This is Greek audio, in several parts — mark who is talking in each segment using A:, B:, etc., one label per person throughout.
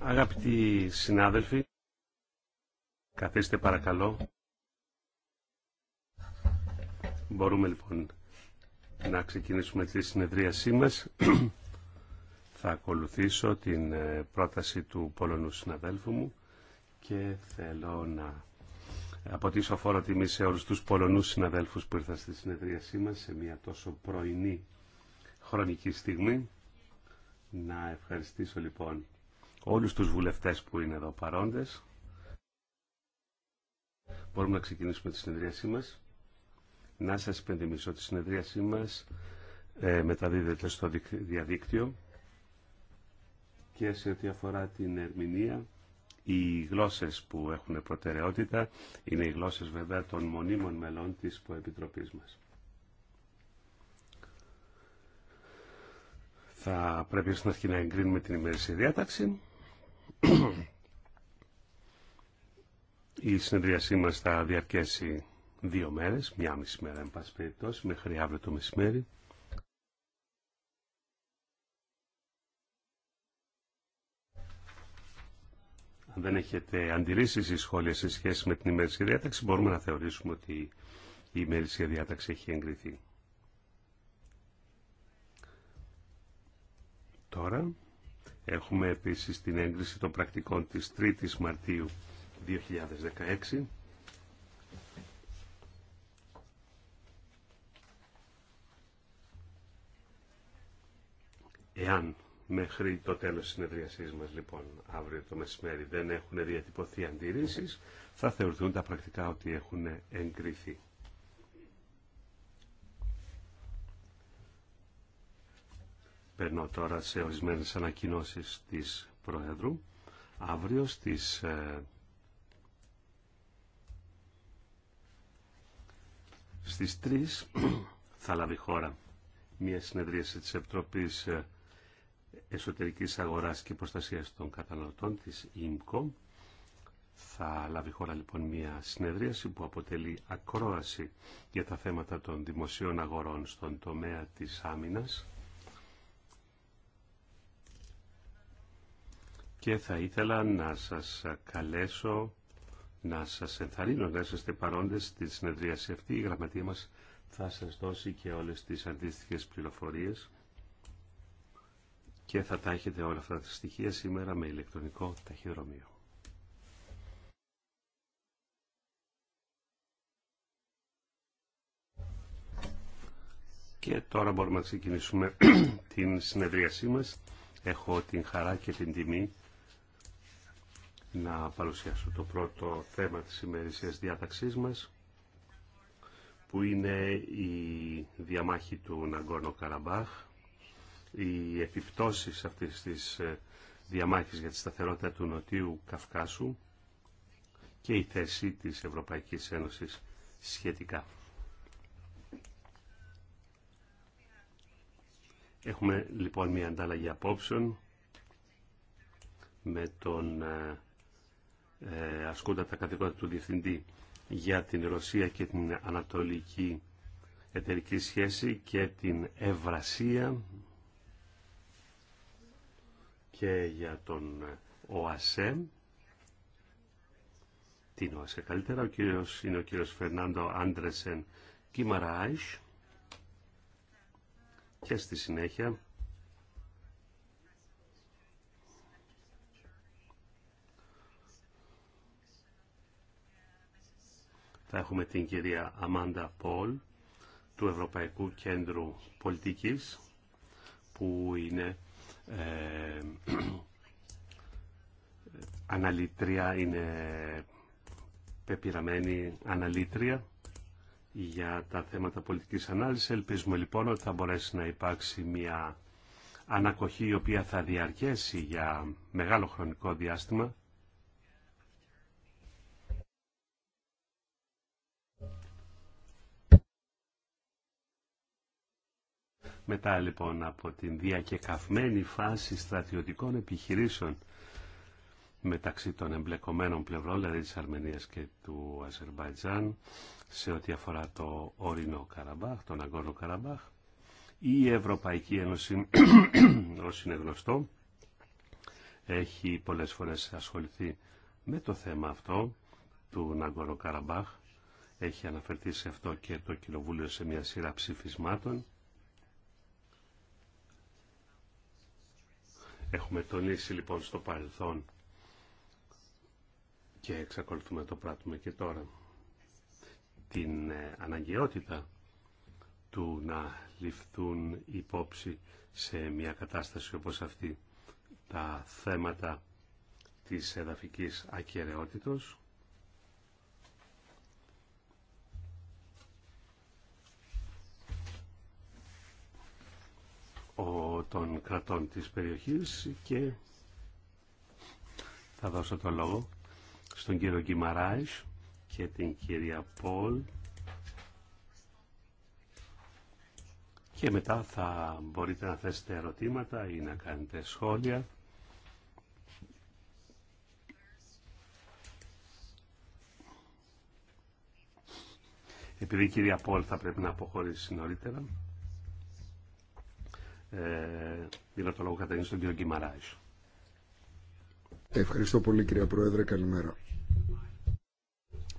A: Αγαπητοί συνάδελφοι, καθίστε παρακαλώ. Μπορούμε λοιπόν να ξεκινήσουμε τη συνεδρίασή μας. Θα ακολουθήσω την ε, πρόταση του Πολωνού συναδέλφου μου και θέλω να αποτίσω φόρο τιμή σε όλους τους Πολωνούς συναδέλφους που ήρθαν στη συνεδρίασή μας σε μια τόσο πρωινή χρονική στιγμή. Να ευχαριστήσω λοιπόν όλους τους βουλευτές που είναι εδώ παρόντες. Μπορούμε να ξεκινήσουμε τη συνεδρίασή μας. Να σας υπενθυμίσω ότι η συνεδρίασή μας ε, μεταδίδεται στο διαδίκτυο και σε ό,τι αφορά την ερμηνεία οι γλώσσες που έχουν προτεραιότητα είναι οι γλώσσες βέβαια των μονίμων μελών της Προεπιτροπής μας. Θα πρέπει στην αρχή να εγκρίνουμε την ημερήσια διάταξη. Η συνεδρίασή μας θα διαρκέσει δύο μέρες, μία μισή μέρα εν πάση περιπτώσει, μέχρι αύριο το μεσημέρι. Αν δεν έχετε αντιρρήσει ή σχόλια σε σχέση με την ημερήσια διάταξη, μπορούμε να θεωρήσουμε ότι η ημερήσια διάταξη έχει εγκριθεί. τώρα. Έχουμε επίσης την έγκριση των πρακτικών της 3ης Μαρτίου 2016. Εάν μέχρι το τέλος της συνεδριασής μας, λοιπόν, αύριο το μεσημέρι δεν έχουν διατυπωθεί αντιρρήσεις, θα θεωρηθούν τα πρακτικά ότι έχουν εγκριθεί. Περνώ τώρα σε ορισμένε ανακοινώσει της Προέδρου. Αύριο στις 3 ε, στις θα λάβει χώρα μια συνεδρίαση της Επιτροπής ε, Εσωτερικής Αγοράς και Προστασίας των Καταναλωτών της ΙΜΚΟ. Θα λάβει χώρα λοιπόν μια συνεδρίαση που αποτελεί ακρόαση για τα θέματα των δημοσίων αγορών στον τομέα της άμυνας. και θα ήθελα να σας καλέσω να σας ενθαρρύνω να είστε παρόντες στη συνεδρίαση αυτή. Η γραμματεία μας θα σας δώσει και όλες τις αντίστοιχες πληροφορίες και θα τα έχετε όλα αυτά τα στοιχεία σήμερα με ηλεκτρονικό ταχυδρομείο. Και τώρα μπορούμε να ξεκινήσουμε την συνεδρίασή μας. Έχω την χαρά και την τιμή να παρουσιάσω το πρώτο θέμα της ημερησίας διάταξής μας που είναι η διαμάχη του Ναγκόρνο Καραμπάχ οι επιπτώσεις αυτής της ε, διαμάχης για τη σταθερότητα του Νοτιού Καυκάσου και η θέση της Ευρωπαϊκής Ένωσης σχετικά. Έχουμε λοιπόν μια αντάλλαγη απόψεων με τον ε, ε, ασκούντα τα καθήκοντα του Διευθυντή για την Ρωσία και την Ανατολική Εταιρική Σχέση και την Ευρασία και για τον ΟΑΣΕ την ΟΑΣΕ καλύτερα ο κύριος, είναι ο κύριος Φερνάντο Άντρεσεν Κιμαράις και στη συνέχεια Θα έχουμε την κυρία Αμάντα Πολ του Ευρωπαϊκού Κέντρου Πολιτικής που είναι ε, αναλυτρία, είναι πεπειραμένη αναλύτρια για τα θέματα πολιτικής ανάλυσης. Ελπίζουμε λοιπόν ότι θα μπορέσει να υπάρξει μια ανακοχή η οποία θα διαρκέσει για μεγάλο χρονικό διάστημα Μετά λοιπόν από την διακεκαυμένη φάση στρατιωτικών επιχειρήσεων μεταξύ των εμπλεκομένων πλευρών, δηλαδή της Αρμενίας και του Αζερβαϊτζάν, σε ό,τι αφορά το ορεινό Καραμπάχ, τον Αγκόνο Καραμπάχ, η Ευρωπαϊκή Ένωση, όσοι είναι γνωστό, έχει πολλές φορές ασχοληθεί με το θέμα αυτό του Ναγκορο Καραμπάχ. Έχει αναφερθεί σε αυτό και το Κοινοβούλιο σε μια σειρά ψηφισμάτων Έχουμε τονίσει λοιπόν στο παρελθόν και εξακολουθούμε να το πράττουμε και τώρα την ε, αναγκαιότητα του να ληφθούν υπόψη σε μια κατάσταση όπως αυτή τα θέματα της εδαφικής ακαιρεότητος των κρατών της περιοχής και θα δώσω το λόγο στον κύριο Γκυμαράης και την κυρία Πολ και μετά θα μπορείτε να θέσετε ερωτήματα ή να κάνετε σχόλια. Επειδή η κυρία Πολ θα πρέπει να αποχωρήσει νωρίτερα, ε, δίνω το λόγο καταρχήν στον κύριο Κιμαράης.
B: Ευχαριστώ πολύ κύριε Πρόεδρε. Καλημέρα.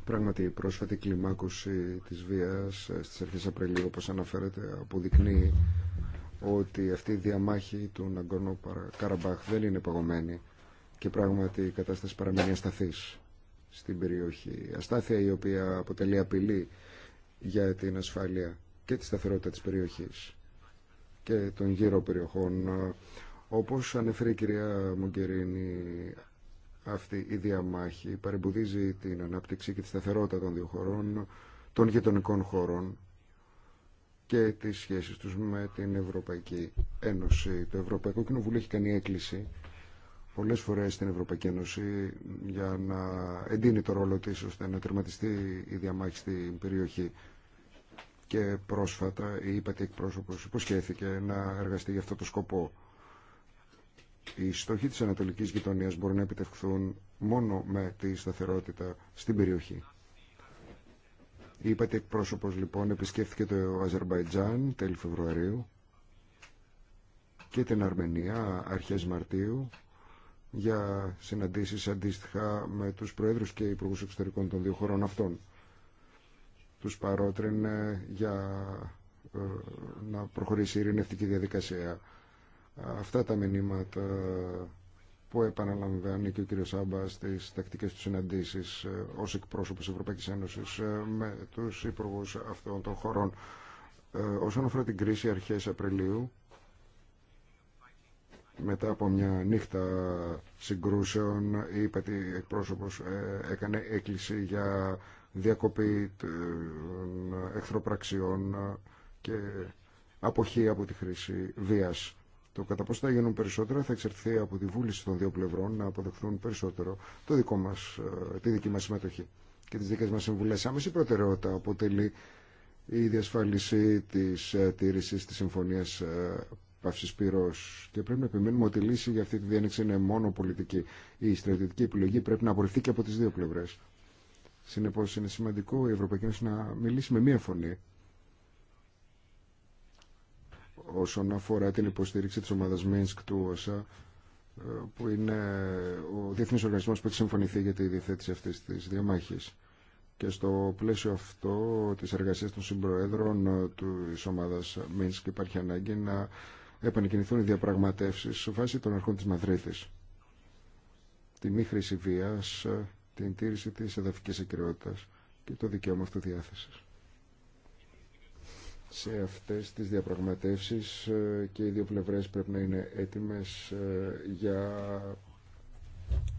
B: Πράγματι, η πρόσφατη κλιμάκωση της βίας ε, στις αρχές Απριλίου, όπως αναφέρεται, αποδεικνύει ότι αυτή η διαμάχη του Ναγκόνο Καραμπάχ δεν είναι παγωμένη και πράγματι η κατάσταση παραμένει ασταθής στην περιοχή. Αστάθεια η οποία αποτελεί απειλή για την ασφάλεια και τη σταθερότητα της περιοχής και των γύρω περιοχών. Όπως ανέφερε η κυρία Μογκερίνη, αυτή η διαμάχη παρεμποδίζει την ανάπτυξη και τη σταθερότητα των δύο χωρών, των γειτονικών χωρών και τις σχέσεις τους με την Ευρωπαϊκή Ένωση. Το Ευρωπαϊκό Κοινοβούλιο έχει κάνει έκκληση πολλές φορές στην Ευρωπαϊκή Ένωση για να εντείνει το ρόλο της ώστε να τερματιστεί η διαμάχη στην περιοχή και πρόσφατα η ΥΠΑΤΗ εκπρόσωπος υποσχέθηκε να εργαστεί για αυτό το σκοπό. Οι στόχοι της ανατολικής γειτονίας μπορούν να επιτευχθούν μόνο με τη σταθερότητα στην περιοχή. Η ΥΠΑΤΗ εκπρόσωπος λοιπόν επισκέφθηκε το Αζερμπαϊτζάν τέλη Φεβρουαρίου και την Αρμενία αρχές Μαρτίου για συναντήσεις αντίστοιχα με τους Προέδρους και Υπουργούς Εξωτερικών των δύο χωρών αυτών τους παρότρινε για ε, να προχωρήσει η ειρηνευτική διαδικασία. Αυτά τα μηνύματα που επαναλαμβάνει και ο κύριος Σάμπα στις τακτικές του συναντήσεις ε, ως εκπρόσωπος της Ευρωπαϊκής Ένωσης ε, με τους υπουργούς αυτών των χωρών. Όσον αφορά την κρίση αρχές Απριλίου, μετά από μια νύχτα συγκρούσεων, η εκπρόσωπος έκανε έκκληση για διακοπή των εχθροπραξιών και αποχή από τη χρήση βίας. Το κατά πόσο θα γίνουν περισσότερα θα εξερθεί από τη βούληση των δύο πλευρών να αποδεχθούν περισσότερο το δικό μας, ε, τη δική μας συμμετοχή και τις δικές μας συμβουλές. Άμεση προτεραιότητα αποτελεί η διασφάλιση της ε, τήρησης τη συμφωνία ε, Παύσης πυρό. και πρέπει να επιμένουμε ότι η λύση για αυτή τη διένεξη είναι μόνο πολιτική. Η στρατιωτική επιλογή πρέπει να απορριφθεί και από τις δύο πλευρές. Συνεπώς είναι σημαντικό η Ευρωπαϊκή Ένωση να μιλήσει με μία φωνή όσον αφορά την υποστήριξη της ομάδας Μίνσκ του ΩΣΑ ε, που είναι ο διεθνής οργανισμός που έχει συμφωνηθεί για τη διαθέτηση αυτής της διαμάχης. Και στο πλαίσιο αυτό της εργασίας των συμπροέδρων ε, της ομάδας Μίνσκ υπάρχει ανάγκη να επανεκκινηθούν οι διαπραγματεύσεις σε βάση των αρχών της Μαδρίτης. Τη μη χρήση βίας ε, την τήρηση της εδαφικής ακυριότητας και το δικαίωμα αυτοδιάθεσης. Σε αυτές τις διαπραγματεύσεις ε, και οι δύο πλευρές πρέπει να είναι έτοιμες ε, για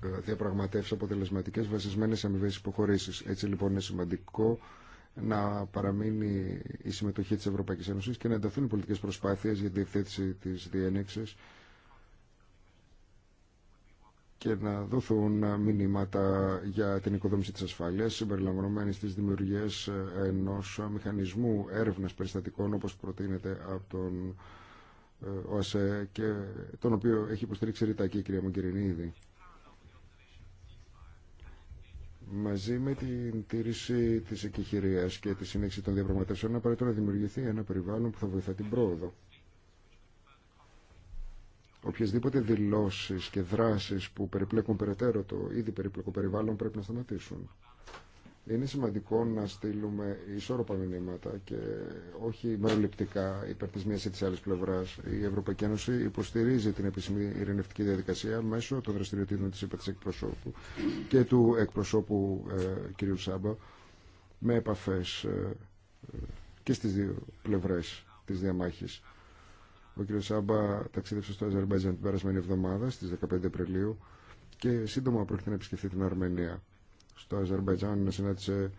B: ε, διαπραγματεύσεις αποτελεσματικές βασισμένες σε αμοιβές υποχωρήσεις. Έτσι λοιπόν είναι σημαντικό να παραμείνει η συμμετοχή της Ευρωπαϊκής Ένωσης και να ενταθούν οι πολιτικές προσπάθειες για τη διευθέτηση της διένεξης και να δοθούν μηνύματα για την οικοδόμηση της ασφάλειας συμπεριλαμβανομένης της δημιουργίας ενός μηχανισμού έρευνας περιστατικών όπως προτείνεται από τον ε, ΟΑΣΕ και τον οποίο έχει υποστηρίξει ρητά και η κυρία Μογκυρινίδη. Μαζί με την τήρηση της εκεχηρίας και τη συνέχιση των διαπραγματεύσεων απαραίτητο να δημιουργηθεί ένα περιβάλλον που θα βοηθά την πρόοδο. Οποιασδήποτε δηλώσεις και δράσεις που περιπλέκουν περαιτέρω το ήδη περίπλοκο περιβάλλον πρέπει να σταματήσουν. Είναι σημαντικό να στείλουμε ισόρροπα μηνύματα και όχι μεροληπτικά υπέρ της μίας ή της άλλης πλευράς. Η Ευρωπαϊκή Ένωση υποστηρίζει την επίσημη ειρηνευτική διαδικασία μέσω των δραστηριοτήτων της υπέρ εκπροσώπου και του εκπροσώπου ε, κ. Σάμπα με επαφές ε, ε, και στις δύο πλευρές της διαμάχης. Ο κ. Σάμπα ταξίδευσε στο Αζερμπαϊτζάν την περασμένη εβδομάδα στι 15 Απριλίου και σύντομα πρόκειται να επισκεφθεί την Αρμενία. Στο Αζερμπαϊτζάν συνάντησε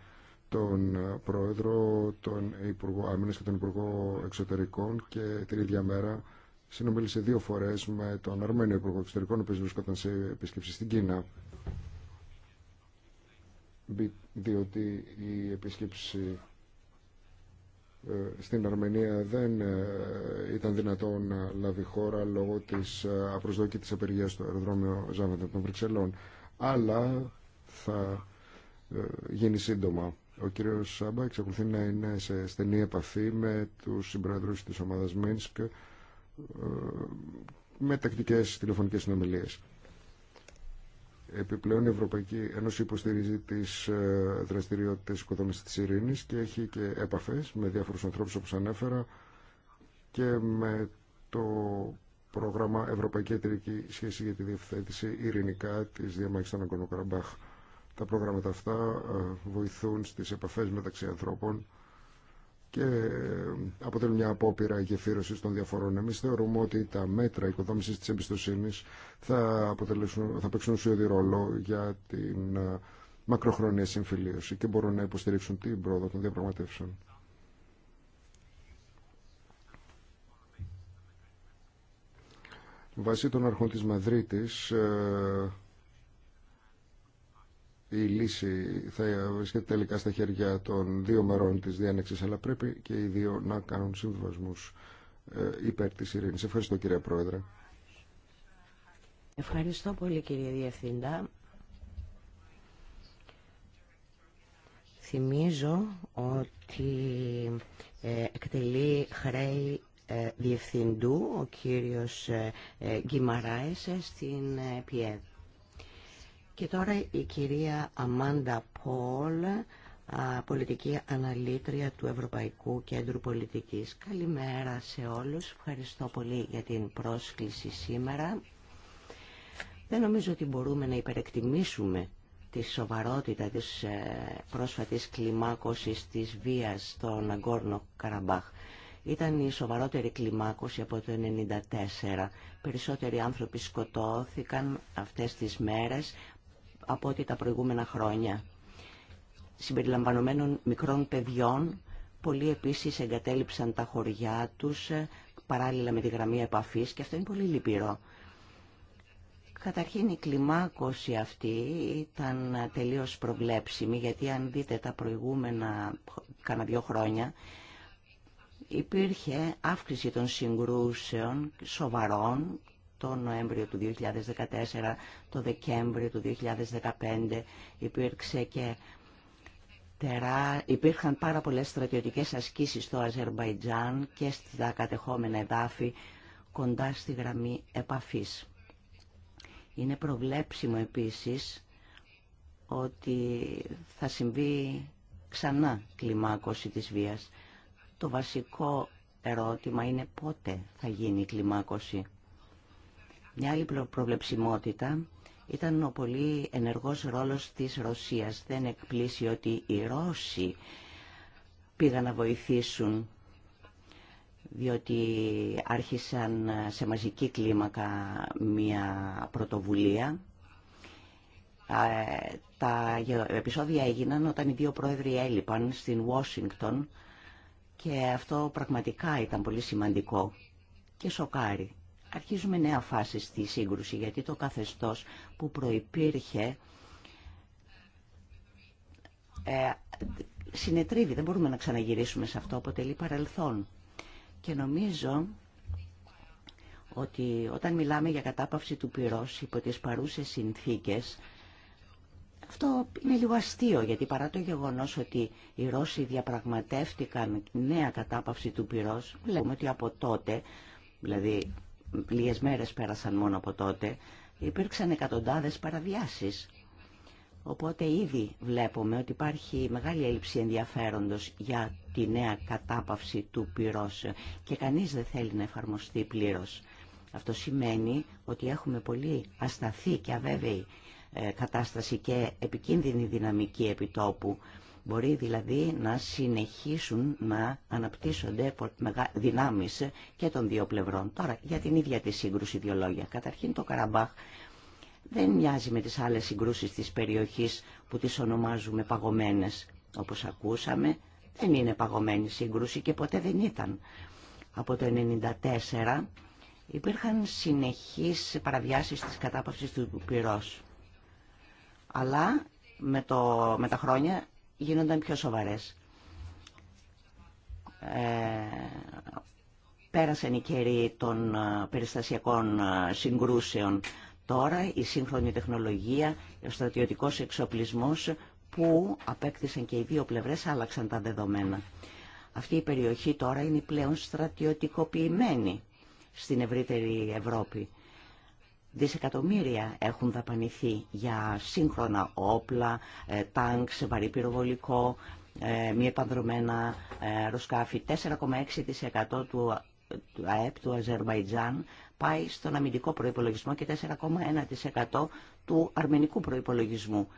B: τον Πρόεδρο, τον Υπουργό Άμυνα και τον Υπουργό Εξωτερικών και την ίδια μέρα συνομίλησε δύο φορέ με τον Αρμένιο Υπουργό Εξωτερικών, ο οποίο βρισκόταν σε επίσκεψη στην Κίνα διότι η επίσκεψη ε, στην Αρμενία δεν ε, ήταν δυνατόν να λάβει χώρα λόγω της ε, απροσδόκητης απεργίας στο αεροδρόμιο Ζάβαντα των Βρυξελών. Αλλά θα γίνει σύντομα. Ο κύριος Σάμπα εξακολουθεί να είναι σε στενή επαφή με τους συμπροεδρούς της ομάδας Μίνσκ με τακτικές τηλεφωνικές συνομιλίες. Επιπλέον η Ευρωπαϊκή Ένωση υποστηρίζει τις ε, δραστηριότητε οικοδόμηση τη Ειρηνή και έχει και επαφέ με διάφορου ανθρώπου όπως ανέφερα και με το πρόγραμμα Ευρωπαϊκή Εταιρική Σχέση για τη Διευθέτηση ειρηνικά της διαμάχης των Αγκονοκραμπάχ. Τα προγράμματα αυτά ε, βοηθούν στις επαφέ μεταξύ ανθρώπων και αποτελούν μια απόπειρα γεφύρωσης των διαφορών. Εμείς θεωρούμε ότι τα μέτρα οικοδόμησης της εμπιστοσύνης θα, θα παίξουν ουσιώδη ρόλο για την ε, μακροχρόνια συμφιλίωση και μπορούν να υποστηρίξουν την πρόοδο των διαπραγματεύσεων. Βάσει των αρχών της Μαδρίτης, ε, η λύση θα βρίσκεται τελικά στα χέρια των δύο μερών της διάνεξης, αλλά πρέπει και οι δύο να κάνουν συμβασμούς ε, υπέρ της ειρήνης. Ευχαριστώ κύριε Πρόεδρε.
C: Ευχαριστώ πολύ κύριε Διευθύντα. Θυμίζω ότι ε, εκτελεί χρέη ε, διευθυντού ο κύριος Γκυμαράης στην ΠΙΕΔ. Και τώρα η κυρία Αμάντα Πολ, πολιτική αναλύτρια του Ευρωπαϊκού Κέντρου Πολιτικής. Καλημέρα σε όλους. Ευχαριστώ πολύ για την πρόσκληση σήμερα. Δεν νομίζω ότι μπορούμε να υπερεκτιμήσουμε τη σοβαρότητα της ε, πρόσφατης κλιμάκωσης της βίας στον Αγκόρνο Καραμπάχ. Ήταν η σοβαρότερη κλιμάκωση από το 1994. Περισσότεροι άνθρωποι σκοτώθηκαν αυτές τις μέρες από ό,τι τα προηγούμενα χρόνια. Συμπεριλαμβανομένων μικρών παιδιών, πολλοί επίσης εγκατέλειψαν τα χωριά τους ε, παράλληλα με τη γραμμή επαφής και αυτό είναι πολύ λυπηρό. Καταρχήν η κλιμάκωση αυτή ήταν τελείως προβλέψιμη γιατί αν δείτε τα προηγούμενα κάνα δύο χρόνια υπήρχε αύξηση των συγκρούσεων σοβαρών το Νοέμβριο του 2014, το Δεκέμβριο του 2015 υπήρξε και τερά... υπήρχαν πάρα πολλές στρατιωτικές ασκήσεις στο Αζερβαϊτζάν και στα κατεχόμενα εδάφη κοντά στη γραμμή επαφής. Είναι προβλέψιμο επίσης ότι θα συμβεί ξανά κλιμάκωση της βίας. Το βασικό ερώτημα είναι πότε θα γίνει η κλιμάκωση. Μια άλλη προβλεψιμότητα ήταν ο πολύ ενεργός ρόλος της Ρωσίας. Δεν εκπλήσει ότι οι Ρώσοι πήγαν να βοηθήσουν διότι άρχισαν σε μαζική κλίμακα μια πρωτοβουλία. Τα επεισόδια έγιναν όταν οι δύο πρόεδροι έλειπαν στην Ουάσιγκτον και αυτό πραγματικά ήταν πολύ σημαντικό και σοκάρι αρχίζουμε νέα φάση στη σύγκρουση, γιατί το καθεστώς που προϋπήρχε ε, συνετρίβει, δεν μπορούμε να ξαναγυρίσουμε σε αυτό, αποτελεί παρελθόν. Και νομίζω ότι όταν μιλάμε για κατάπαυση του πυρός υπό τις παρούσες συνθήκες, αυτό είναι λίγο αστείο, γιατί παρά το γεγονός ότι οι Ρώσοι διαπραγματεύτηκαν νέα κατάπαυση του πυρός, βλέπουμε ότι από τότε, δηλαδή λίγες μέρες πέρασαν μόνο από τότε, υπήρξαν εκατοντάδες παραβιάσεις. Οπότε ήδη βλέπουμε ότι υπάρχει μεγάλη έλλειψη ενδιαφέροντος για τη νέα κατάπαυση του πυρός και κανείς δεν θέλει να εφαρμοστεί πλήρως. Αυτό σημαίνει ότι έχουμε πολύ ασταθή και αβέβαιη ε, κατάσταση και επικίνδυνη δυναμική επιτόπου. Μπορεί δηλαδή να συνεχίσουν να αναπτύσσονται δυνάμεις και των δύο πλευρών. Τώρα, για την ίδια τη σύγκρουση δύο λόγια. Καταρχήν το Καραμπάχ δεν μοιάζει με τις άλλες συγκρούσεις της περιοχής που τις ονομάζουμε παγωμένες. Όπως ακούσαμε, δεν είναι παγωμένη σύγκρουση και ποτέ δεν ήταν. Από το 1994 υπήρχαν συνεχείς παραβιάσεις της κατάπαυσης του πυρός. Αλλά με, το, με τα χρόνια γίνονταν πιο σοβαρές. Ε, πέρασαν οι καιροί των ε, περιστασιακών ε, συγκρούσεων. Τώρα η σύγχρονη τεχνολογία, ο στρατιωτικός εξοπλισμός που απέκτησαν και οι δύο πλευρές άλλαξαν τα δεδομένα. Αυτή η περιοχή τώρα είναι πλέον στρατιωτικοποιημένη στην ευρύτερη Ευρώπη. Δισεκατομμύρια έχουν δαπανηθεί για σύγχρονα όπλα, ε, τάγκ, βαρύ πυροβολικό, ε, μη επανδρομένα ε, ροσκάφη. 4,6% του ΑΕΠ του Αζερβαϊτζάν πάει στον αμυντικό προϋπολογισμό και 4,1% του αρμενικού προϋπολογισμού.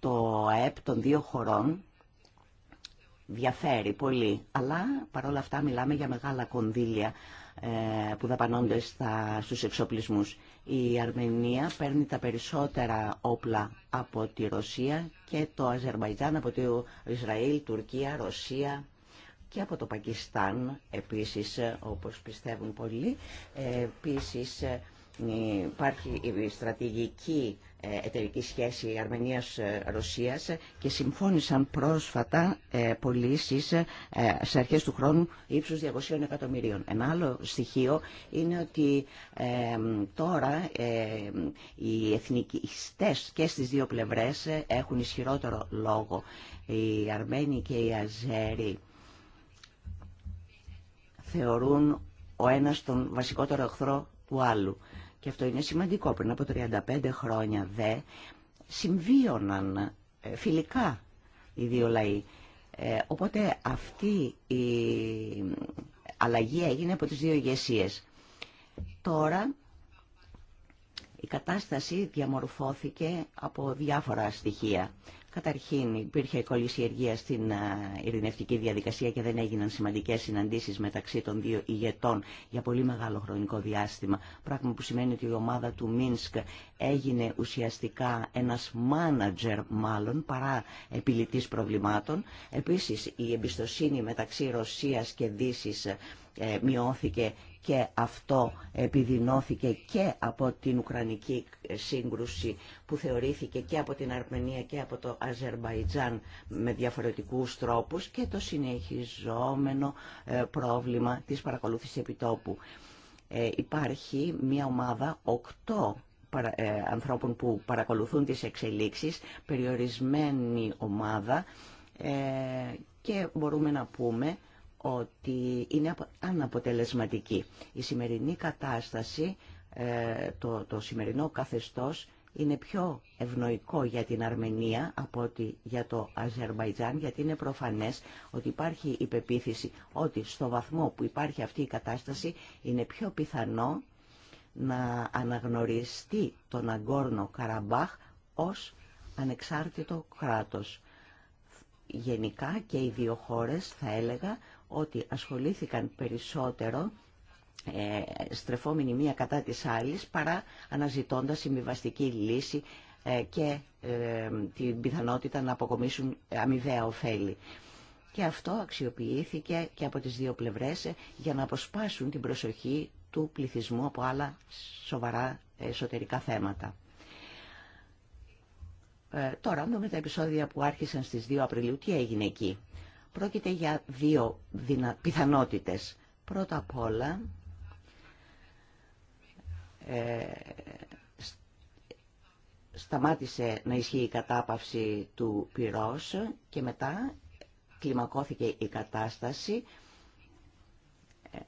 C: Το ΑΕΠ των δύο χωρών διαφέρει πολύ, αλλά παρόλα αυτά μιλάμε για μεγάλα κονδύλια ε, που δαπανώνται στα, στους εξοπλισμούς. Η Αρμενία παίρνει τα περισσότερα όπλα από τη Ρωσία και το Αζερβαϊτζάν από το Ισραήλ, Τουρκία, Ρωσία και από το Πακιστάν επίσης όπως πιστεύουν πολλοί. Ε, επίσης ε, υπάρχει η στρατηγική ε, εταιρική σχέση Αρμενίας-Ρωσίας και συμφώνησαν πρόσφατα ε, πωλήσει ε, σε αρχές του χρόνου ύψους 200 εκατομμυρίων. Ένα άλλο στοιχείο είναι ότι τώρα οι εθνικιστές και στις δύο πλευρές έχουν ισχυρότερο λόγο. Οι Αρμένοι και οι Αζέροι θεωρούν ο ένας τον βασικότερο εχθρό του άλλου. Και αυτό είναι σημαντικό. Πριν από 35 χρόνια δε συμβίωναν ε, φιλικά οι δύο λαοί. Ε, οπότε αυτή η αλλαγή έγινε από τις δύο ηγεσίε. Τώρα η κατάσταση διαμορφώθηκε από διάφορα στοιχεία. Καταρχήν υπήρχε κολλησιεργία στην ειρηνευτική διαδικασία και δεν έγιναν σημαντικές συναντήσεις μεταξύ των δύο ηγετών για πολύ μεγάλο χρονικό διάστημα. Πράγμα που σημαίνει ότι η ομάδα του Μίνσκ έγινε ουσιαστικά ένας μάνατζερ μάλλον παρά επιλητή προβλημάτων. Επίσης η εμπιστοσύνη μεταξύ Ρωσίας και Δύσης ε, μειώθηκε και αυτό επιδεινώθηκε και από την Ουκρανική σύγκρουση που θεωρήθηκε και από την Αρμενία και από το Αζερμπαϊτζάν με διαφορετικούς τρόπους και το συνεχιζόμενο ε, πρόβλημα της παρακολούθησης επιτόπου. Ε, υπάρχει μια ομάδα οκτώ ε, ανθρώπων που παρακολουθούν τις εξελίξεις, περιορισμένη ομάδα και μπορούμε να πούμε ότι είναι αναποτελεσματική. Η σημερινή κατάσταση, ε, το, το σημερινό καθεστώς είναι πιο ευνοϊκό για την Αρμενία από ότι για το Αζερβαϊτζάν, γιατί είναι προφανές ότι υπάρχει η πεποίθηση ότι στο βαθμό που υπάρχει αυτή η κατάσταση είναι πιο πιθανό να αναγνωριστεί τον Αγκόρνο Καραμπάχ ως ανεξάρτητο κράτος. Γενικά και οι δύο χώρες θα έλεγα ότι ασχολήθηκαν περισσότερο ε, μία κατά της άλλης παρά αναζητώντας συμβιβαστική λύση ε, και ε, την πιθανότητα να αποκομίσουν αμοιβαία ωφέλη. Και αυτό αξιοποιήθηκε και από τις δύο πλευρές ε, για να αποσπάσουν την προσοχή του πληθυσμού από άλλα σοβαρά εσωτερικά θέματα. Ε, τώρα, αν δούμε τα επεισόδια που άρχισαν στις 2 Απριλίου, τι έγινε εκεί. Πρόκειται για δύο δυνα... πιθανότητες. Πρώτα απ' όλα, ε, σταμάτησε να ισχύει η κατάπαυση του πυρός και μετά κλιμακώθηκε η κατάσταση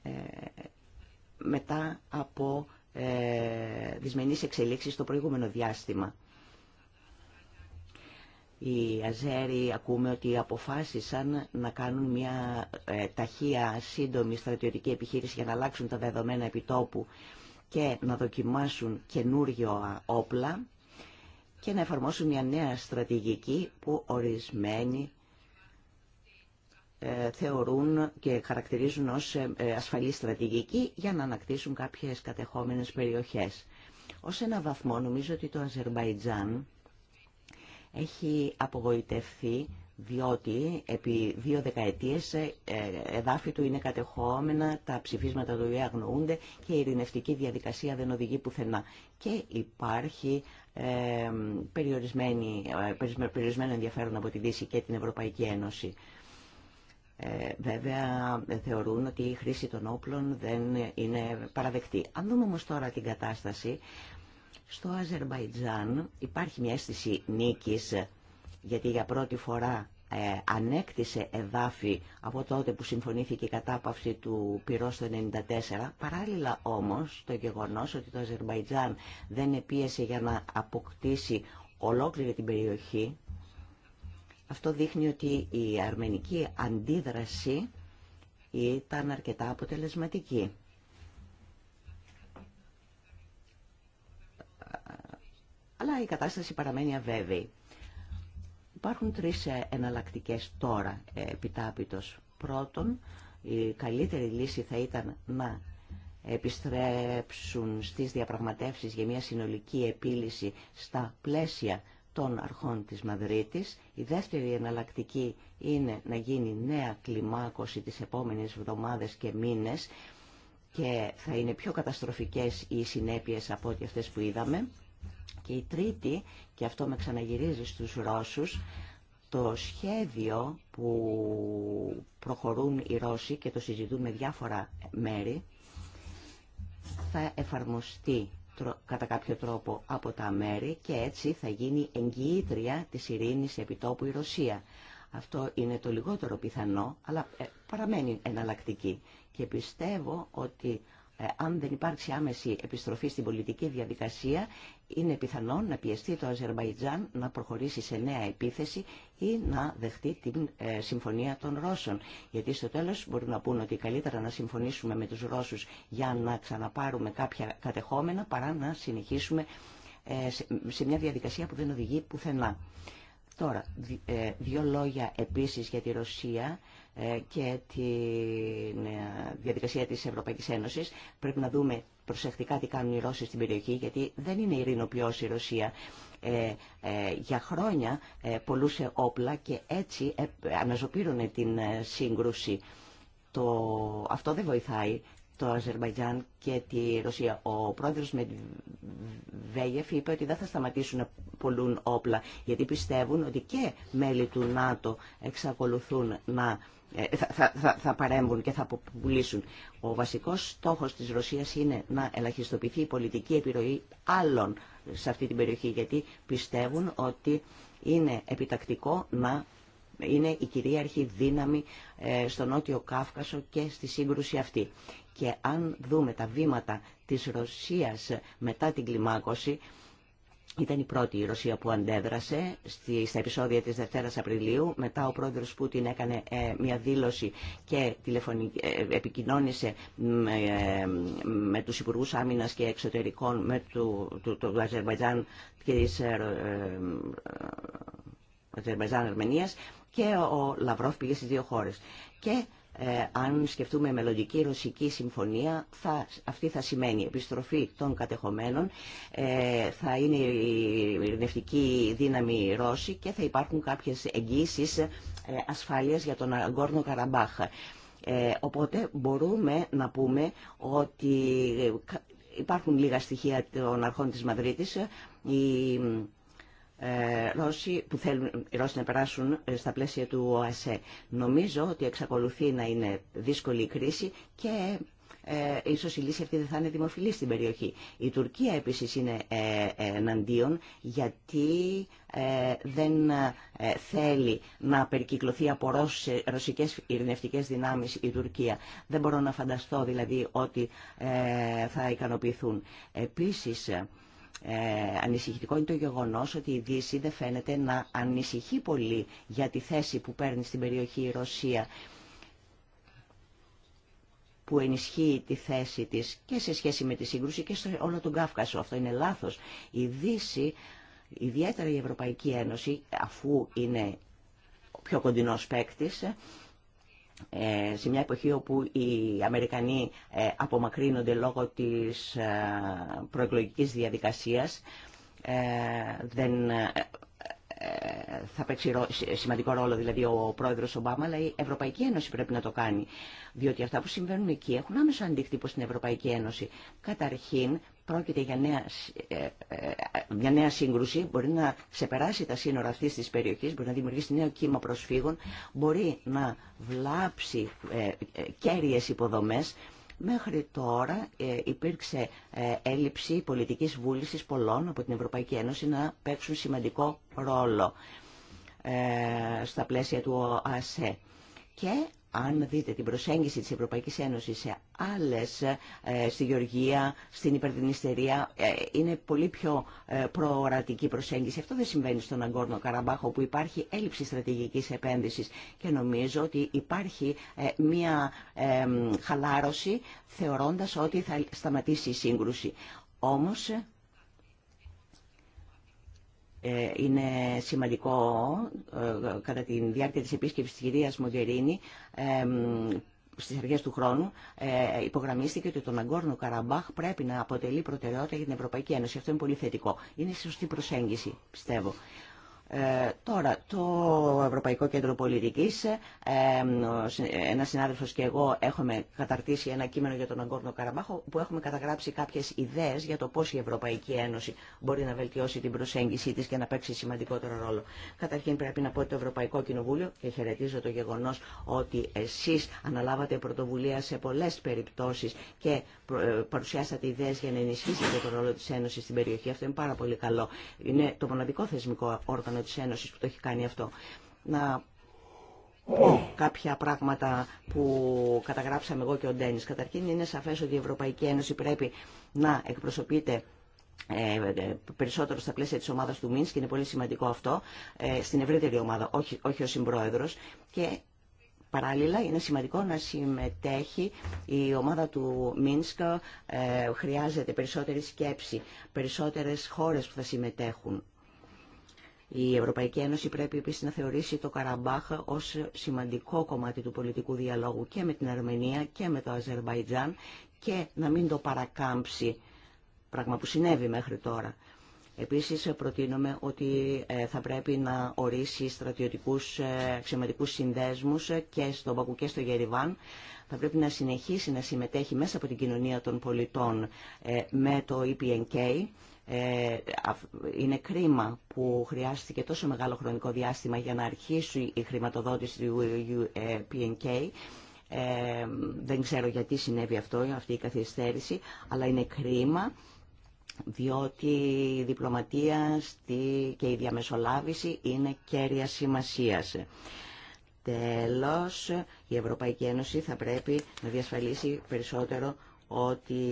C: ε, μετά από ε, δυσμενείς εξελίξεις στο προηγούμενο διάστημα. Οι Αζέροι ακούμε ότι αποφάσισαν να κάνουν μια ε, ταχεία σύντομη στρατιωτική επιχείρηση για να αλλάξουν τα δεδομένα επιτόπου και να δοκιμάσουν καινούριο όπλα και να εφαρμόσουν μια νέα στρατηγική που ορισμένοι ε, θεωρούν και χαρακτηρίζουν ως ε, ασφαλή στρατηγική για να ανακτήσουν κάποιες κατεχόμενες περιοχές. Ως ένα βαθμό νομίζω ότι το Αζερμπαϊτζάν έχει απογοητευθεί διότι επί δύο δεκαετίες ε, εδάφη του είναι κατεχόμενα, τα ψηφίσματα του ΙΕ αγνοούνται και η ειρηνευτική διαδικασία δεν οδηγεί πουθενά. Και υπάρχει ε, περιορισμένη, ε, περιορισμένο ενδιαφέρον από τη Δύση και την Ευρωπαϊκή Ένωση. βέβαια θεωρούν ότι η χρήση των όπλων δεν είναι παραδεκτή. Αν δούμε όμως τώρα την κατάσταση, στο Αζερμπαϊτζάν υπάρχει μια αίσθηση νίκης, γιατί για πρώτη φορά ε, ανέκτησε εδάφη από τότε που συμφωνήθηκε η κατάπαυση του πυρός το 1994. Παράλληλα όμως το γεγονός ότι το Αζερμπαϊτζάν δεν επίεσε για να αποκτήσει ολόκληρη την περιοχή, αυτό δείχνει ότι η αρμενική αντίδραση ήταν αρκετά αποτελεσματική. αλλά η κατάσταση παραμένει αβέβαιη. Υπάρχουν τρεις ε, εναλλακτικέ τώρα ε, επιτάπητος. Πρώτον, η καλύτερη λύση θα ήταν να επιστρέψουν στις διαπραγματεύσεις για μια συνολική επίλυση στα πλαίσια των αρχών της Μαδρίτης. Η δεύτερη εναλλακτική είναι να γίνει νέα κλιμάκωση τις επόμενες εβδομάδες και μήνες και θα είναι πιο καταστροφικές οι συνέπειες από ό,τι αυτές που είδαμε. Και η τρίτη, και αυτό με ξαναγυρίζει στους Ρώσους, το σχέδιο που προχωρούν οι Ρώσοι και το συζητούν με διάφορα μέρη, θα εφαρμοστεί κατά κάποιο τρόπο από τα μέρη και έτσι θα γίνει εγγυήτρια της ειρήνης επιτόπου η Ρωσία. Αυτό είναι το λιγότερο πιθανό, αλλά ε, παραμένει εναλλακτική. Και πιστεύω ότι ε, αν δεν υπάρξει άμεση επιστροφή στην πολιτική διαδικασία, είναι πιθανό να πιεστεί το Αζερβαϊτζάν να προχωρήσει σε νέα επίθεση ή να δεχτεί την ε, συμφωνία των Ρώσων. Γιατί στο τέλος μπορεί να πούν ότι καλύτερα να συμφωνήσουμε με τους Ρώσους για να ξαναπάρουμε κάποια κατεχόμενα παρά να συνεχίσουμε ε, σε μια διαδικασία που δεν οδηγεί πουθενά. Τώρα, δύο λόγια επίσης για τη Ρωσία. Ε, και τη ε, διαδικασία της Ευρωπαϊκής Ένωσης. Πρέπει να δούμε προσεκτικά τι κάνουν οι Ρώσοι στην περιοχή, γιατί δεν είναι ειρηνοποιός η Ρωσία. Ε, για χρόνια ε, πολλούσε όπλα και έτσι αναζωπήρωνε την σύγκρουση. Το, αυτό δεν βοηθάει το Αζερμπαϊτζάν και τη Ρωσία. Ο πρόεδρος Βέγεφ είπε ότι δεν θα σταματήσουν να πολλούν όπλα, γιατί πιστεύουν ότι και μέλη του ΝΑΤΟ εξακολουθούν να ε, θα, θα, παρέμβουν και θα πουλήσουν. Ο βασικός στόχος της Ρωσίας είναι να ελαχιστοποιηθεί η πολιτική επιρροή άλλων σε αυτή την περιοχή, γιατί πιστεύουν ότι είναι επιτακτικό να είναι η κυρίαρχη δύναμη ε, στο Νότιο Κάφκασο και στη σύγκρουση αυτή. Και αν δούμε τα βήματα της Ρωσίας μετά την κλιμάκωση, ήταν η πρώτη η Ρωσία που αντέδρασε στα επεισόδια της Δευτέρας Απριλίου. Μετά ο πρόεδρος Πούτιν έκανε ε, μια δήλωση και ε, επικοινώνησε ε, με τους υπουργούς άμυνας και εξωτερικών με του Αζερβαϊτζάν και της Αζερβαϊτζάν Αρμενίας και ο Λαυρόφ πήγε στις δύο χώρες. Και ε, αν σκεφτούμε μελλοντική ρωσική συμφωνία, θα, αυτή θα σημαίνει επιστροφή των κατεχομένων, ε, θα είναι η ειρηνευτική δύναμη Ρώση και θα υπάρχουν κάποιες εγγύσεις ε, ασφάλειας για τον Αγκόρνο Καραμπάχ. Ε, οπότε μπορούμε να πούμε ότι υπάρχουν λίγα στοιχεία των αρχών της Μαδρίτης. Η, Ρώσοι ε, που θέλουν οι Ρώσοι να περάσουν ε, στα πλαίσια του ΟΑΣΕ. Νομίζω ότι εξακολουθεί να είναι δύσκολη η κρίση και ε, ίσως η λύση αυτή δεν θα είναι δημοφιλή στην περιοχή. Η Τουρκία επίσης είναι ε, εναντίον γιατί δεν θέλει να περικυκλωθεί από ρωσικές ειρηνευτικές δυνάμεις η Τουρκία. Δεν μπορώ να φανταστώ δηλαδή ότι θα ικανοποιηθούν. Επίσης ε, ανησυχητικό είναι το γεγονός ότι η Δύση δεν φαίνεται να ανησυχεί πολύ για τη θέση που παίρνει στην περιοχή η Ρωσία που ενισχύει τη θέση της και σε σχέση με τη σύγκρουση και σε όλο τον Κάφκασο. Αυτό είναι λάθος. Η Δύση, ιδιαίτερα η Ευρωπαϊκή Ένωση, αφού είναι ο πιο κοντινός παίκτη, ε, σε μια εποχή όπου οι Αμερικανοί ε, απομακρύνονται λόγω της ε, προεκλογικής διαδικασίας δεν θα παίξει σημαντικό ρόλο δηλαδή ο πρόεδρος Ομπάμα αλλά η Ευρωπαϊκή Ένωση πρέπει να το κάνει διότι αυτά που συμβαίνουν εκεί έχουν άμεσο αντίκτυπο στην Ευρωπαϊκή Ένωση καταρχήν πρόκειται για νέα, ε, ε, μια νέα σύγκρουση, μπορεί να ξεπεράσει τα σύνορα αυτή τη περιοχή, μπορεί να δημιουργήσει νέο κύμα προσφύγων, μπορεί να βλάψει ε, κέρυε υποδομέ. Μέχρι τώρα υπήρξε έλλειψη πολιτικής βούλησης πολλών από την Ευρωπαϊκή Ένωση να παίξουν σημαντικό ρόλο στα πλαίσια του ΟΑΣΕ. Και αν δείτε την προσέγγιση της Ευρωπαϊκής Ένωσης σε άλλες, ε, στη Γεωργία, στην Υπερδινιστερία, ε, είναι πολύ πιο ε, προορατική προσέγγιση. Αυτό δεν συμβαίνει στον Αγκόρνο Καραμπάχο, που υπάρχει έλλειψη στρατηγικής επένδυσης. Και νομίζω ότι υπάρχει μία χαλάρωση, θεωρώντας ότι θα σταματήσει η σύγκρουση. Όμως ε, είναι σημαντικό ε, κατά τη διάρκεια της επίσκεψης της κυρίας Μογκερίνη ε, στις αρχές του χρόνου ε, υπογραμμίστηκε ότι το Ναγκόρνο Καραμπάχ πρέπει να αποτελεί προτεραιότητα για την Ευρωπαϊκή Ένωση. Αυτό είναι πολύ θετικό. Είναι σωστή προσέγγιση, πιστεύω. Ε, τώρα, το Ευρωπαϊκό Κέντρο Πολιτικής, ε, ε, ένα συνάδελφος και εγώ έχουμε καταρτήσει ένα κείμενο για τον Αγκόρνο Καραμπάχο, που έχουμε καταγράψει κάποιες ιδέες για το πώς η Ευρωπαϊκή Ένωση μπορεί να βελτιώσει την προσέγγιση της και να παίξει σημαντικότερο ρόλο. Καταρχήν πρέπει να πω ότι το Ευρωπαϊκό Κοινοβούλιο, και χαιρετίζω το γεγονός ότι εσείς αναλάβατε πρωτοβουλία σε πολλές περιπτώσεις και παρουσιάσατε ιδέε για να ενισχύσετε τον ρόλο τη Ένωση στην περιοχή. Αυτό είναι πάρα πολύ καλό. Είναι το μοναδικό θεσμικό όργανο τη της που το έχει κάνει αυτό. Να πω κάποια πράγματα που καταγράψαμε εγώ και ο Ντένις. Καταρχήν είναι σαφές ότι η Ευρωπαϊκή Ένωση πρέπει να εκπροσωπείται ε, ε, περισσότερο στα πλαίσια της ομάδας του Μίνσκ, είναι πολύ σημαντικό αυτό, ε, στην ευρύτερη ομάδα, όχι, όχι ο συμπρόεδρος. Και Παράλληλα, είναι σημαντικό να συμμετέχει η ομάδα του Μίνσκ χρειάζεται περισσότερη σκέψη, περισσότερες χώρες που θα συμμετέχουν. Η Ευρωπαϊκή Ένωση πρέπει επίσης να θεωρήσει το Καραμπάχ ως σημαντικό κομμάτι του πολιτικού διαλόγου και με την Αρμενία και με το Αζερβαϊτζάν και να μην το παρακάμψει, πράγμα που συνέβη μέχρι τώρα. Επίσης προτείνουμε ότι ε, θα πρέπει να ορίσει στρατιωτικούς ε, αξιωματικούς συνδέσμους ε, και στο Πακού και στο Γεριβάν. Θα πρέπει να συνεχίσει να συμμετέχει μέσα από την κοινωνία των πολιτών με το EPNK ε, είναι κρίμα που χρειάστηκε τόσο μεγάλο χρονικό διάστημα για να αρχίσει η χρηματοδότηση του PNK. Ε ε, δεν ξέρω γιατί συνέβη αυτό, αυτή η καθυστέρηση, αλλά είναι κρίμα διότι η διπλωματία και η διαμεσολάβηση είναι κέρια σημασίας. Τέλος, η Ευρωπαϊκή Ένωση θα πρέπει να διασφαλίσει περισσότερο ότι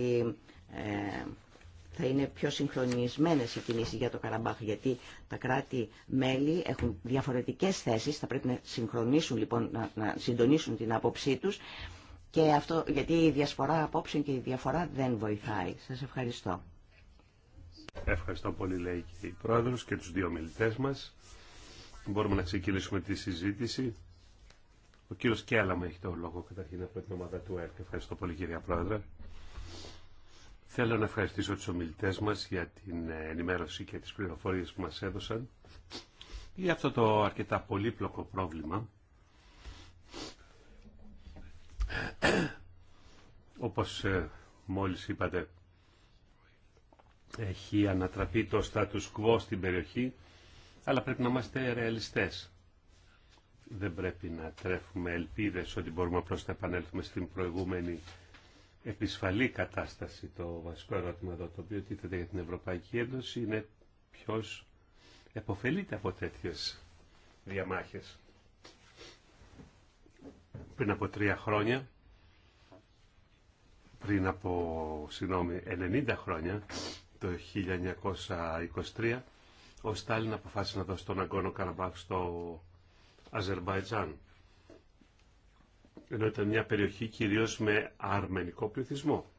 C: θα είναι πιο συγχρονισμένες οι κινήσεις για το Καραμπάχ, γιατί τα κράτη-μέλη έχουν διαφορετικές θέσεις, θα πρέπει να συγχρονίσουν λοιπόν, να, να συντονίσουν την άποψή τους, και αυτό, γιατί η διασπορά απόψεων και η διαφορά δεν βοηθάει. Σας ευχαριστώ.
A: Ευχαριστώ πολύ, λέει και η Πρόεδρος και τους δύο μιλητές μας. Μπορούμε να ξεκινήσουμε τη συζήτηση. Ο κύριος Κέλαμα έχει το λόγο καταρχήν από την ομάδα του ΕΡΚ. Ευχαριστώ πολύ, κυρία Πρόεδρε. Θέλω να ευχαριστήσω τους ομιλητές μας για την ενημέρωση και τις πληροφορίες που μας έδωσαν για αυτό το αρκετά πολύπλοκο πρόβλημα. Όπως ε, μόλις είπατε, έχει ανατραπεί το status quo στην περιοχή, αλλά πρέπει να είμαστε ρεαλιστές. Δεν πρέπει να τρέφουμε ελπίδες ότι μπορούμε απλώς να επανέλθουμε στην προηγούμενη επισφαλή κατάσταση. Το βασικό ερώτημα εδώ το οποίο τίθεται για την Ευρωπαϊκή Ένωση είναι ποιος εποφελείται από τέτοιες διαμάχες. Πριν από τρία χρόνια, πριν από, συγγνώμη, 90 χρόνια, το 1923, ο Στάλιν αποφάσισε να δώσει τον αγκόνο Καραμπάχ στο Αζερβαϊτζάν ενώ ήταν μια περιοχή κυρίως με αρμενικό πληθυσμό.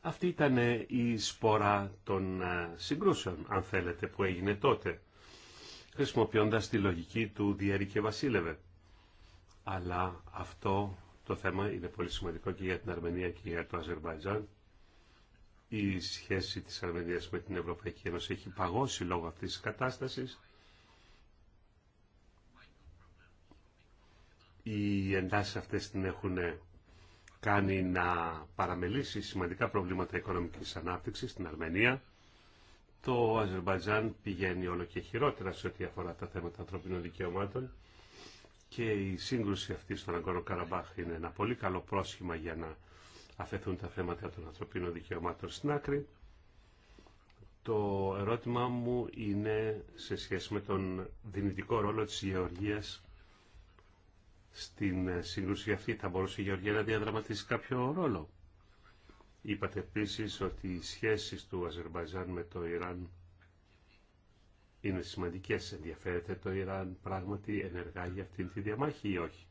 A: Αυτή ήταν ε, η σπορά των ε, συγκρούσεων, αν θέλετε, που έγινε τότε, χρησιμοποιώντας τη λογική του «διέρη και βασίλευε». Αλλά αυτό το θέμα είναι πολύ σημαντικό και για την Αρμενία και για το Αζερβαϊτζάν. Η σχέση της Αρμενίας με την Ευρωπαϊκή Ένωση έχει παγώσει λόγω αυτής της κατάστασης οι εντάσεις αυτές την έχουν κάνει να παραμελήσει σημαντικά προβλήματα οικονομικής ανάπτυξης στην Αρμενία. Το Αζερμπαϊτζάν πηγαίνει όλο και χειρότερα σε ό,τι αφορά τα θέματα ανθρωπίνων δικαιωμάτων και η σύγκρουση αυτή στον Αγκόρο Καραμπάχ είναι ένα πολύ καλό πρόσχημα για να αφαιθούν τα θέματα των ανθρωπίνων δικαιωμάτων στην άκρη. Το ερώτημά μου είναι σε σχέση με τον δυνητικό ρόλο της γεωργίας στην ε, σύγκρουση αυτή. Θα μπορούσε η Γεωργία να διαδραματίσει κάποιο ρόλο. Είπατε επίση ότι οι σχέσεις του Αζερμπαϊτζάν με το Ιράν είναι σημαντικέ. Ενδιαφέρεται το Ιράν πράγματι ενεργά για αυτή τη διαμάχη ή όχι.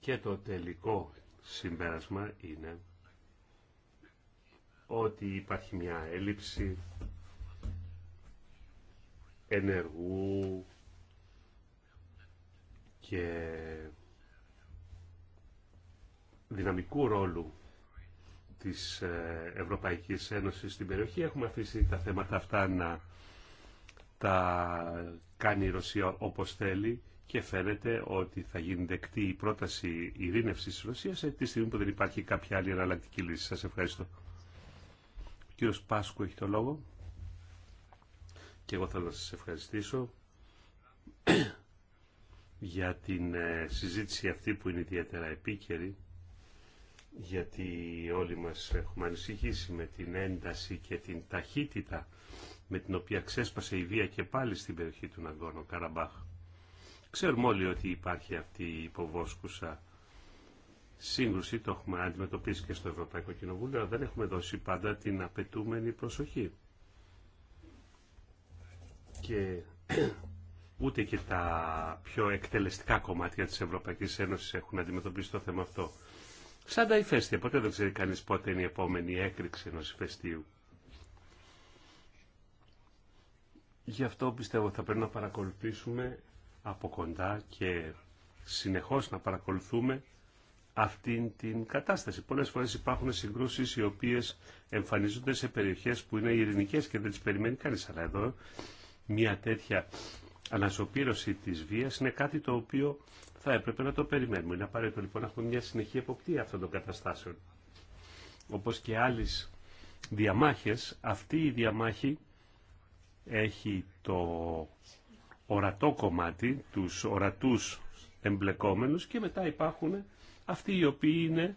A: Και το τελικό συμπέρασμα είναι ότι υπάρχει μια έλλειψη ενεργού και δυναμικού ρόλου της ε, Ευρωπαϊκής Ένωσης στην περιοχή. Έχουμε αφήσει τα θέματα αυτά να τα κάνει η Ρωσία όπως θέλει και φαίνεται ότι θα γίνει δεκτή η πρόταση της τη Ρωσία τη στιγμή που δεν υπάρχει κάποια άλλη εναλλακτική λύση. Σας ευχαριστώ. Ο κύριο Πάσκου έχει το λόγο. Και εγώ θέλω να σα ευχαριστήσω για την ε, συζήτηση αυτή που είναι ιδιαίτερα επίκαιρη γιατί όλοι μας έχουμε ανησυχήσει με την ένταση και την ταχύτητα με την οποία ξέσπασε η βία και πάλι στην περιοχή του Ναγκόνο Καραμπάχ. Ξέρουμε όλοι ότι υπάρχει αυτή η υποβόσκουσα σύγκρουση, το έχουμε αντιμετωπίσει και στο Ευρωπαϊκό Κοινοβούλιο, αλλά δεν έχουμε δώσει πάντα την απαιτούμενη προσοχή. Και ούτε και τα πιο εκτελεστικά κομμάτια της Ευρωπαϊκής Ένωσης έχουν αντιμετωπίσει το θέμα αυτό. Σαν τα ηφαίστεια, ποτέ δεν ξέρει κανείς πότε είναι η επόμενη έκρηξη ενός ηφαιστείου. Γι' αυτό πιστεύω θα πρέπει να παρακολουθήσουμε από κοντά και συνεχώς να παρακολουθούμε αυτήν την κατάσταση. Πολλές φορές υπάρχουν συγκρούσεις οι οποίες εμφανίζονται σε περιοχές που είναι ειρηνικές και δεν τις περιμένει κανείς. Αλλά εδώ μια τέτοια ανασωπήρωση της βίας είναι κάτι το οποίο θα έπρεπε να το περιμένουμε. Είναι απαραίτητο λοιπόν να έχουμε μια συνεχή εποπτεία αυτών των καταστάσεων. Όπως και άλλες διαμάχες, αυτή η διαμάχη έχει το ορατό κομμάτι, τους ορατούς εμπλεκόμενους και μετά υπάρχουν αυτοί οι οποίοι είναι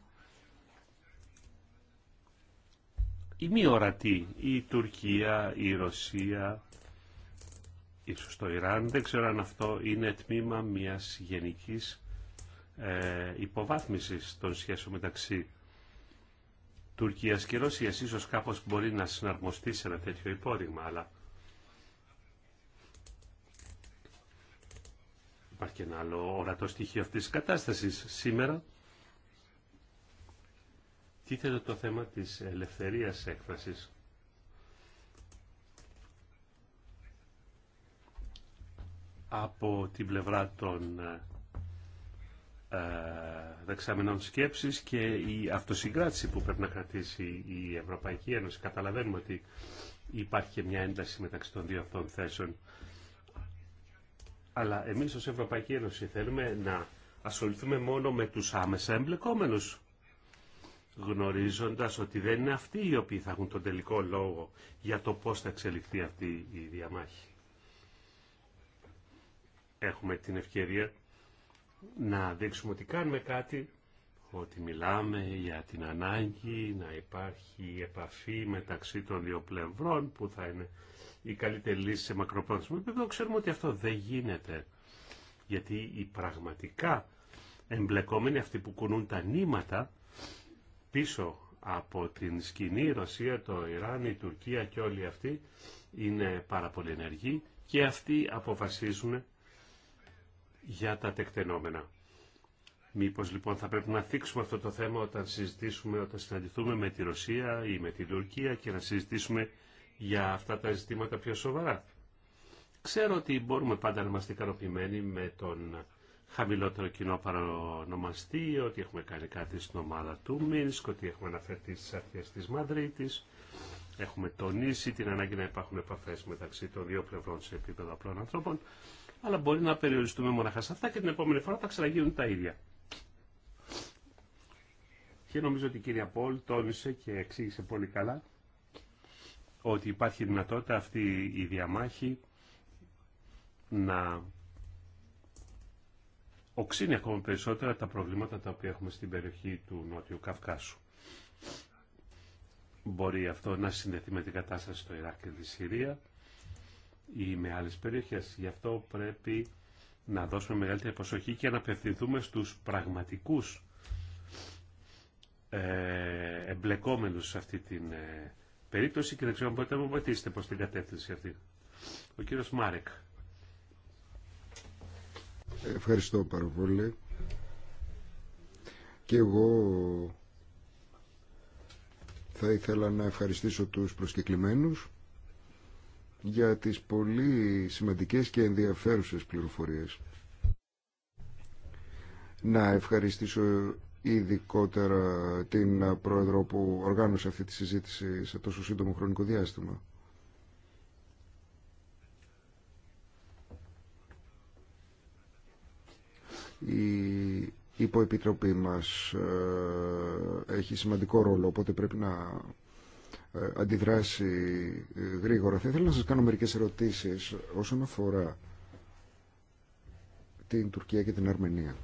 A: η μη ορατή, η Τουρκία, η Ρωσία, ίσως το Ιράν. Δεν ξέρω αν αυτό είναι τμήμα μιας γενικής ε, υποβάθμισης των σχέσεων μεταξύ Τουρκίας και Ρωσίας. Ίσως κάπως μπορεί να συναρμοστεί σε ένα τέτοιο υπόδειγμα, αλλά υπάρχει και ένα άλλο ορατό στοιχείο αυτής της κατάστασης. Σήμερα τίθεται το θέμα της ελευθερίας έκφρασης από την πλευρά των ε, δεξαμενών σκέψης και η αυτοσυγκράτηση που πρέπει να κρατήσει η Ευρωπαϊκή Ένωση. Καταλαβαίνουμε ότι υπάρχει μια ένταση μεταξύ των δύο αυτών θέσεων. Αλλά εμείς ως Ευρωπαϊκή Ένωση θέλουμε να ασχοληθούμε μόνο με τους άμεσα εμπλεκόμενους γνωρίζοντας ότι δεν είναι αυτοί οι οποίοι θα έχουν τον τελικό λόγο για το πώς θα εξελιχθεί αυτή η διαμάχη έχουμε την ευκαιρία να δείξουμε ότι κάνουμε κάτι, ότι μιλάμε για την ανάγκη να υπάρχει επαφή μεταξύ των δύο πλευρών που θα είναι η καλύτερη λύση σε μακροπρόθεσμο επίπεδο. Ξέρουμε ότι αυτό δεν γίνεται γιατί οι πραγματικά εμπλεκόμενοι αυτοί που κουνούν τα νήματα πίσω από την σκηνή Ρωσία, το Ιράν, η Τουρκία και όλοι αυτοί είναι πάρα πολύ ενεργοί και αυτοί αποφασίζουν για τα τεκτενόμενα. Μήπως λοιπόν θα πρέπει να θίξουμε αυτό το θέμα όταν συζητήσουμε, όταν συναντηθούμε με τη Ρωσία ή με την Τουρκία και να συζητήσουμε για αυτά τα ζητήματα πιο σοβαρά. Ξέρω ότι μπορούμε πάντα να είμαστε ικανοποιημένοι με τον χαμηλότερο κοινό παρονομαστή, ότι έχουμε κάνει κάτι στην ομάδα του Μίνσκ, ότι έχουμε αναφερθεί στις αρχές της Μαδρίτης, έχουμε τονίσει την ανάγκη να υπάρχουν επαφές μεταξύ των δύο πλευρών σε επίπεδο απλών ανθρώπων, αλλά μπορεί να περιοριστούμε μοναχά σε αυτά και την επόμενη φορά θα ξαναγίνουν τα ίδια. Και νομίζω ότι η κυρία Πολ τόνισε και εξήγησε πολύ καλά ότι υπάρχει δυνατότητα αυτή η διαμάχη να οξύνει ακόμα περισσότερα τα προβλήματα τα οποία έχουμε στην περιοχή του Νότιου Καυκάσου. Μπορεί αυτό να συνδεθεί με την κατάσταση στο Ιράκ και τη Συρία ή με άλλε περιοχέ. Γι' αυτό πρέπει να δώσουμε μεγαλύτερη προσοχή και να απευθυνθούμε στου πραγματικού ε, εμπλεκόμενους σε αυτή την ε, περίπτωση και δεν ξέρω αν μπορείτε να μου βοηθήσετε προ την κατεύθυνση αυτή. Ο κύριος Μάρεκ.
B: Ευχαριστώ πάρα πολύ. Και εγώ θα ήθελα να ευχαριστήσω τους προσκεκλημένους για τις πολύ σημαντικές και ενδιαφέρουσες πληροφορίες. Να ευχαριστήσω ειδικότερα την Πρόεδρο που οργάνωσε αυτή τη συζήτηση σε τόσο σύντομο χρονικό διάστημα. Η υποεπιτροπή μας ε, έχει σημαντικό ρόλο, οπότε πρέπει να ε, αντιδράσει ε, γρήγορα. Θα ήθελα να σας κάνω μερικές ερωτήσεις όσον αφορά την Τουρκία και την Αρμενία.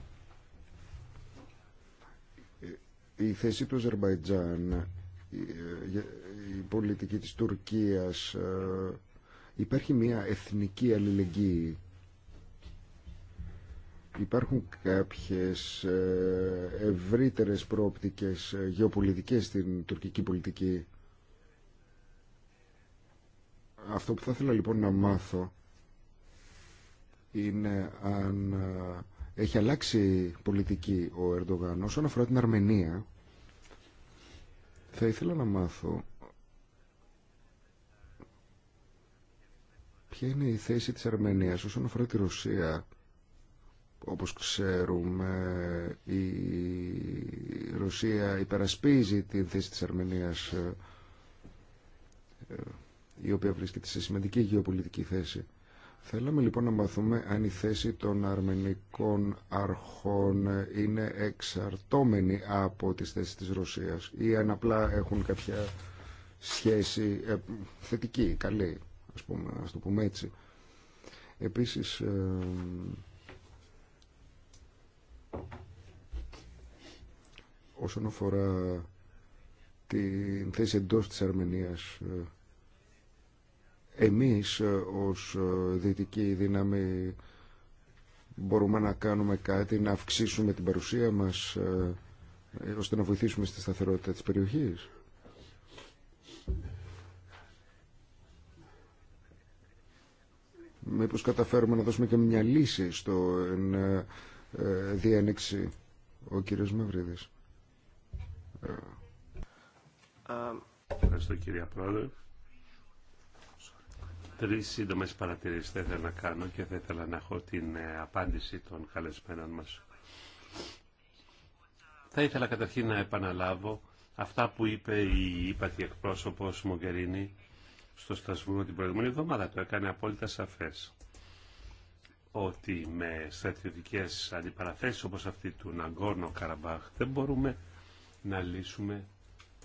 B: Η θέση του Αζερβαϊτζάν, η ε, πολιτική της Τουρκίας, υπάρχει μια εθνική αλληλεγγύη. Υπάρχουν κάποιες ευρύτερες προοπτικές γεωπολιτικές στην τουρκική πολιτική αυτό που θα ήθελα λοιπόν να μάθω είναι αν ε, έχει αλλάξει πολιτική ο Ερντογάν όσον αφορά την Αρμενία. Θα ήθελα να μάθω ποια είναι η θέση της Αρμενίας όσον αφορά τη Ρωσία. Όπως ξέρουμε η Ρωσία υπερασπίζει την θέση της Αρμενίας ε, ε, η οποία βρίσκεται σε σημαντική γεωπολιτική θέση. Θέλαμε λοιπόν να μαθούμε αν η θέση των αρμενικών αρχών είναι εξαρτώμενη από τις θέσεις της Ρωσίας ή αν απλά έχουν κάποια σχέση ε, θετική, καλή, ας, πούμε, ας το πούμε έτσι. Επίσης, ε, όσον αφορά την θέση εντός της Αρμενίας, ε, εμείς ε, ως ε, δυτική δύναμη μπορούμε να κάνουμε κάτι, να αυξήσουμε την παρουσία μας ε, ώστε να βοηθήσουμε στη σταθερότητα της περιοχής. Μήπως καταφέρουμε να δώσουμε και μια λύση στο διένεξη ο κύριος Μαυρίδης.
A: Ευχαριστώ κύριε Πρόεδρε. Τρεις σύντομες παρατηρήσεις θα ήθελα να κάνω και θα ήθελα να έχω την ε, απάντηση των καλεσμένων μας. Θα ήθελα καταρχήν να επαναλάβω αυτά που είπε η ύπατη εκπρόσωπος Μογκερίνη στο Στρασβούργο την προηγούμενη εβδομάδα. Το έκανε απόλυτα σαφές ότι με στρατιωτικές αντιπαραθέσεις όπως αυτή του Ναγκόρνο Καραμπάχ δεν μπορούμε να λύσουμε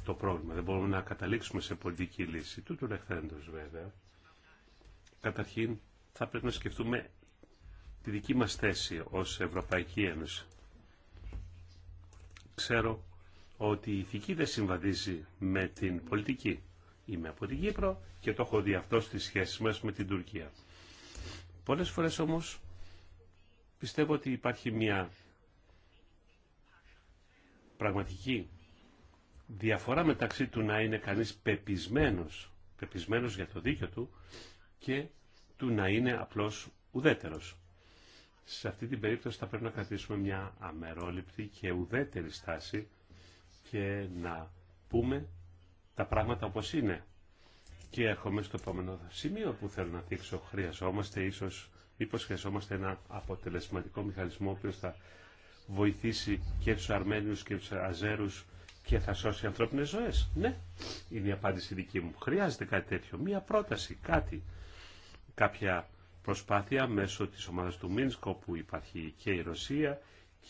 A: το πρόβλημα. Δεν μπορούμε να καταλήξουμε σε πολιτική λύση του του βέβαια. Καταρχήν θα πρέπει να σκεφτούμε τη δική μας θέση ως Ευρωπαϊκή Ένωση. Ξέρω ότι η ηθική δεν συμβαδίζει με την πολιτική. Είμαι από την Κύπρο και το έχω δει αυτό στις σχέσεις μας με την Τουρκία. Πολλές φορές όμως πιστεύω ότι υπάρχει μια πραγματική διαφορά μεταξύ του να είναι κανείς πεπισμένος, πεπισμένος για το δίκιο του και του να είναι απλώς ουδέτερος. Σε αυτή την περίπτωση θα πρέπει να κρατήσουμε μια αμερόληπτη και ουδέτερη στάση και να πούμε τα πράγματα όπως είναι. Και έρχομαι στο επόμενο σημείο που θέλω να δείξω. Χρειαζόμαστε ίσως, μήπως χρειαζόμαστε ένα αποτελεσματικό μηχανισμό που θα βοηθήσει και τους Αρμένιους και τους Αζέρους και θα σώσει ανθρώπινες ζωές. Ναι, είναι η απάντηση δική μου. Χρειάζεται κάτι τέτοιο. Μία πρόταση, κάτι κάποια προσπάθεια μέσω της ομάδας του Μίνσκ όπου υπάρχει και η Ρωσία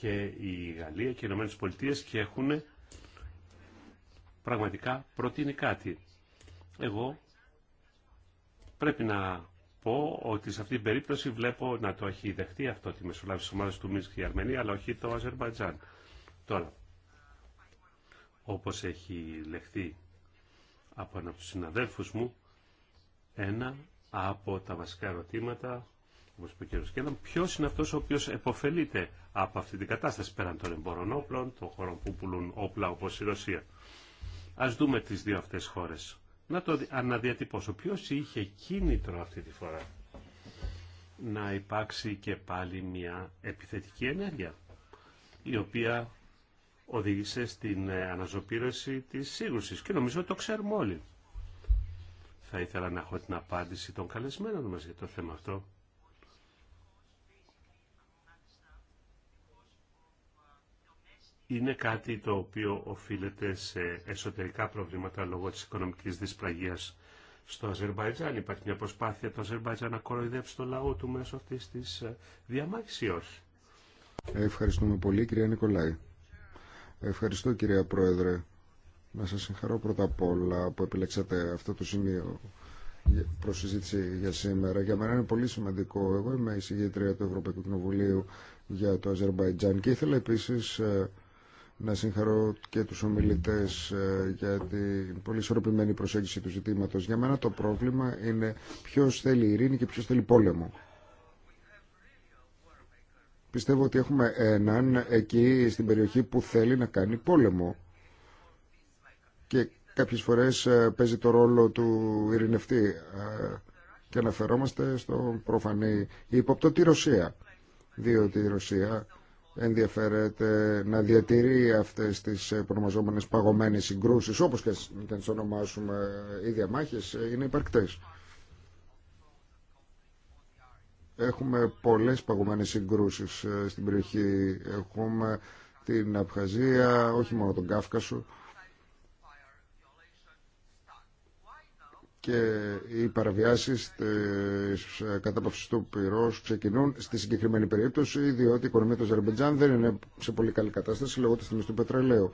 A: και η Γαλλία και οι Ηνωμένες Πολιτείες και έχουν πραγματικά προτείνει κάτι. Εγώ πρέπει να πω ότι σε αυτή την περίπτωση βλέπω να το έχει δεχτεί αυτό τη μεσολάβηση της ομάδας του Μίνσκ και η Αρμενία αλλά όχι το Αζερμπαϊτζάν. Τώρα, όπως έχει λεχθεί από ένα από τους συναδέλφους μου, ένα από τα βασικά ερωτήματα, όπως είπε ο κ. ποιος είναι αυτός ο οποίος επωφελείται από αυτή την κατάσταση πέραν των εμπορών όπλων, των χωρών που πουλούν όπλα όπως η Ρωσία. Ας δούμε τις δύο αυτές χώρες. Να το αναδιατυπώσω. Ποιος είχε κίνητρο αυτή τη φορά να υπάρξει και πάλι μια επιθετική ενέργεια, η οποία οδήγησε στην ε, αναζωπήρωση της σύγκρουσης. Και νομίζω το ξέρουμε όλοι. Θα ήθελα να έχω την απάντηση των καλεσμένων μας για το θέμα αυτό. Είναι κάτι το οποίο οφείλεται σε εσωτερικά προβλήματα λόγω της οικονομικής δυσπραγίας στο Αζερβαϊτζάν. Υπάρχει μια προσπάθεια το Αζερβαϊτζάν να κοροϊδέψει το λαό του μέσω αυτής της ε, διαμάχης ή όχι.
B: Ευχαριστούμε πολύ κυρία Νικολάη. Ευχαριστώ κυρία Πρόεδρε. Να σας συγχαρώ πρώτα απ' όλα που επιλέξατε αυτό το σημείο προς για σήμερα. Για μένα είναι πολύ σημαντικό. Εγώ είμαι η συγγήτρια του Ευρωπαϊκού Κοινοβουλίου για το Αζερμπαϊτζάν και ήθελα επίσης ε, να συγχαρώ και τους ομιλητές ε, για την πολύ ισορροπημένη προσέγγιση του ζητήματος. Για μένα το πρόβλημα είναι ποιος θέλει ειρήνη και ποιος θέλει πόλεμο. Πιστεύω ότι έχουμε έναν εκεί στην περιοχή που θέλει να κάνει πόλεμο και κάποιες φορές ε, παίζει το ρόλο του ειρηνευτή ε, και αναφερόμαστε στο προφανή υποπτώ τη Ρωσία διότι η Ρωσία ενδιαφέρεται να διατηρεί αυτές τις προνομαζόμενες παγωμένες συγκρούσεις όπως και να τις ονομάσουμε οι διαμάχες είναι υπαρκτές έχουμε πολλές παγωμένες συγκρούσεις ε, στην περιοχή έχουμε την Απχαζία όχι μόνο τον Κάφκασο και οι παραβιάσεις της κατάπαυσης του πυρός ξεκινούν στη συγκεκριμένη περίπτωση διότι η οικονομία του Αζερμπαϊτζάν δεν είναι σε πολύ καλή κατάσταση λόγω της τιμής του πετρελαίου.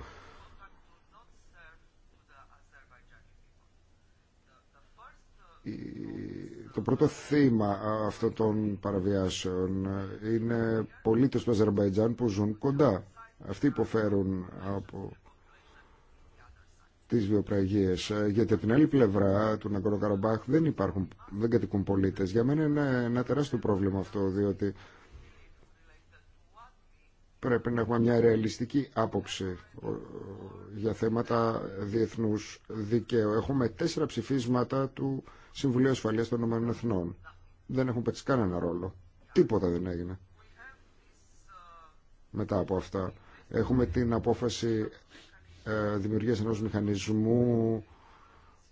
B: Το πρώτο θύμα αυτών των παραβιάσεων είναι πολίτες του Αζερμπαϊτζάν που ζουν κοντά. Αυτοί υποφέρουν από τις βιοπραγίες. Ε, γιατί από την άλλη πλευρά του Ναγκοροκαραμπάχ δεν υπάρχουν, δεν κατοικούν πολίτες. Για μένα είναι ένα τεράστιο πρόβλημα αυτό, διότι πρέπει να έχουμε μια ρεαλιστική άποψη ε, για θέματα διεθνούς δικαίου. Έχουμε τέσσερα ψηφίσματα του Συμβουλίου Ασφαλείας των Ηνωμένων Εθνών. Δεν έχουν παίξει κανένα ρόλο. Τίποτα δεν έγινε. Μετά από αυτά έχουμε την απόφαση ε, δημιουργίας ενός μηχανισμού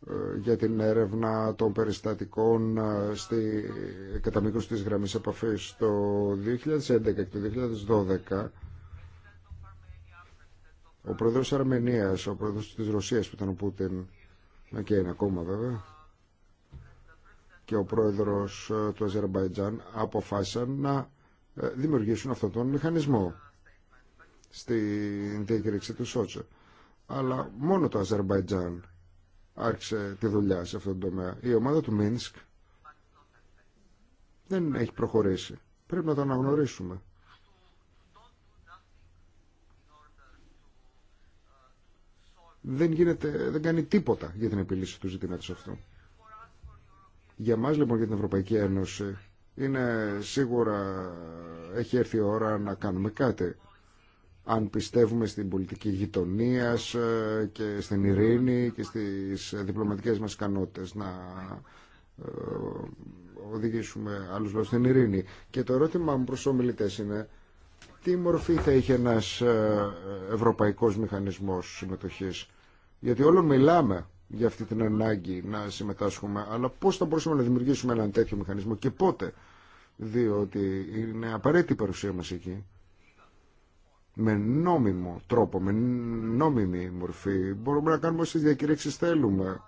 B: ε, για την έρευνα των περιστατικών ε, στη μήκο της γραμμής επαφής το 2011 και το 2012 ο πρόεδρος Αρμενίας, ο πρόεδρος της Ρωσίας που ήταν ο Πούτιν και είναι ακόμα βέβαια και ο πρόεδρος του Αζερμπαϊτζάν αποφάσισαν να δημιουργήσουν αυτόν τον μηχανισμό στην διακήρυξη του Σότσε αλλά μόνο το Αζερβαϊτζάν άρχισε τη δουλειά σε αυτόν τον τομέα. Η ομάδα του Μίνσκ δεν έχει προχωρήσει. Πρέπει να το αναγνωρίσουμε. Δεν, γίνεται, δεν κάνει τίποτα για την επιλύση του ζητήματος αυτού. Για μας λοιπόν για την Ευρωπαϊκή Ένωση είναι σίγουρα έχει έρθει η ώρα να κάνουμε κάτι αν πιστεύουμε στην πολιτική γειτονία ε, και στην ειρήνη και στις διπλωματικές μας ικανότητε να ε, οδηγήσουμε άλλους λόγους στην ειρήνη. Και το ερώτημα μου προς είναι τι μορφή θα είχε ένας ε, ευρωπαϊκός μηχανισμός συμμετοχής. Γιατί όλο μιλάμε για αυτή την ανάγκη να συμμετάσχουμε, αλλά πώς θα μπορούσαμε να δημιουργήσουμε έναν τέτοιο μηχανισμό και πότε, διότι είναι απαραίτητη η παρουσία μας εκεί με νόμιμο τρόπο, με νόμιμη μορφή. Μπορούμε να κάνουμε όσες διακηρύξεις θέλουμε.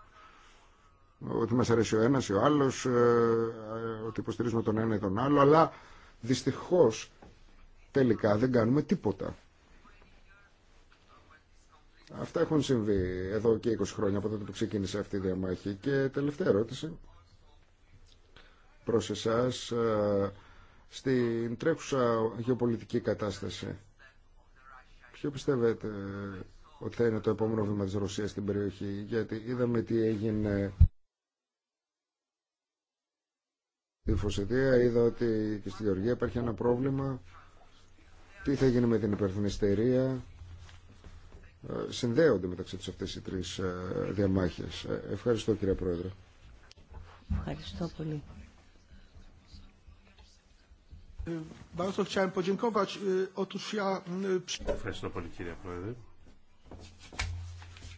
B: Ότι μας αρέσει ο ένας ή ο άλλος, ε, ε, ότι υποστηρίζουμε τον ένα ή τον άλλο, αλλά δυστυχώς τελικά δεν κάνουμε τίποτα. Αυτά έχουν συμβεί εδώ και 20 χρόνια από τότε που ξεκίνησε αυτή η διαμάχη. Και τελευταία ερώτηση προς εσάς ε, στην τρέχουσα γεωπολιτική κατάσταση. Ποιο πιστεύετε ότι θα είναι το επόμενο βήμα της Ρωσίας στην περιοχή, γιατί είδαμε τι έγινε στη Φωσετία, είδα ότι και στη Γεωργία υπάρχει ένα πρόβλημα. Τι θα γίνει με την υπερθυνιστερία. Ε, συνδέονται μεταξύ τους αυτές οι τρεις ε, διαμάχες. Ε, ευχαριστώ κύριε Πρόεδρε. Ευχαριστώ πολύ.
A: Ευχαριστώ πολύ κύριε Πρόεδρε.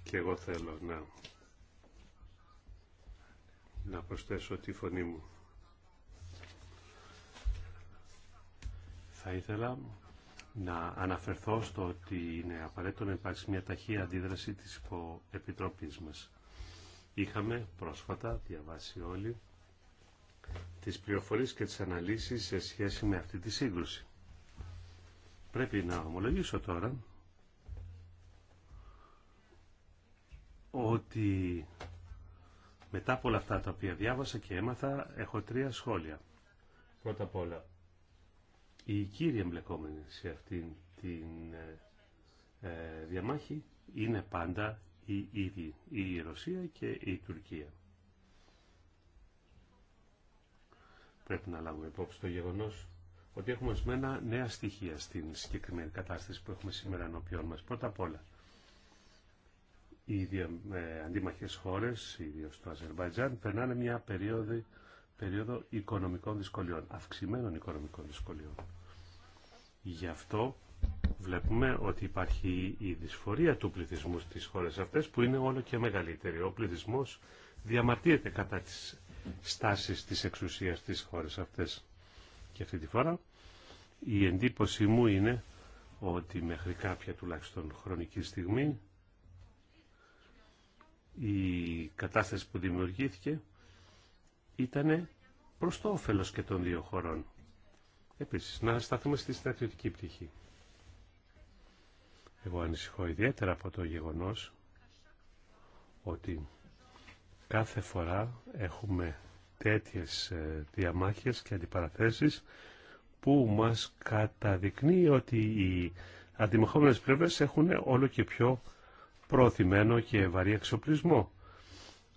A: Και εγώ θέλω να, να προσθέσω τη φωνή μου. Θα ήθελα να αναφερθώ στο ότι είναι απαραίτητο να υπάρξει μια ταχεία αντίδραση της υποεπιτροπής μας. Είχαμε πρόσφατα, διαβάσει όλοι, τις πληροφορίες και τις αναλύσεις σε σχέση με αυτή τη σύγκρουση. Πρέπει να ομολογήσω τώρα ότι μετά από όλα αυτά τα οποία διάβασα και έμαθα, έχω τρία σχόλια. Πρώτα απ' όλα, οι κύριοι εμπλεκόμενοι σε αυτήν την ε, ε, διαμάχη είναι πάντα η ίδια η Ρωσία και η Τουρκία. Πρέπει να λάβουμε υπόψη το γεγονός ότι έχουμε ορισμένα νέα στοιχεία στην συγκεκριμένη κατάσταση που έχουμε σήμερα ενώπιόν μας. Πρώτα απ' όλα, οι ίδια, ε, αντίμαχες χώρες, ιδίω το Αζερβαϊτζάν, περνάνε μια περίοδο, περίοδο οικονομικών δυσκολιών, αυξημένων οικονομικών δυσκολιών. Γι' αυτό βλέπουμε ότι υπάρχει η δυσφορία του πληθυσμού στις χώρες αυτές που είναι όλο και μεγαλύτερη. Ο πληθυσμός διαμαρτύρεται κατά της στάσεις της εξουσίας της χώρες αυτές. Και αυτή τη φορά η εντύπωση μου είναι ότι μέχρι κάποια τουλάχιστον χρονική στιγμή η κατάσταση που δημιουργήθηκε ήταν προς το όφελος και των δύο χωρών. Επίσης, να σταθούμε στη στρατιωτική πτυχή. Εγώ ανησυχώ ιδιαίτερα από το γεγονός ότι Κάθε φορά έχουμε τέτοιες ε, διαμάχες και αντιπαραθέσεις που μας καταδεικνύει ότι οι αντιμεχόμενες πλευρές έχουν όλο και πιο προωθημένο και βαρύ εξοπλισμό.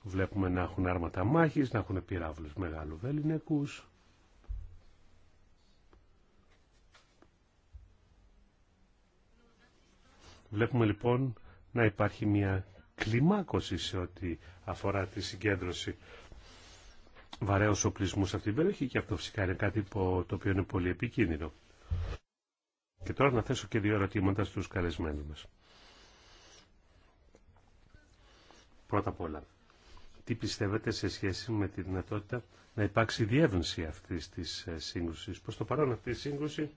A: Βλέπουμε να έχουν άρματα μάχης, να έχουν πυράβλους μεγάλου βεληνικούς. Βλέπουμε λοιπόν να υπάρχει μια κλιμάκωση σε ό,τι αφορά τη συγκέντρωση βαρέως οπλισμού σε αυτήν την περιοχή και αυτό φυσικά είναι κάτι το οποίο είναι πολύ επικίνδυνο. Και τώρα να θέσω και δύο ερωτήματα στους καλεσμένους μας. Πρώτα απ' όλα, τι πιστεύετε σε σχέση με τη δυνατότητα να υπάρξει διεύνηση αυτής της ε, σύγκρουσης. πως το παρόν αυτή η σύγκρουση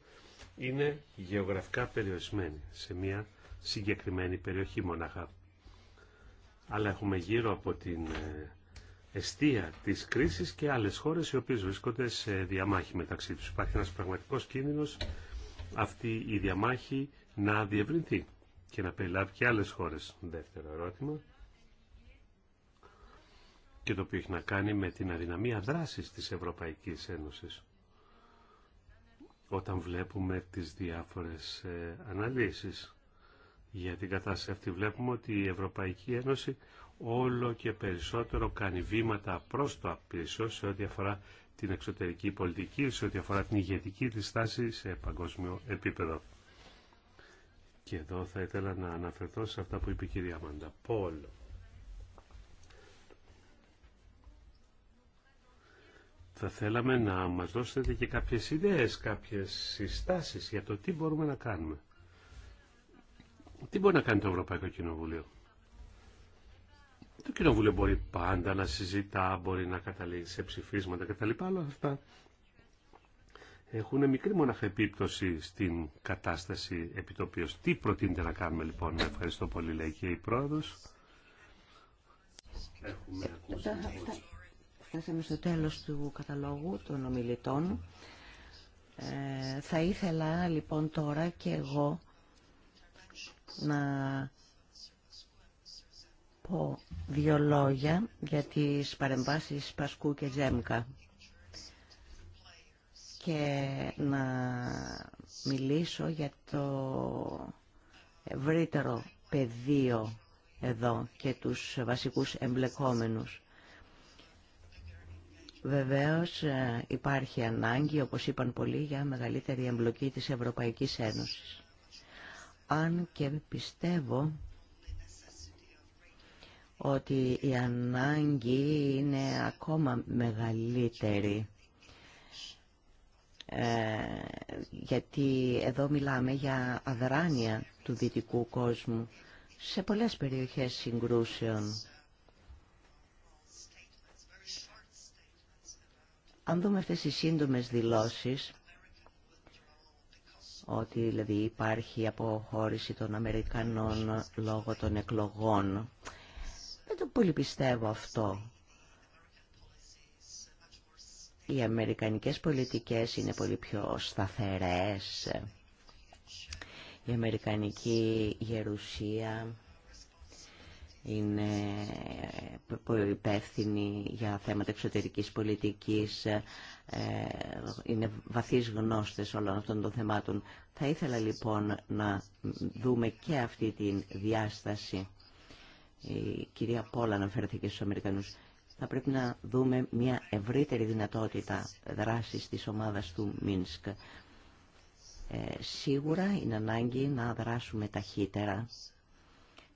A: είναι γεωγραφικά περιορισμένη σε μια συγκεκριμένη περιοχή μονάχα αλλά έχουμε γύρω από την εστία της κρίσης και άλλες χώρες οι οποίες βρίσκονται σε διαμάχη μεταξύ τους. Υπάρχει ένας πραγματικός κίνδυνος αυτή η διαμάχη να διευρυνθεί και να περιλάβει και άλλες χώρες. Δεύτερο ερώτημα και το οποίο έχει να κάνει με την αδυναμία δράσης της Ευρωπαϊκής Ένωσης. Όταν βλέπουμε τις διάφορες ε, αναλύσεις για την κατάσταση αυτή. Βλέπουμε ότι η Ευρωπαϊκή Ένωση όλο και περισσότερο κάνει βήματα προς το απίσω σε ό,τι αφορά την εξωτερική πολιτική, σε ό,τι αφορά την ηγετική της στάση σε παγκόσμιο επίπεδο. Και εδώ θα ήθελα να αναφερθώ σε αυτά που είπε η κυρία Μανταπόλ. Θα θέλαμε να μας δώσετε και κάποιες ιδέες, κάποιες συστάσεις για το τι μπορούμε να κάνουμε. Τι μπορεί να κάνει το Ευρωπαϊκό Κοινοβούλιο. Το Κοινοβούλιο μπορεί πάντα να συζητά, μπορεί να καταλήγει σε ψηφίσματα κτλ. Αλλά αυτά έχουν μικρή μοναχα επίπτωση στην κατάσταση επιτοπίως. Τι προτείνετε να κάνουμε λοιπόν. Ευχαριστώ πολύ λέει και η πρόεδρος.
C: Έχουμε ακούσει... Φτάσαμε στο τέλος του καταλόγου των ομιλητών. Ε, θα ήθελα λοιπόν τώρα και εγώ να πω δύο λόγια για τις παρεμβάσεις Πασκού και Τζέμκα και να μιλήσω για το ευρύτερο πεδίο εδώ και τους βασικούς εμπλεκόμενους. Βεβαίως ε, υπάρχει ανάγκη, όπως είπαν πολλοί, για μεγαλύτερη εμπλοκή της Ευρωπαϊκής Ένωσης αν και πιστεύω ότι η ανάγκη είναι ακόμα μεγαλύτερη. Ε, γιατί εδώ μιλάμε για αδράνεια του δυτικού κόσμου σε πολλές περιοχές συγκρούσεων. Αν δούμε αυτές τις σύντομες δηλώσεις ότι δηλαδή υπάρχει αποχώρηση των Αμερικανών λόγω των εκλογών. Δεν το πολύ πιστεύω αυτό. Οι αμερικανικές πολιτικές είναι πολύ πιο σταθερές. Η αμερικανική γερουσία είναι υπεύθυνη για θέματα εξωτερικής πολιτικής, ε, είναι βαθύς γνώστες όλων αυτών των θεμάτων. Θα ήθελα λοιπόν να δούμε και αυτή τη διάσταση. Η κυρία Πόλα αναφέρθηκε στους Αμερικανούς. Θα πρέπει να δούμε μια ευρύτερη δυνατότητα δράσης της ομάδας του Μίνσκ. Ε, σίγουρα είναι ανάγκη να δράσουμε ταχύτερα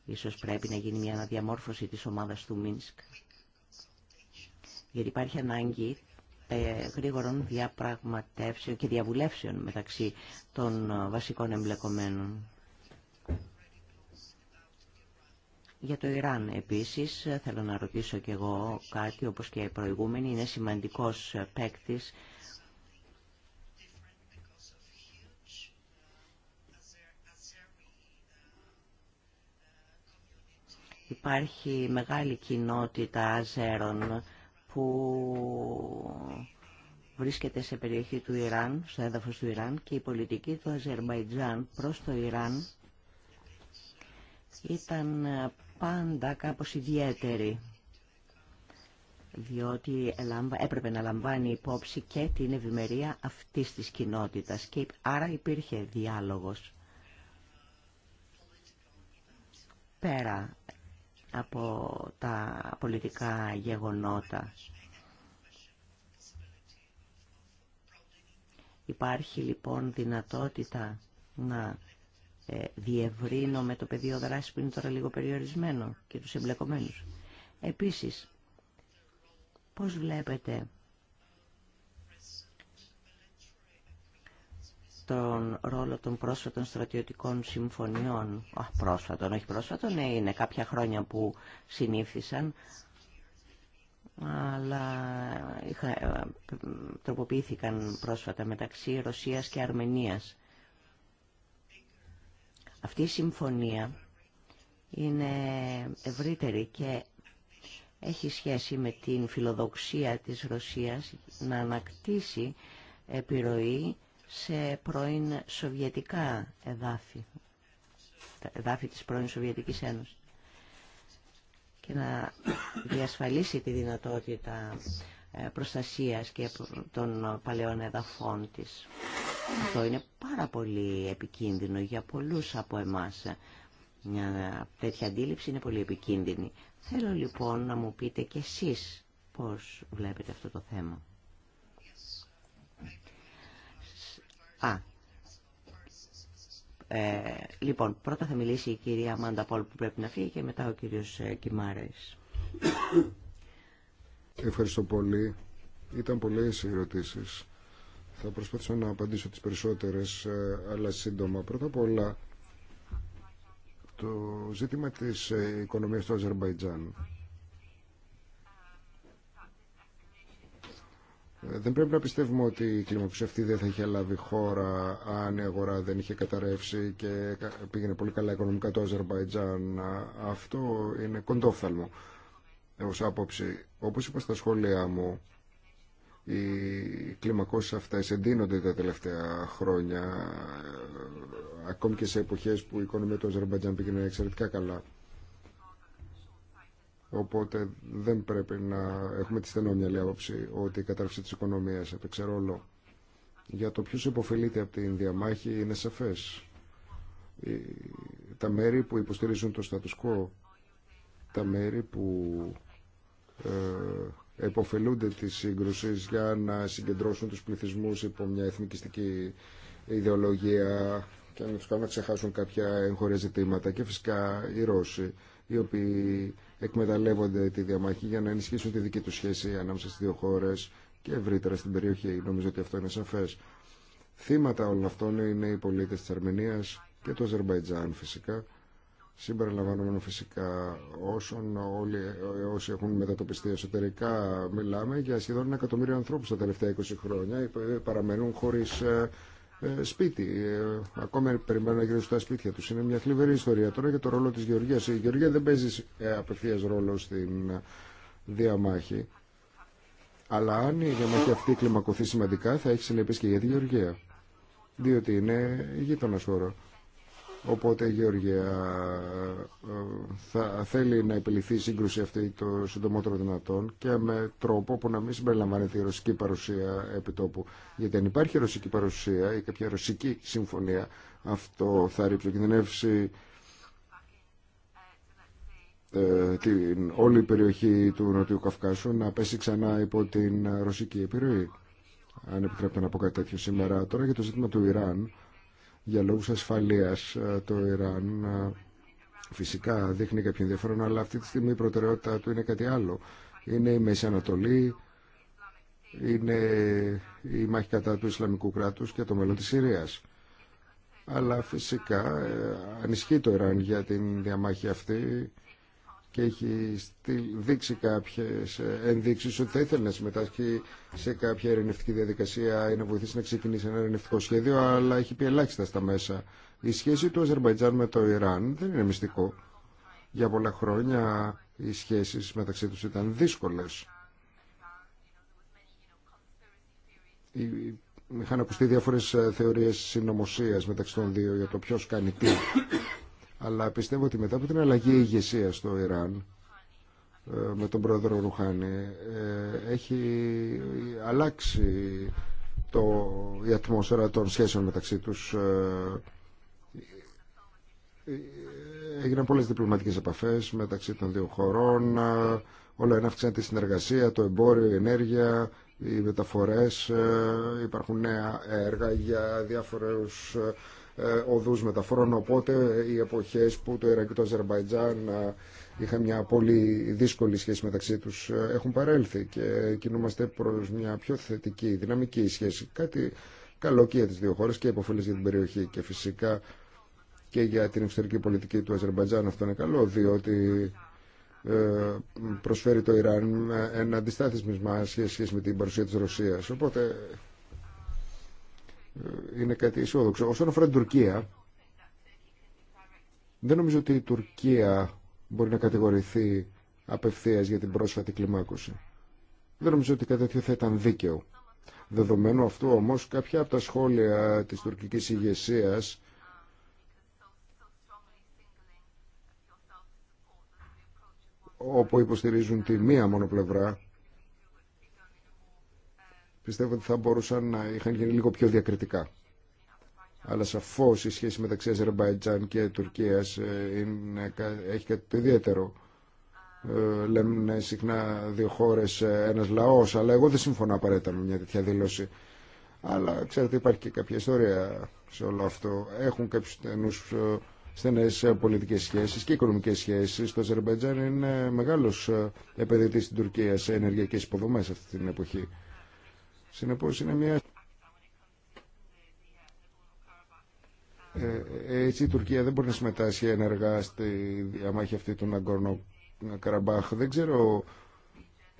C: Ίσως πρέπει να γίνει μια αναδιαμόρφωση της ομάδας του Μίνσκ. Γιατί υπάρχει ανάγκη ε, γρήγορων διαπραγματεύσεων και διαβουλεύσεων μεταξύ των ε, βασικών εμπλεκομένων. Για το Ιράν επίσης θέλω να ρωτήσω και εγώ κάτι όπως και οι προηγούμενοι. Είναι σημαντικός παίκτη Υπάρχει μεγάλη κοινότητα Αζέρων που βρίσκεται σε περιοχή του Ιράν, στο έδαφος του Ιράν και η πολιτική του Αζερμπαϊτζάν προς το Ιράν ήταν πάντα κάπως ιδιαίτερη διότι έπρεπε να λαμβάνει υπόψη και την ευημερία αυτής της κοινότητας και άρα υπήρχε διάλογος πέρα από τα πολιτικά γεγονότα. Υπάρχει λοιπόν δυνατότητα να ε, διευρύνω με το πεδίο δράση που είναι τώρα λίγο περιορισμένο και τους εμπλεκομένους. Επίσης, πώς βλέπετε στον ρόλο των πρόσφατων στρατιωτικών συμφωνιών. Α, πρόσφατον, όχι πρόσφατον, ναι, είναι κάποια χρόνια που συνήθισαν, αλλά είχα, ε, τροποποιήθηκαν πρόσφατα μεταξύ Ρωσίας και Αρμενίας. Αυτή η συμφωνία είναι ευρύτερη και έχει σχέση με την φιλοδοξία της Ρωσίας να ανακτήσει επιρροή σε πρώην σοβιετικά εδάφη, τα εδάφη της πρώην Σοβιετικής Ένωσης και να διασφαλίσει τη δυνατότητα ε, προστασίας και των παλαιών εδαφών της. Αυτό είναι πάρα πολύ επικίνδυνο για πολλούς από εμάς. Μια τέτοια αντίληψη είναι πολύ επικίνδυνη. Θέλω λοιπόν να μου πείτε κι εσείς πώς βλέπετε αυτό το θέμα. Ε, λοιπόν, πρώτα θα μιλήσει η κυρία Μάντα Πολ που πρέπει να φύγει και μετά ο κύριος ε,
B: Κιμάρες. Ευχαριστώ πολύ. Ήταν πολλές οι ερωτήσεις. Θα προσπαθήσω να απαντήσω τις περισσότερες, ε, αλλά σύντομα. Πρώτα απ' όλα, το ζήτημα της οικονομίας του Αζερμπαϊτζάν. Δεν πρέπει να πιστεύουμε ότι η κλιμακούσα αυτή δεν θα είχε λάβει χώρα αν η αγορά δεν είχε καταρρεύσει και πήγαινε πολύ καλά οικονομικά το Αζερβαϊτζάν. Αυτό είναι κοντόφθαλμο ω άποψη. Όπως είπα στα σχόλιά μου, οι κλιμακώσει αυτέ εντείνονται τα τελευταία χρόνια, ε, ακόμη και σε εποχές που η οικονομία του Αζερβαϊτζάν πήγαινε εξαιρετικά καλά. Οπότε δεν πρέπει να έχουμε τη στενόμυαλη άποψη ότι η κατάρρευση της οικονομίας έπαιξε ρόλο. Για το ποιο υποφελείται από την διαμάχη είναι σαφέ. Τα μέρη που υποστηρίζουν το status τα μέρη που ε, εποφελούνται της για να συγκεντρώσουν τους πληθυσμού υπό μια εθνικιστική ιδεολογία και να του κάνουν να ξεχάσουν κάποια εγχωρία ζητήματα και φυσικά οι Ρώσοι οι οποίοι εκμεταλλεύονται τη διαμάχη για να ενισχύσουν τη δική του σχέση ανάμεσα στι δύο χώρε και ευρύτερα στην περιοχή. Νομίζω ότι αυτό είναι σαφέ. Θύματα όλων αυτών είναι οι πολίτε τη Αρμενία και του Αζερβαϊτζάν φυσικά. Συμπεριλαμβανομένων φυσικά όσων όλοι, όσοι έχουν μετατοπιστεί εσωτερικά μιλάμε για σχεδόν ένα εκατομμύριο ανθρώπου τα τελευταία 20 χρόνια παραμένουν χωρί. Ε, ε, σπίτι. Ε, ακόμα περιμένουν να γυρίσουν στα σπίτια του. Είναι μια θλιβερή ιστορία. Τώρα για το ρόλο τη Γεωργία. Η Γεωργία δεν παίζει ε, απευθεία ρόλο στην διαμάχη. Αλλά αν η διαμάχη αυτή κλιμακωθεί σημαντικά, θα έχει συνέπειε και για τη Γεωργία. Διότι είναι γείτονα χώρο. Οπότε η Γεωργία θα θέλει να επιληθεί η σύγκρουση αυτή το συντομότερο δυνατόν και με τρόπο που να μην συμπεριλαμβάνεται η ρωσική παρουσία τόπου. Γιατί αν υπάρχει ρωσική παρουσία ή κάποια ρωσική συμφωνία, αυτό θα ρηψοκινδυνεύσει ε, την όλη η περιοχή του Νοτιού Καυκάσου να πέσει ξανά υπό την ρωσική επιρροή. Αν επιτρέπετε να πω κάτι τέτοιο σήμερα. Τώρα για το ζήτημα του Ιράν για λόγους ασφαλείας ε, το Ιράν ε, φυσικά δείχνει κάποιο ενδιαφέρον αλλά αυτή τη στιγμή η προτεραιότητα του είναι κάτι άλλο είναι η Μέση Ανατολή είναι η μάχη κατά του Ισλαμικού κράτους και το μέλλον της Συρίας αλλά φυσικά ε, ανισχύει το Ιράν για την διαμάχη αυτή και έχει δείξει κάποιες ε, ενδείξεις ότι θα ήθελε να συμμετάσχει σε κάποια ειρηνευτική διαδικασία ή να βοηθήσει να ξεκινήσει ένα ειρηνευτικό σχέδιο, αλλά έχει πει ελάχιστα στα μέσα. Η σχέση του Αζερμπαϊτζάν με το Ιράν δεν είναι μυστικό. Για πολλά χρόνια οι σχέσεις μεταξύ τους ήταν δύσκολες. Είχαν ακουστεί διάφορες ε, θεωρίες συνωμοσία μεταξύ των δύο για το ποιος κάνει τι αλλά πιστεύω ότι μετά από την αλλαγή ηγεσία στο Ιράν ε, με τον πρόεδρο Ρουχάνη ε, έχει αλλάξει το, η ατμόσφαιρα των σχέσεων μεταξύ τους ε, έγιναν πολλές διπλωματικές επαφές μεταξύ των δύο χωρών όλα ένα αυξάνεται τη συνεργασία, το εμπόριο, η ενέργεια οι μεταφορές υπάρχουν νέα έργα για διάφορους ε, οδούς μεταφορών. Οπότε ε, οι εποχές που το Ιρακ και το Αζερβαϊτζάν ε, είχαν μια πολύ δύσκολη σχέση μεταξύ τους έχουν παρέλθει και κινούμαστε προς μια πιο θετική, δυναμική σχέση. Κάτι καλό και για τις δύο χώρες και υποφέλες για την περιοχή και φυσικά και για την εξωτερική πολιτική του Αζερμπαϊτζάν αυτό είναι καλό διότι προσφέρει το Ιράν ένα αντιστάθμισμα σχέση με την παρουσία της Ρωσίας. Οπότε ε, είναι κάτι αισιόδοξο. Όσον αφορά την Τουρκία, δεν νομίζω ότι η Τουρκία μπορεί να κατηγορηθεί απευθεία για την πρόσφατη κλιμάκωση. Δεν νομίζω ότι κάτι τέτοιο θα ήταν δίκαιο. Δεδομένου αυτού όμως κάποια από τα σχόλια της τουρκικής ηγεσία όπου υποστηρίζουν τη μία μόνο πλευρά πιστεύω ότι θα μπορούσαν να είχαν γίνει λίγο πιο διακριτικά. Αλλά σαφώ η σχέση μεταξύ Αζερμπαϊτζάν και Τουρκία ε, έχει κάτι το ιδιαίτερο. Ε, λέμε συχνά δύο χώρε, ένα λαό, αλλά εγώ δεν συμφωνώ απαραίτητα με μια τέτοια δήλωση. Αλλά ξέρετε, υπάρχει και κάποια ιστορία σε όλο αυτό. Έχουν κάποιου στενού ε, στενέ ε, πολιτικέ σχέσει και οικονομικέ σχέσει. Το Αζερμπαϊτζάν είναι μεγάλο επενδυτή στην Τουρκία σε ενεργειακέ υποδομέ αυτή την εποχή. Συνεπώς είναι μια... Ε, έτσι η Τουρκία δεν μπορεί να συμμετάσχει ενεργά στη διαμάχη αυτή του Ναγκόρνο Καραμπάχ. Δεν ξέρω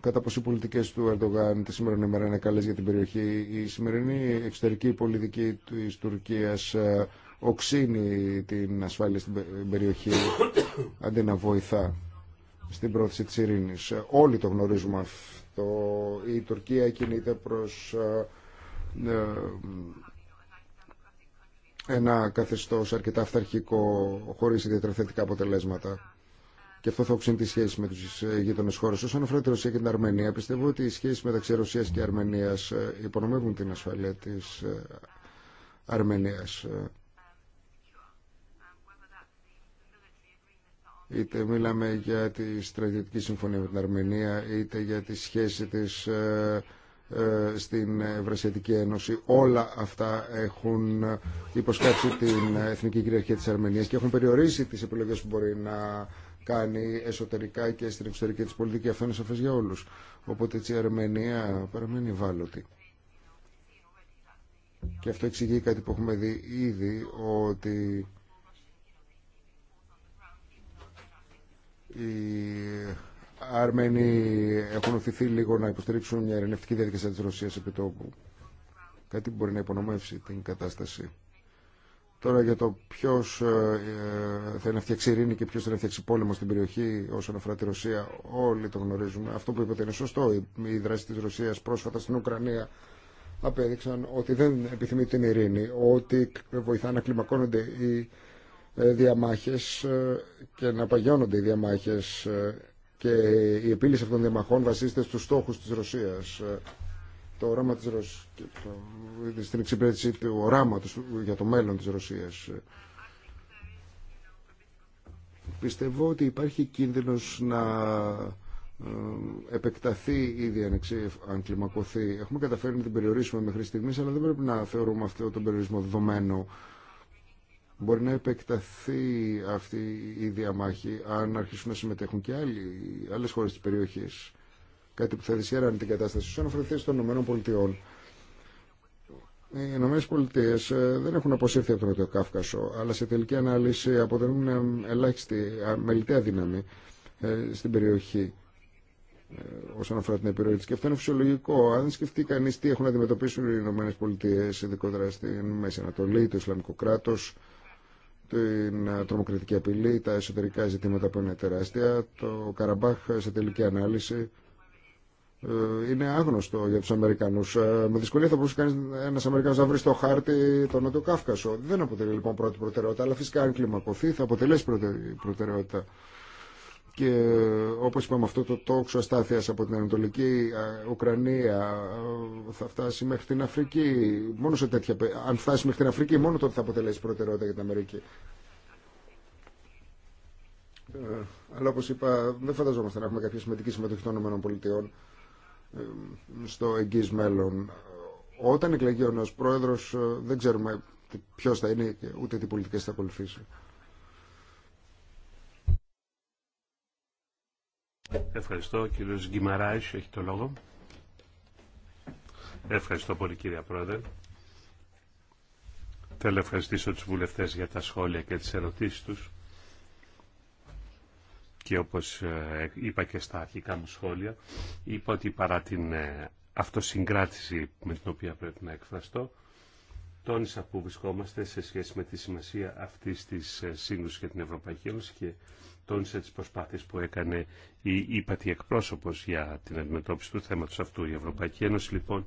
B: κατά πόσο οι πολιτικέ του Ερντογάν τη σήμερα ημέρα είναι καλέ για την περιοχή. Η σημερινή εξωτερική πολιτική τη Τουρκία ε, οξύνει την ασφάλεια στην περιοχή αντί να βοηθά στην πρόθεση της Ειρηνή. Όλοι το γνωρίζουμε αυτό το Η Τουρκία κινείται προς ε, ε, ένα καθεστώς αρκετά αυταρχικό χωρίς ιδιαίτερα θετικά αποτελέσματα. Και αυτό θα οξύνει τη σχέση με τους ε, γείτονες χώρε. Όσον αφορά τη Ρωσία και την Αρμενία, πιστεύω ότι οι σχέσεις μεταξύ Ρωσία και Αρμενίας υπονομεύουν την ασφαλεία τη Αρμενίας. Είτε μιλάμε για τη στρατιωτική συμφωνία με την Αρμενία, είτε για τη σχέση της ε, ε, στην Ευρασιατική Ένωση. Όλα αυτά έχουν υποσκάψει την εθνική κυριαρχία της Αρμενίας και έχουν περιορίσει τις επιλογές που μπορεί να κάνει εσωτερικά και στην εξωτερική της πολιτική. Αυτό είναι σαφές για όλους. Οπότε έτσι η Αρμενία παραμένει βάλωτη. Και αυτό εξηγεί κάτι που έχουμε δει ήδη, ότι οι Άρμενοι έχουν οφηθεί λίγο να υποστηρίξουν μια ειρηνευτική διαδικασία της Ρωσίας επί τόπου. Κάτι που μπορεί να υπονομεύσει την κατάσταση. Τώρα για το ποιο ε, θα είναι φτιάξει ειρήνη και ποιο θα είναι φτιάξει πόλεμο στην περιοχή όσον αφορά τη Ρωσία, όλοι το γνωρίζουμε. Αυτό που είπατε είναι σωστό. Η δράση τη Ρωσία πρόσφατα στην Ουκρανία απέδειξαν ότι δεν επιθυμεί την ειρήνη, ότι βοηθά να κλιμακώνονται οι ε, διαμάχες ε, και να παγιώνονται οι διαμάχες ε, και η επίλυση αυτών των διαμαχών βασίζεται στους στόχους της Ρωσίας το οράμα της Ρωσίας στην εξυπηρέτηση του οράματος για το μέλλον της Ρωσίας πιστεύω ότι υπάρχει κίνδυνος να επεκταθεί η διανεξή αν κλιμακωθεί έχουμε καταφέρει να την περιορίσουμε μέχρι στιγμής αλλά δεν πρέπει να θεωρούμε αυτό τον περιορισμό δεδομένο Μπορεί να επεκταθεί αυτή η διαμάχη αν αρχίσουν να συμμετέχουν και άλλοι, άλλες χώρες της περιοχής. Κάτι που θα δυσχέρανε την κατάσταση. Σαν αφορά των ΗΠΑ. Οι Ηνωμένε Πολιτείε ε, δεν έχουν αποσύρθει από τον Νότιο αλλά σε τελική ανάλυση αποτελούν ελάχιστη μελιτέα δύναμη ε, στην περιοχή ε, όσον αφορά την επιρροή τη. Και αυτό είναι φυσιολογικό. Αν σκεφτεί κανεί τι έχουν να αντιμετωπίσουν οι Ηνωμένε Πολιτείε, ειδικότερα στην Μέση Ανατολή, το Ισλαμικό κράτο, την ε, τρομοκρατική απειλή, τα εσωτερικά ζητήματα που είναι τεράστια, το Καραμπάχ σε τελική ανάλυση ε, είναι άγνωστο για τους Αμερικανούς. Ε, με δυσκολία θα μπορούσε κανείς, ένας Αμερικανός να βρει στο χάρτη τον Νότιο Κάφκασο. Δεν αποτελεί λοιπόν πρώτη προτεραιότητα, αλλά φυσικά αν κλιμακωθεί θα αποτελέσει πρώτη προτεραιότητα και όπως είπαμε αυτό το τόξο αστάθειας από την Ανατολική Ουκρανία θα φτάσει μέχρι την Αφρική μόνο σε τέτοια, αν φτάσει μέχρι την Αφρική μόνο τότε θα αποτελέσει προτεραιότητα για την Αμερική ε, αλλά όπως είπα δεν φανταζόμαστε να έχουμε κάποια σημαντική συμμετοχή των ΗΠΑ στο εγγύς μέλλον όταν εκλεγεί ο νέος πρόεδρος ε, δεν ξέρουμε ποιος θα είναι ούτε τι πολιτικές θα ακολουθήσει
A: Ευχαριστώ. κύριο κύριος Γκυμαράης έχει το λόγο. Ευχαριστώ πολύ κύριε Πρόεδρε. Θέλω να ευχαριστήσω τους βουλευτές για τα σχόλια και τις ερωτήσεις τους. Και όπως ε, είπα και στα αρχικά μου σχόλια, είπα ότι παρά την ε, αυτοσυγκράτηση με την οποία πρέπει να εκφραστώ, τόνισα που βρισκόμαστε σε σχέση με τη σημασία αυτής της ε, σύγκρουσης για την Ευρωπαϊκή Ένωση τόνισε τις προσπάθειες που έκανε η ύπατη εκπρόσωπος για την αντιμετώπιση του θέματος αυτού. Η Ευρωπαϊκή Ένωση λοιπόν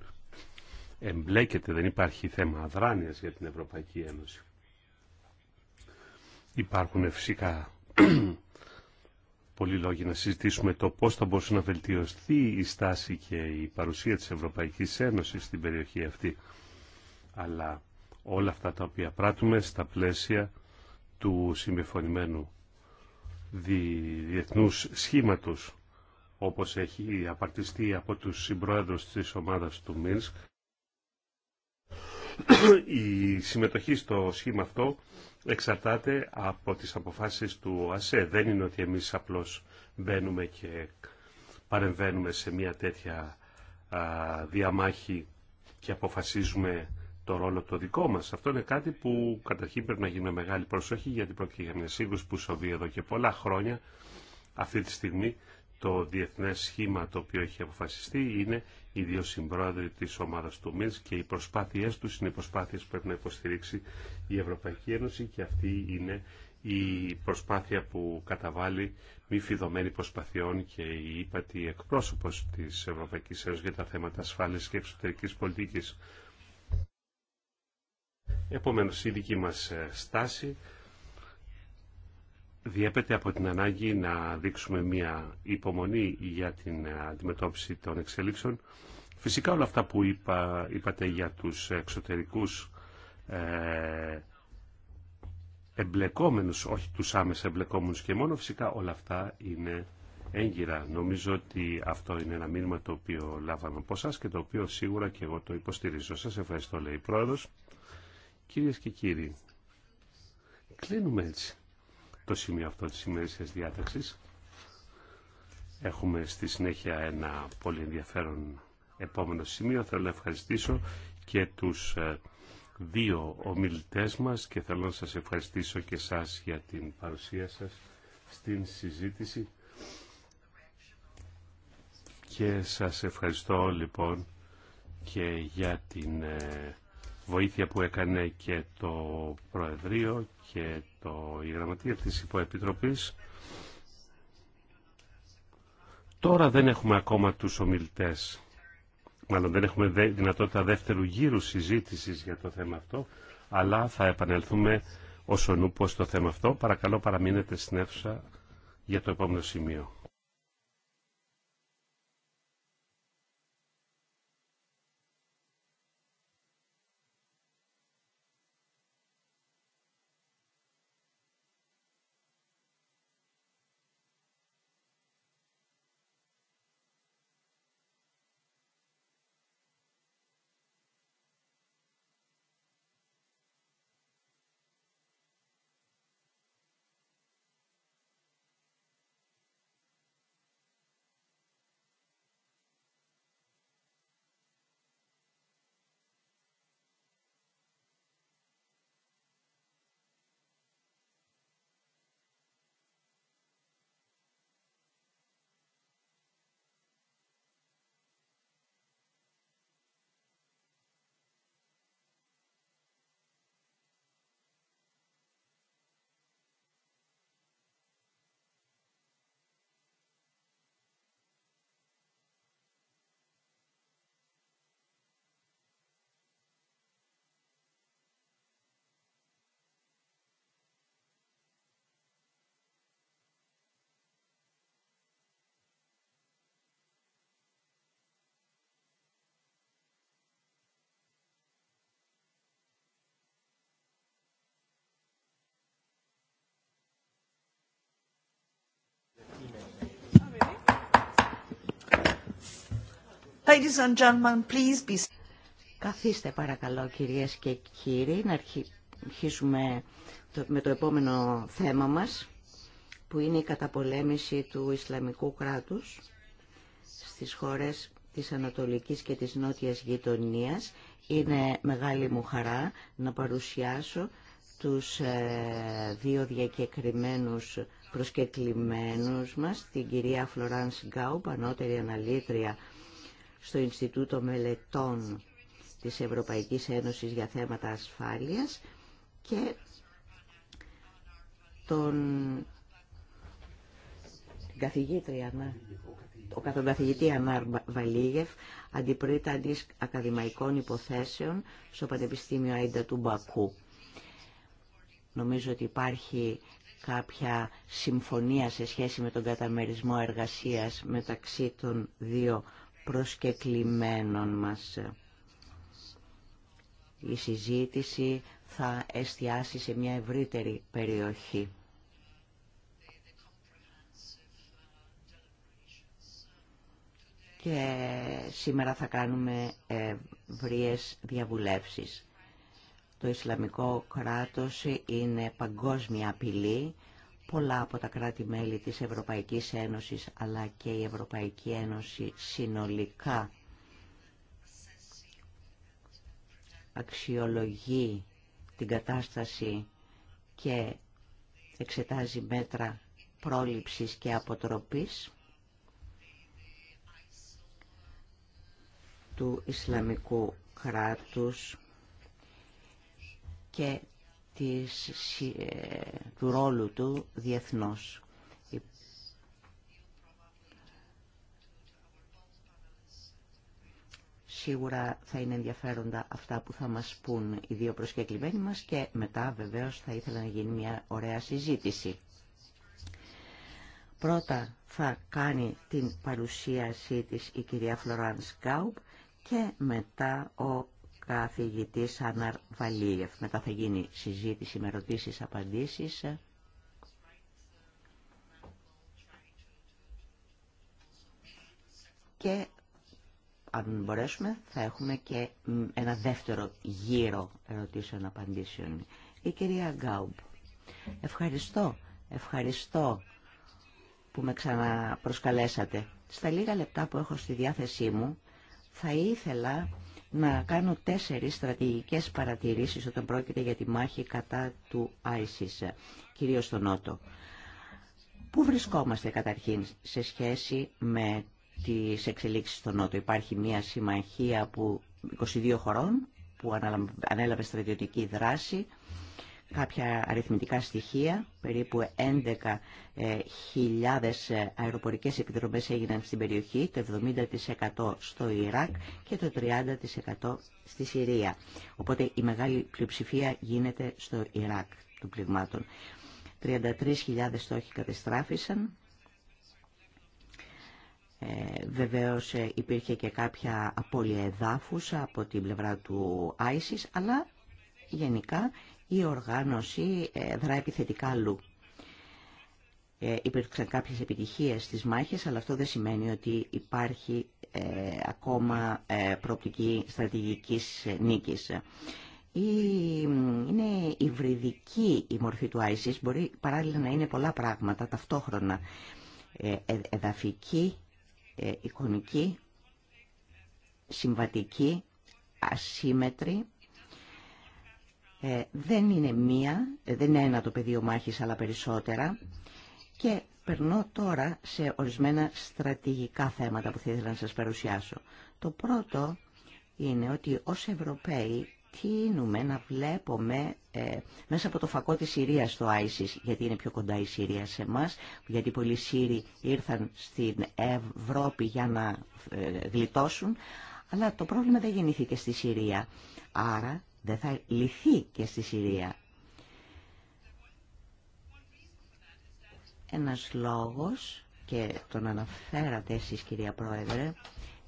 A: εμπλέκεται, δεν υπάρχει θέμα αδράνειας για την Ευρωπαϊκή Ένωση. Υπάρχουν ε, φυσικά πολλοί λόγοι να συζητήσουμε το πώς θα μπορούσε να βελτιωθεί η στάση και η παρουσία της Ευρωπαϊκής Ένωσης στην περιοχή αυτή. Αλλά όλα αυτά τα οποία πράττουμε στα πλαίσια του συμπεφωνημένου διεθνούς σχήματος όπως έχει απαρτιστεί από τους συμπρόεδρους της ομάδας του Μίνσκ. Η συμμετοχή στο σχήμα αυτό εξαρτάται από τις αποφάσεις του ΑΣΕ. Δεν είναι ότι εμείς απλώς μπαίνουμε και παρεμβαίνουμε σε μια τέτοια διαμάχη και αποφασίζουμε το ρόλο το δικό μας. Αυτό είναι κάτι που καταρχήν πρέπει να γίνει με μεγάλη προσοχή γιατί πρόκειται για μια σύγκρουση που σοβεί εδώ και πολλά χρόνια. Αυτή τη στιγμή το διεθνές σχήμα το οποίο έχει αποφασιστεί είναι οι δύο συμπρόεδροι της ομάδας του ΜΙΝΣ και οι προσπάθειές τους είναι οι προσπάθειες που πρέπει να υποστηρίξει η Ευρωπαϊκή Ένωση και αυτή είναι η προσπάθεια που καταβάλει μη φιδωμένη προσπαθειών και η ύπατη εκπρόσωπος της Ευρωπαϊκής Ένωσης για τα θέματα ασφάλειας και εξωτερικής πολιτικής. Επομένως, η δική μας ε, στάση διέπεται από την ανάγκη να δείξουμε μια υπομονή για την ε, αντιμετώπιση των εξελίξεων. Φυσικά όλα αυτά που είπα, είπατε για τους εξωτερικούς ε, εμπλεκόμενους, όχι τους άμεσα εμπλεκόμενους και μόνο, φυσικά όλα αυτά είναι έγκυρα. Νομίζω ότι αυτό είναι ένα μήνυμα το οποίο λάβαμε από εσά και το οποίο σίγουρα και εγώ το υποστηρίζω. Σας ευχαριστώ, λέει η Πρόεδρος. Κυρίες και κύριοι, κλείνουμε έτσι το σημείο αυτό της σημερινής διάταξης. Έχουμε στη συνέχεια ένα πολύ ενδιαφέρον επόμενο σημείο. Θέλω να ευχαριστήσω και τους ε, δύο ομιλητές μας και θέλω να σας ευχαριστήσω και σας για την παρουσία σας στην συζήτηση και σας ευχαριστώ λοιπόν και για την ε, βοήθεια που έκανε και το Προεδρείο και το, η Γραμματεία της Υποεπιτροπής. Τώρα δεν έχουμε ακόμα τους ομιλητές. Μάλλον δεν έχουμε δυνατότητα δεύτερου γύρου συζήτησης για το θέμα αυτό, αλλά θα επανέλθουμε ως ο το θέμα αυτό. Παρακαλώ παραμείνετε στην αίθουσα για το επόμενο σημείο.
C: Καθίστε παρακαλώ κυρίες και κύριοι, να αρχίσουμε με το επόμενο θέμα μας, που είναι η καταπολέμηση του Ισλαμικού κράτους στις χώρες της Ανατολικής και της Νότιας Γειτονίας. Είναι μεγάλη μου χαρά να παρουσιάσω τους ε, δύο διακεκριμένους προσκεκλημένους μας, την κυρία Φλωράνς Γκάου, πανώτερη αναλήτρια στο Ινστιτούτο Μελετών της Ευρωπαϊκής Ένωσης για θέματα ασφάλειας και τον καθηγήτρια, ο καθηγητή Ανάρ Βαλίγεφ, αντιπρόεδρα ακαδημαϊκών υποθέσεων στο Πανεπιστήμιο Αίντα του Μπακού. Νομίζω ότι υπάρχει κάποια συμφωνία σε σχέση με τον καταμερισμό εργασίας μεταξύ των δύο προσκεκλημένων μας. Η συζήτηση θα εστιάσει σε μια ευρύτερη περιοχή. Και σήμερα θα κάνουμε ευρείες διαβουλεύσεις. Το Ισλαμικό κράτος είναι παγκόσμια απειλή πολλά από τα κράτη-μέλη της Ευρωπαϊκής Ένωσης αλλά και η Ευρωπαϊκή Ένωση συνολικά αξιολογεί την κατάσταση και εξετάζει μέτρα πρόληψης και αποτροπής του Ισλαμικού κράτους και ε, του ρόλου του διεθνώς. Σίγουρα θα είναι ενδιαφέροντα αυτά που θα μας πούν οι δύο προσκεκλημένοι μας και μετά βεβαίως θα ήθελα να γίνει μια ωραία συζήτηση. Πρώτα θα κάνει την παρουσίασή της η κυρία Φλωράνς Γκάουπ και μετά ο καθηγητής Άναρ Βαλίεφ. Μετά θα γίνει συζήτηση με ερωτήσεις, απαντήσεις. Και αν μπορέσουμε θα έχουμε και ένα δεύτερο γύρο ερωτήσεων απαντήσεων. Η κυρία Γκάουμπ. Ευχαριστώ, ευχαριστώ που με ξαναπροσκαλέσατε. Στα λίγα λεπτά που έχω στη διάθεσή μου θα ήθελα να κάνω τέσσερις στρατηγικές παρατηρήσεις όταν πρόκειται για τη μάχη κατά του ISIS, κυρίως στον Νότο. Πού βρισκόμαστε καταρχήν σε σχέση με τις εξελίξεις στον Νότο. Υπάρχει μια συμμαχία που 22 χωρών που ανέλαβε στρατιωτική δράση κάποια αριθμητικά στοιχεία. Περίπου 11.000 ε, ε, αεροπορικές επιδρομές έγιναν στην περιοχή, το 70% στο Ιράκ και το 30% στη Συρία. Οπότε η μεγάλη πλειοψηφία γίνεται στο Ιράκ των πληγμάτων. 33.000 στόχοι κατεστράφησαν. Ε, βεβαίως ε, υπήρχε και κάποια απώλεια εδάφους από την πλευρά του ISIS, αλλά γενικά η οργάνωση δρά επιθετικά αλλού. Ε, υπήρξαν κάποιες επιτυχίες στις μάχες, αλλά αυτό δεν σημαίνει ότι υπάρχει ε, ακόμα ε, προοπτική στρατηγικής νίκης. Η, είναι υβριδική η μορφή του ISIS, μπορεί παράλληλα να είναι πολλά πράγματα ταυτόχρονα. Ε, ε εδαφική, ε, εικονική, συμβατική, ασύμετρη, ε, δεν είναι μία, ε, δεν είναι ένα το πεδίο μάχης αλλά περισσότερα και περνώ τώρα σε ορισμένα στρατηγικά θέματα που θα ήθελα να σας παρουσιάσω. Το πρώτο είναι ότι ως Ευρωπαίοι τίνουμε να βλέπουμε ε, μέσα από το φακό της Συρίας το ISIS, γιατί είναι πιο κοντά η Συρία σε εμά, γιατί πολλοί Σύριοι ήρθαν στην Ευρώπη για να γλιτώσουν, αλλά το πρόβλημα δεν γεννήθηκε στη Συρία. Άρα δεν θα λυθεί και στη Συρία. Ένας λόγος, και τον αναφέρατε εσείς κυρία Πρόεδρε,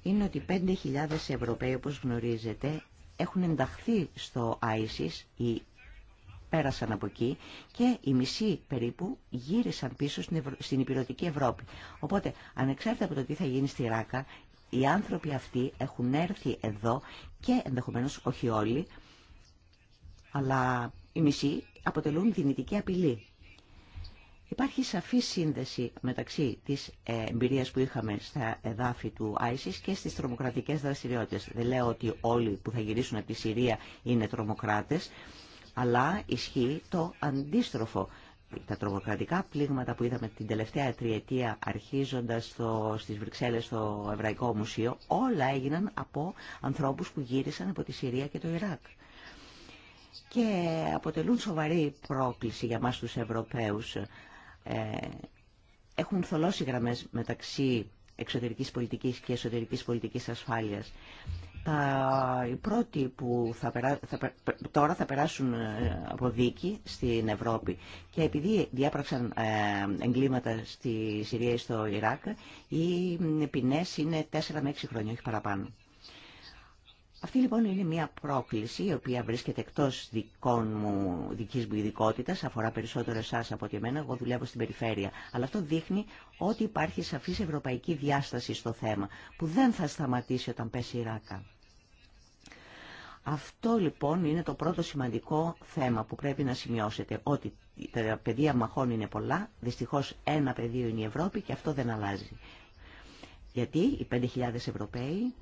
C: είναι ότι 5.000 Ευρωπαίοι, όπως γνωρίζετε, έχουν ενταχθεί στο ISIS ή πέρασαν από εκεί και οι μισή περίπου γύρισαν πίσω στην, Ευρω... στην υπηρετική Ευρώπη. Οπότε, ανεξάρτητα από το τι θα γίνει στη Ράκα, οι άνθρωποι αυτοί έχουν έρθει εδώ και ενδεχομένως όχι όλοι, αλλά οι μισοί αποτελούν δυνητική απειλή. Υπάρχει σαφή σύνδεση μεταξύ της εμπειρίας που είχαμε στα εδάφη του ISIS και στις τρομοκρατικές δραστηριότητες. Δεν λέω ότι όλοι που θα γυρίσουν από τη Συρία είναι τρομοκράτες, αλλά ισχύει το αντίστροφο. Τα τρομοκρατικά πλήγματα που είδαμε την τελευταία τριετία αρχίζοντας στο, στις Βρυξέλλες στο Εβραϊκό Μουσείο, όλα έγιναν από ανθρώπους που γύρισαν από τη Συρία και το Ιράκ και αποτελούν σοβαρή πρόκληση για μας τους Ευρωπαίους. Ε, έχουν θολώσει γραμμές μεταξύ εξωτερικής πολιτικής και εσωτερικής πολιτικής ασφάλειας. Τα, οι πρώτοι που τώρα θα περάσουν ε, από δίκη στην Ευρώπη και επειδή διάπραξαν ε, εγκλήματα στη Συρία ή στο Ιράκ οι ποινές είναι 4 με 6 χρόνια, όχι παραπάνω. Αυτή λοιπόν είναι μια πρόκληση η οποία βρίσκεται εκτός δικών μου, δικής μου ειδικότητας, αφορά περισσότερο εσά από και εμένα, εγώ δουλεύω στην περιφέρεια. Αλλά αυτό δείχνει ότι υπάρχει σαφής ευρωπαϊκή διάσταση στο θέμα, που δεν θα σταματήσει όταν πέσει η ράκα. Αυτό λοιπόν είναι το πρώτο σημαντικό θέμα που πρέπει να σημειώσετε, ότι τα παιδεία μαχών είναι πολλά, δυστυχώς ένα πεδίο είναι η Ευρώπη και αυτό δεν αλλάζει. Γιατί οι 5.000 Ευρωπαίοι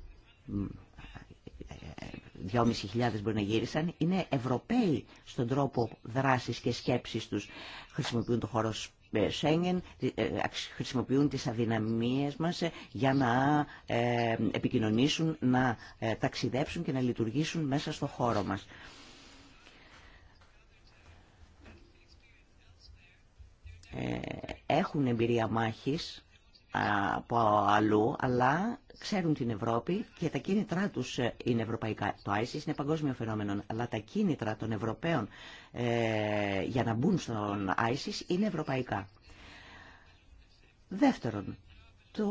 C: 2.500 μπορεί να γύρισαν, είναι Ευρωπαίοι στον τρόπο δράσης και σκέψης τους. Χρησιμοποιούν το χώρο ε, Σέγγεν, ε, ε, χρησιμοποιούν τις αδυναμίες μας για να επικοινωνήσουν, να ταξιδέψουν και να λειτουργήσουν μέσα στο χώρο μας. Έχουν εμπειρία μάχης από αλλού, αλλά ξέρουν την Ευρώπη και τα κίνητρά τους ε, είναι ευρωπαϊκά. Το ISIS είναι παγκόσμιο φαινόμενο, αλλά τα κίνητρα των Ευρωπαίων ε, για να μπουν στον ISIS είναι ευρωπαϊκά. Δεύτερον, το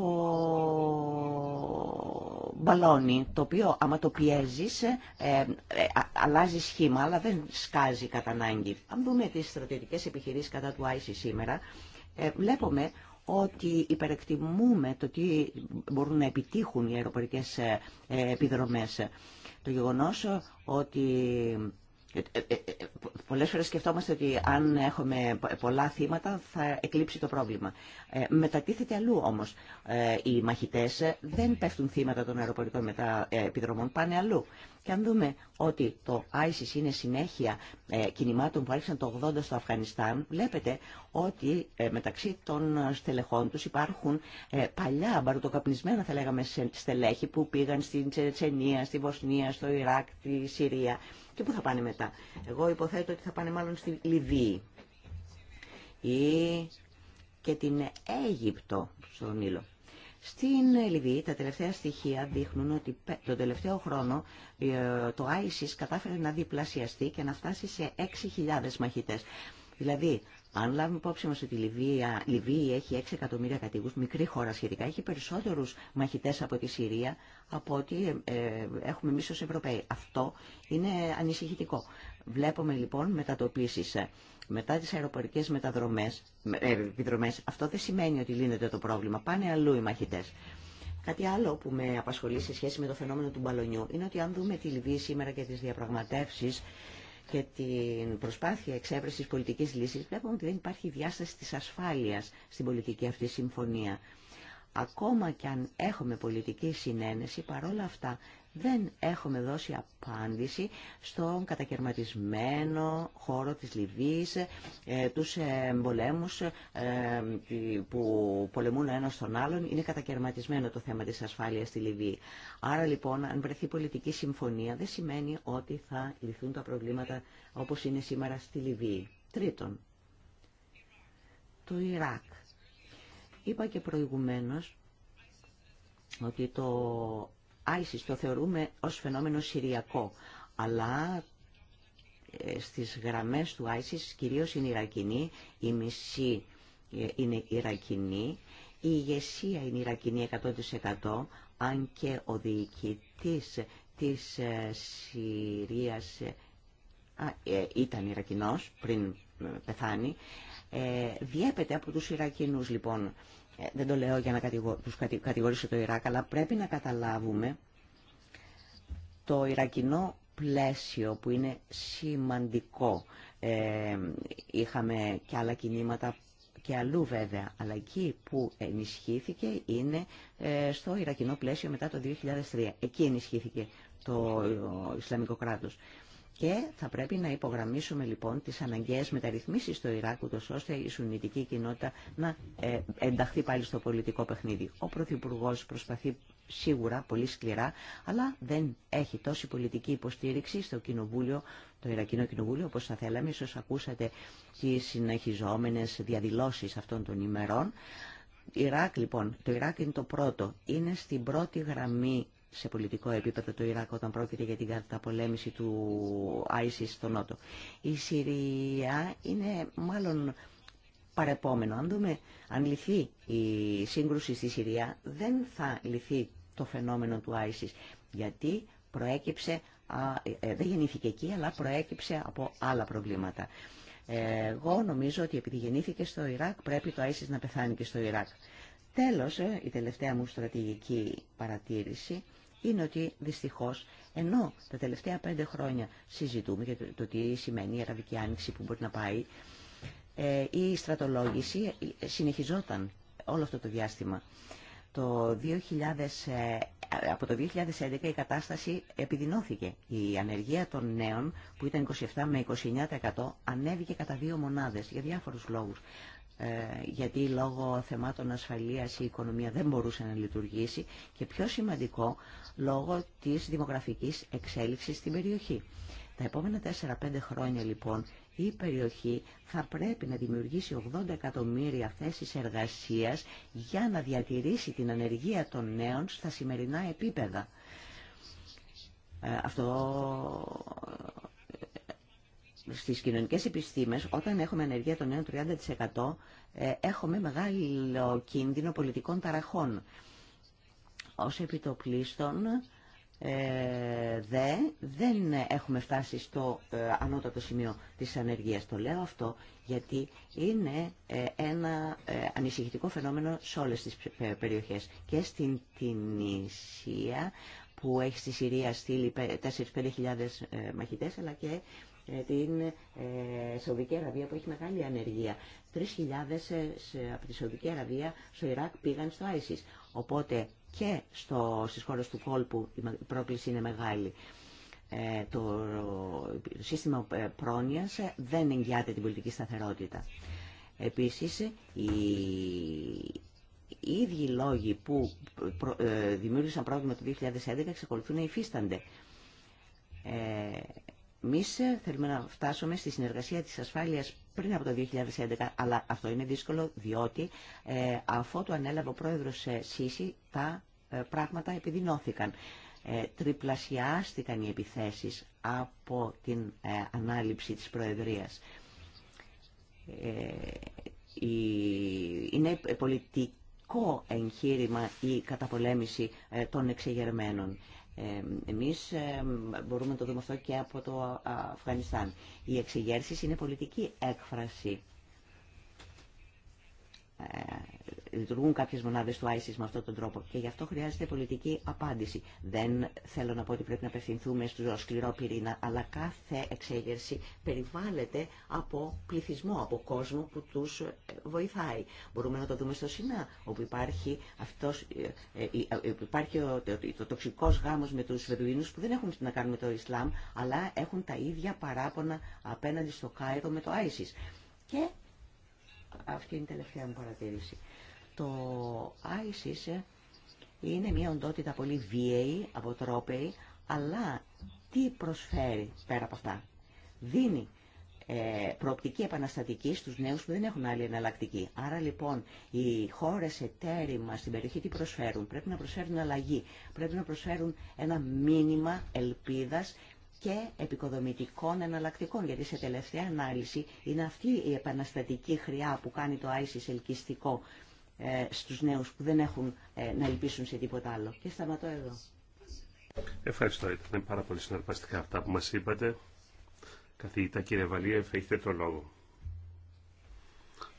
C: μπαλόνι, το οποίο άμα το πιέζεις ε, ε, αλλάζει σχήμα, αλλά δεν σκάζει κατά ανάγκη. Αν δούμε τις στρατιωτικές επιχειρήσεις κατά του ISIS σήμερα, βλέπουμε ότι υπερεκτιμούμε το τι μπορούν να επιτύχουν οι αεροπορικές ε, ε, επιδρομές. Το γεγονός ότι ε, πολλές φορές σκεφτόμαστε ότι αν έχουμε πολλά θύματα θα εκλείψει το πρόβλημα. Μετατίθεται αλλού όμως. Οι μαχητές δεν πέφτουν θύματα των αεροπορικών επιδρομών, πάνε αλλού. Και αν δούμε ότι το ISIS είναι συνέχεια ε, κινημάτων που άρχισαν το 80 στο Αφγανιστάν, βλέπετε ότι ε, μεταξύ των στελεχών τους υπάρχουν ε, παλιά, μπαρουτοκαπνισμένα θα λέγαμε, στελέχη που πήγαν στην Τσετσενία, στη Βοσνία, στο Ιράκ, στη Συρία. Και πού θα πάνε μετά. Εγώ υποθέτω ότι θα πάνε μάλλον στη Λιβύη ή και την Αίγυπτο στον Ήλο. Στην Λιβύη τα τελευταία στοιχεία δείχνουν ότι τον τελευταίο χρόνο ε, το ISIS κατάφερε να διπλασιαστεί και να φτάσει σε 6.000 μαχητές. Δηλαδή, αν λάβουμε υπόψη μας ότι η Λιβύη, έχει 6 εκατομμύρια κατοίκους, μικρή χώρα σχετικά, έχει περισσότερους μαχητές από τη Συρία από ότι ε, ε, έχουμε εμείς ως Ευρωπαίοι. Αυτό είναι ανησυχητικό. Βλέπουμε λοιπόν μετατοπίσεις μετά τις αεροπορικές μεταδρομές, ε, επιδρομές, αυτό δεν σημαίνει ότι λύνεται το πρόβλημα. Πάνε αλλού οι μαχητές. Κάτι άλλο που με απασχολεί σε σχέση με το φαινόμενο του μπαλονιού είναι ότι αν δούμε τη Λιβύη σήμερα και τις διαπραγματεύσεις και την προσπάθεια εξέβρεσης πολιτικής λύσης, βλέπουμε ότι δεν υπάρχει διάσταση της ασφάλειας στην πολιτική αυτή συμφωνία. Ακόμα και αν έχουμε πολιτική συνένεση, παρόλα αυτά δεν έχουμε δώσει απάντηση στον κατακαιρματισμένο χώρο της Λιβύης, ε, τους πολέμους ε, που πολεμούν ο ένας τον άλλον. Είναι κατακαιρματισμένο το θέμα της ασφάλειας στη Λιβύη. Άρα λοιπόν, αν βρεθεί πολιτική συμφωνία, δεν σημαίνει ότι θα λυθούν τα προβλήματα όπως είναι σήμερα στη Λιβύη. Τρίτον, το Ιράκ. Είπα και προηγουμένως ότι το ISIS το θεωρούμε ως φαινόμενο συριακό, αλλά ε, στις γραμμές του ISIS κυρίως είναι Ιρακινή, η μισή ε, είναι Ιρακινή, η ηγεσία είναι Ιρακινή 100% αν και ο διοικητής της ε, Συρίας ήταν Ιρακινός πριν πεθάνει. Ε, διέπεται από τους Ιρακινούς λοιπόν δεν το λέω για να τους κατηγορήσω το Ιράκ, αλλά πρέπει να καταλάβουμε το Ιρακινό πλαίσιο που είναι σημαντικό. Ε, είχαμε και άλλα κινήματα και αλλού βέβαια, αλλά εκεί που ενισχύθηκε είναι ε, στο Ιρακινό πλαίσιο μετά το 2003. Εκεί ενισχύθηκε το Ισλαμικό κράτος. Και θα πρέπει να υπογραμμίσουμε λοιπόν τις αναγκαίες μεταρρυθμίσεις στο Ιράκ, ούτως ώστε η σουνητική κοινότητα να ε, ενταχθεί πάλι στο πολιτικό παιχνίδι. Ο Πρωθυπουργό προσπαθεί σίγουρα πολύ σκληρά, αλλά δεν έχει τόση πολιτική υποστήριξη στο Κοινοβούλιο, το Ιρακινό Κοινοβούλιο, όπως θα θέλαμε. Ίσως ακούσατε τις συνεχιζόμενες διαδηλώσεις αυτών των ημερών. Ιράκ λοιπόν, το Ιράκ είναι το πρώτο, είναι στην πρώτη γραμμή σε πολιτικό επίπεδο το Ιράκ όταν πρόκειται για την καταπολέμηση του ISIS στο Νότο. Η Συρία είναι μάλλον παρεπόμενο. Αν δούμε, αν λυθεί η σύγκρουση στη Συρία, δεν θα λυθεί το φαινόμενο του ISIS, γιατί προέκυψε, ε, ε, δεν γεννήθηκε εκεί, αλλά προέκυψε από άλλα προβλήματα. Εγώ νομίζω ότι επειδή γεννήθηκε στο Ιράκ, πρέπει το ISIS να πεθάνει και στο Ιράκ. Τέλος, ε, η τελευταία μου στρατηγική παρατήρηση είναι ότι δυστυχώς ενώ τα τελευταία πέντε χρόνια συζητούμε για το τι σημαίνει η Αραβική Άνοιξη που μπορεί να πάει, ε, η στρατολόγηση ε, συνεχιζόταν όλο αυτό το διάστημα. Το 2000, ε, από το 2011 η κατάσταση επιδεινώθηκε. Η ανεργία των νέων που ήταν 27 με 29% ανέβηκε κατά δύο μονάδες για διάφορους λόγους. Ε, γιατί λόγω θεμάτων ασφαλείας η οικονομία δεν μπορούσε να λειτουργήσει και πιο σημαντικό λόγω της δημογραφικής εξέλιξης στην περιοχή. Τα επόμενα 4-5 χρόνια λοιπόν η περιοχή θα πρέπει να δημιουργήσει 80 εκατομμύρια θέσεις εργασίας για να διατηρήσει την ανεργία των νέων στα σημερινά επίπεδα. Ε, αυτό Στι κοινωνικέ επιστήμες, όταν έχουμε ανεργία των νέων 30%, ε, έχουμε μεγάλο κίνδυνο πολιτικών ταραχών. Ως επιτοπλίστων, ε, δε, δεν έχουμε φτάσει στο ε, ανώτατο σημείο της ανεργίας. Το λέω αυτό γιατί είναι ε, ένα ανησυχητικό φαινόμενο σε όλες τις περιοχές. Και στην Τινησία που έχει στη Συρία στείλει 4-5 μαχητές αλλά και ε, την ε, Σαουδική Αραβία που έχει μεγάλη ανεργία. 3.000 ε, από τη Σαουδική Αραβία στο Ιράκ πήγαν στο ISIS. Οπότε και στο, στις χώρες του κόλπου η πρόκληση είναι μεγάλη. Ε, το σύστημα πρόνοιας δεν εγγυάται την πολιτική σταθερότητα. Επίσης, οι, οι ίδιοι λόγοι που δημιούργησαν πρόβλημα το 2011 εξακολουθούν να υφίστανται. Ε, Εμεί ε, θέλουμε να φτάσουμε στη συνεργασία της ασφάλειας πριν από το 2011, αλλά αυτό είναι δύσκολο διότι ε, αφού το ανέλαβε ο πρόεδρος ε, Σίση τα ε, πράγματα επιδεινώθηκαν. Ε, τριπλασιάστηκαν οι επιθέσεις από την ανάληψη της Προεδρίας. είναι πολιτικό εγχείρημα η καταπολέμηση των εξεγερμένων εμείς μπορούμε να το δούμε αυτό και από το Αφγανιστάν. οι εξηγέρσεις είναι πολιτική έκφραση ε, λειτουργούν κάποιε μονάδε του ISIS με αυτόν τον τρόπο και γι' αυτό χρειάζεται πολιτική απάντηση. Δεν θέλω να πω ότι πρέπει να απευθυνθούμε στο σκληρό πυρήνα, αλλά κάθε εξέγερση περιβάλλεται από πληθυσμό, από κόσμο που του ε, βοηθάει. Μπορούμε να το δούμε στο Σινά, όπου υπάρχει, αυτός, ε, υπάρχει το, το, το τοξικός γάμος με του Βεδουίνου που δεν έχουν να κάνουν με το Ισλάμ, αλλά έχουν τα ίδια παράπονα απέναντι στο Κάιρο με το ISIS. Αυτή είναι η τελευταία μου παρατήρηση. Το ISIS είναι μια οντότητα πολύ βίαιη, αποτρόπαιη, αλλά τι προσφέρει πέρα από αυτά. Δίνει ε, προοπτική επαναστατική στους νέους που δεν έχουν άλλη εναλλακτική. Άρα λοιπόν οι χώρες εταίρημα στην περιοχή τι προσφέρουν. Πρέπει να προσφέρουν αλλαγή. Πρέπει να προσφέρουν ένα μήνυμα ελπίδας και επικοδομητικών εναλλακτικών, γιατί σε τελευταία ανάλυση είναι αυτή η επαναστατική χρειά που κάνει το ISIS ελκυστικό ε, στους νέους που δεν έχουν ε, να ελπίσουν σε τίποτα άλλο. Και σταματώ εδώ.
A: Ευχαριστώ. Ήταν πάρα πολύ συναρπαστικά αυτά που μας είπατε. Καθηγητά κύριε Βαλίεφ, έχετε το λόγο.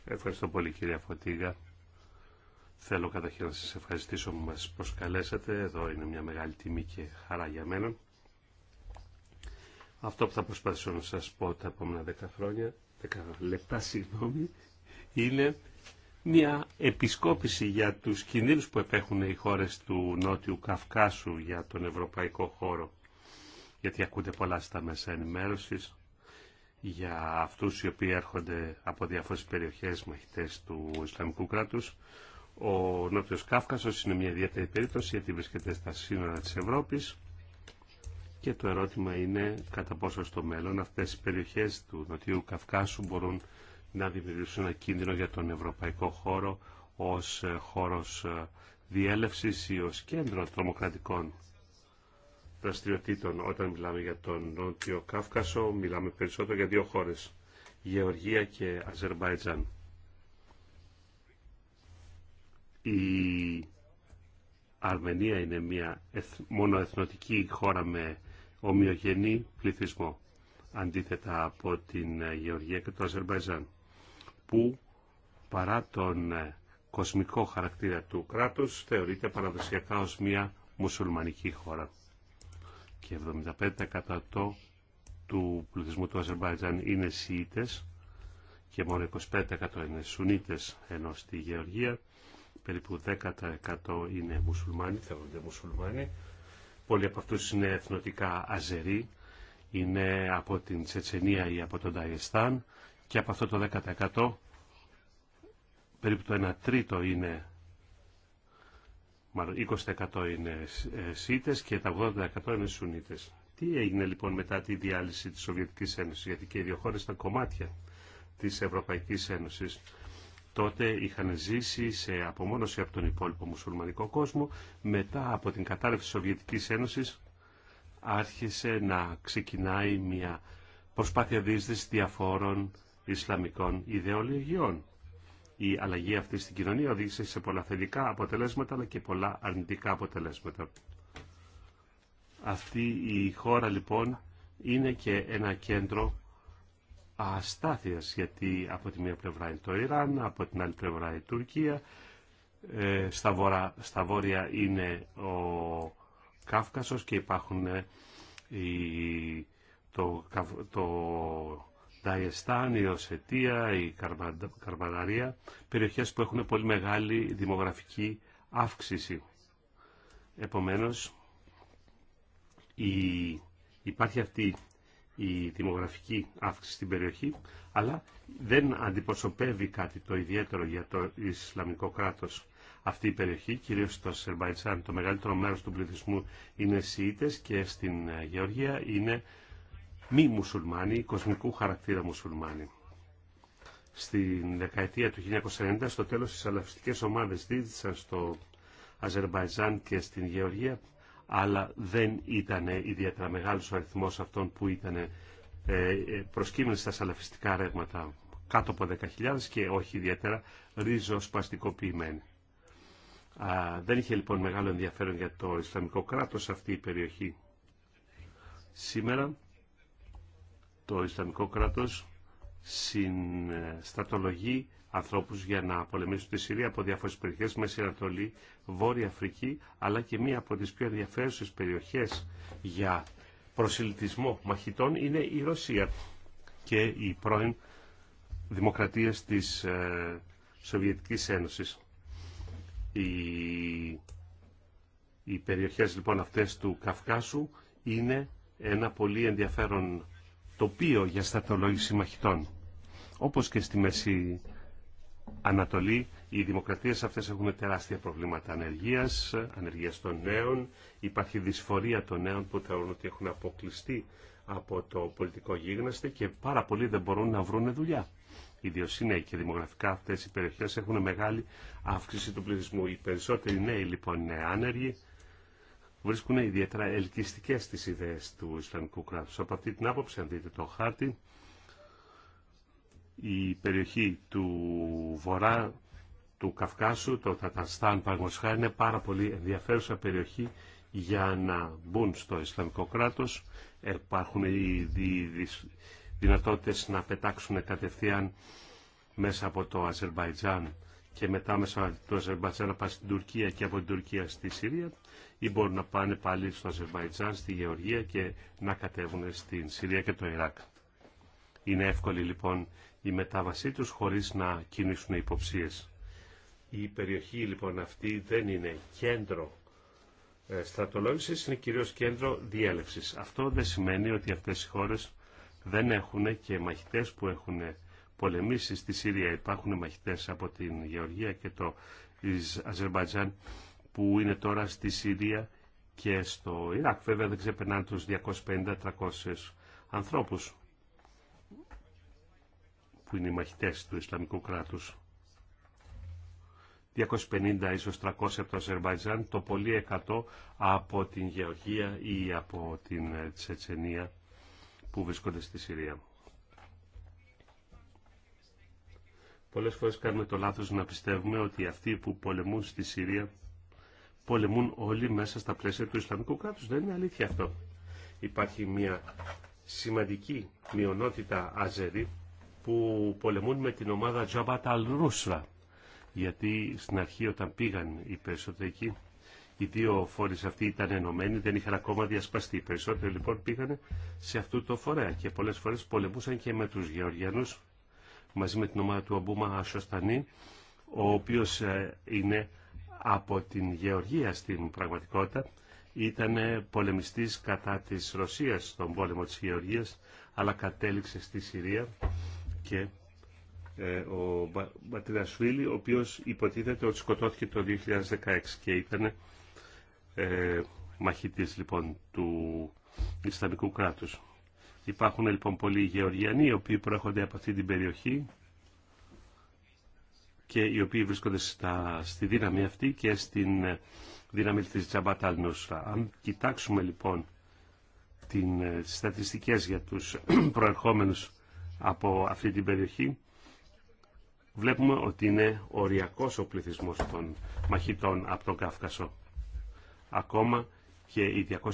A: Ευχαριστώ πολύ κύριε Φωτίγα. Θέλω καταρχήν να σας ευχαριστήσω που μας προσκαλέσατε. Εδώ είναι μια μεγάλη τιμή και χαρά για μένα. Αυτό που θα προσπαθήσω να σας πω τα επόμενα δέκα χρόνια, 10 λεπτά συγγνώμη, είναι μια επισκόπηση για τους κινδύνους που επέχουν οι χώρες του Νότιου Καυκάσου για τον ευρωπαϊκό χώρο. Γιατί ακούτε πολλά στα μέσα ενημέρωσης για αυτούς οι οποίοι έρχονται από διάφορες περιοχές μαχητές του Ισλαμικού κράτους. Ο Νότιος Καύκασος είναι μια ιδιαίτερη περίπτωση γιατί βρίσκεται στα σύνορα της Ευρώπης και το ερώτημα είναι κατά πόσο στο μέλλον αυτές οι περιοχές του Νοτιού Καυκάσου μπορούν να δημιουργήσουν ένα κίνδυνο για τον ευρωπαϊκό χώρο ως ε, χώρος ε, διέλευσης ή ως κέντρο τρομοκρατικών δραστηριοτήτων. Όταν μιλάμε για τον Νότιο Κάφκασο, μιλάμε περισσότερο για δύο χώρες, Γεωργία και Αζερμπάιτζαν. Η Αρμενία είναι μια μόνο εθνοτική χώρα με ομοιογενή πληθυσμό, αντίθετα από την ε, Γεωργία και το Αζερμπαϊζάν, που παρά τον ε, κοσμικό χαρακτήρα του κράτους θεωρείται παραδοσιακά ως μια μουσουλμανική χώρα. Και 75% του πληθυσμού του Αζερμπαϊτζάν είναι Σιήτες και μόνο 25% είναι Σουνίτες, ενώ στη Γεωργία περίπου 10% είναι μουσουλμάνοι, θεωρούνται μουσουλμάνοι, Πολλοί από αυτούς είναι εθνοτικά Αζεροί, είναι από την Τσετσενία ή από τον Ταϊστάν και από αυτό το 10% περίπου το 1 τρίτο είναι μάλλον 20% είναι Σίτες ε, και τα 80% είναι Σουνίτες. Τι έγινε λοιπόν μετά τη διάλυση της Σοβιετικής Ένωσης, γιατί και οι δύο χώρες ήταν κομμάτια της Ευρωπαϊκής Ένωσης τότε είχαν ζήσει σε απομόνωση από τον υπόλοιπο μουσουλμανικό κόσμο. Μετά από την κατάρρευση της Σοβιετικής Ένωσης άρχισε να ξεκινάει μια προσπάθεια δίσδυσης διαφόρων Ισλαμικών ιδεολογιών. Η αλλαγή αυτή στην κοινωνία οδήγησε σε πολλά θετικά αποτελέσματα αλλά και πολλά αρνητικά αποτελέσματα. Αυτή η χώρα λοιπόν είναι και ένα κέντρο αστάθειας γιατί από τη μία πλευρά είναι το Ιράν, από την άλλη πλευρά η Τουρκία, ε, στα, στα βόρεια είναι ο Κάφκασος και υπάρχουν ε, το, το Νταϊεστάν, η Οσετία, η Καρμαναρία, περιοχές που έχουν πολύ μεγάλη δημογραφική αύξηση. Επομένως, η, υπάρχει αυτή η δημογραφική αύξηση στην περιοχή, αλλά δεν αντιπροσωπεύει κάτι το ιδιαίτερο για το Ισλαμικό κράτος αυτή η περιοχή, κυρίως στο Αζερμπαϊτζάν, Το μεγαλύτερο μέρος του πληθυσμού είναι Σιήτες και στην ε, Γεωργία είναι μη μουσουλμάνοι, κοσμικού χαρακτήρα μουσουλμάνοι. Στην δεκαετία του 1990, στο τέλος, οι σαλαφιστικές ομάδες δίδυσαν στο Αζερβαϊτζάν και στην Γεωργία αλλά δεν ήταν ιδιαίτερα μεγάλος ο αριθμός αυτών που ήταν ε, ε, προσκύμενοι στα σαλαφιστικά ρεύματα κάτω από 10.000 και όχι ιδιαίτερα ριζοσπαστικοποιημένοι. δεν είχε λοιπόν μεγάλο ενδιαφέρον για το Ισλαμικό κράτος αυτή η περιοχή. Σήμερα το Ισλαμικό κράτος συνστατολογεί ε, ανθρώπου για να πολεμήσουν τη Συρία από διάφορε περιοχέ, Μέση Ανατολή, Βόρεια Αφρική, αλλά και μία από τι πιο ενδιαφέρουσε περιοχέ για προσιλητισμό μαχητών είναι η Ρωσία και οι πρώην δημοκρατίες της ε, Σοβιετικής Ένωσης. Οι, περιοχές λοιπόν αυτές του Καυκάσου είναι ένα πολύ ενδιαφέρον τοπίο για στρατολόγηση μαχητών. Όπως και στη Μέση Ανατολή, οι δημοκρατίε αυτέ έχουν τεράστια προβλήματα ανεργία, ανεργία των νέων, υπάρχει δυσφορία των νέων που θεωρούν ότι έχουν αποκλειστεί από το πολιτικό γίγνεσθε και πάρα πολλοί δεν μπορούν να βρουν δουλειά. Ιδίω οι νέοι και δημογραφικά αυτέ οι περιοχέ έχουν μεγάλη αύξηση του πληθυσμού. Οι περισσότεροι νέοι λοιπόν είναι άνεργοι, βρίσκουν ιδιαίτερα ελκυστικέ τι ιδέε του Ισλαμικού κράτου. Από αυτή την άποψη, αν δείτε το χάρτη, η περιοχή του Βορρά, του Καυκάσου, το Ταταρστάν Παγκοσχά, είναι πάρα πολύ ενδιαφέρουσα περιοχή για να μπουν στο Ισλαμικό κράτος. Υπάρχουν οι δυνατότητες να πετάξουν κατευθείαν μέσα από το Αζερβαϊτζάν και μετά μέσα από το Αζερβαϊτζάν να πάνε στην Τουρκία και από την Τουρκία στη Συρία ή μπορούν να πάνε πάλι στο Αζερβαϊτζάν, στη Γεωργία και να κατέβουν στην Συρία και το Ιράκ. Είναι εύκολη λοιπόν η μετάβασή τους χωρίς να κινήσουν υποψίες. Η περιοχή λοιπόν αυτή δεν είναι κέντρο ε, στρατολόγησης, είναι κυρίως κέντρο διέλευσης. Αυτό δεν σημαίνει ότι αυτές οι χώρες δεν έχουν και μαχητές που έχουν πολεμήσει στη Συρία. Υπάρχουν μαχητές από την Γεωργία και το Αζερμπαϊτζάν που είναι τώρα στη Συρία και στο Ιράκ. Βέβαια δεν ξεπερνάνε τους 250-300 ανθρώπους που είναι οι μαχητές του Ισλαμικού κράτους. 250 ίσως 300 από το Αζερβαϊτζάν, το πολύ 100 από την Γεωργία ή από την ε, Τσετσενία που βρίσκονται στη Συρία. Πολλές φορές κάνουμε το λάθος να πιστεύουμε ότι αυτοί που πολεμούν στη Συρία πολεμούν όλοι μέσα στα πλαίσια του Ισλαμικού κράτους. Δεν είναι αλήθεια αυτό. Υπάρχει μια σημαντική μειονότητα αζερή που πολεμούν με την ομάδα Τζαμπάτα Αλ-Ρούσρα. Γιατί στην αρχή όταν πήγαν οι περισσότεροι εκεί, οι δύο φορέ αυτοί ήταν ενωμένοι, δεν είχαν ακόμα διασπαστεί. Οι περισσότεροι λοιπόν πήγαν σε αυτού το φορέα και πολλέ φορέ πολεμούσαν και με του Γεωργιανού μαζί με την ομάδα του Αμπούμα Ασοστανή, ο οποίο ε, είναι από την Γεωργία στην πραγματικότητα, ήταν πολεμιστής κατά της Ρωσίας στον πόλεμο της Γεωργίας, αλλά κατέληξε στη Συρία και ε, ο Μπατρινασβίλη, ο οποίος υποτίθεται ότι σκοτώθηκε το 2016 και ήταν ε, μαχητής λοιπόν του Ισλαμικού κράτους. Υπάρχουν λοιπόν πολλοί Γεωργιανοί οι οποίοι προέρχονται από αυτή την περιοχή και οι οποίοι βρίσκονται στη δύναμη αυτή και στην ε, δύναμη της Τζαμπάτα Αν κοιτάξουμε λοιπόν τις στατιστικές για τους προερχόμενους από αυτή την περιοχή, βλέπουμε ότι είναι οριακός ο πληθυσμός των μαχητών από τον Κάφκασο. Ακόμα και οι 250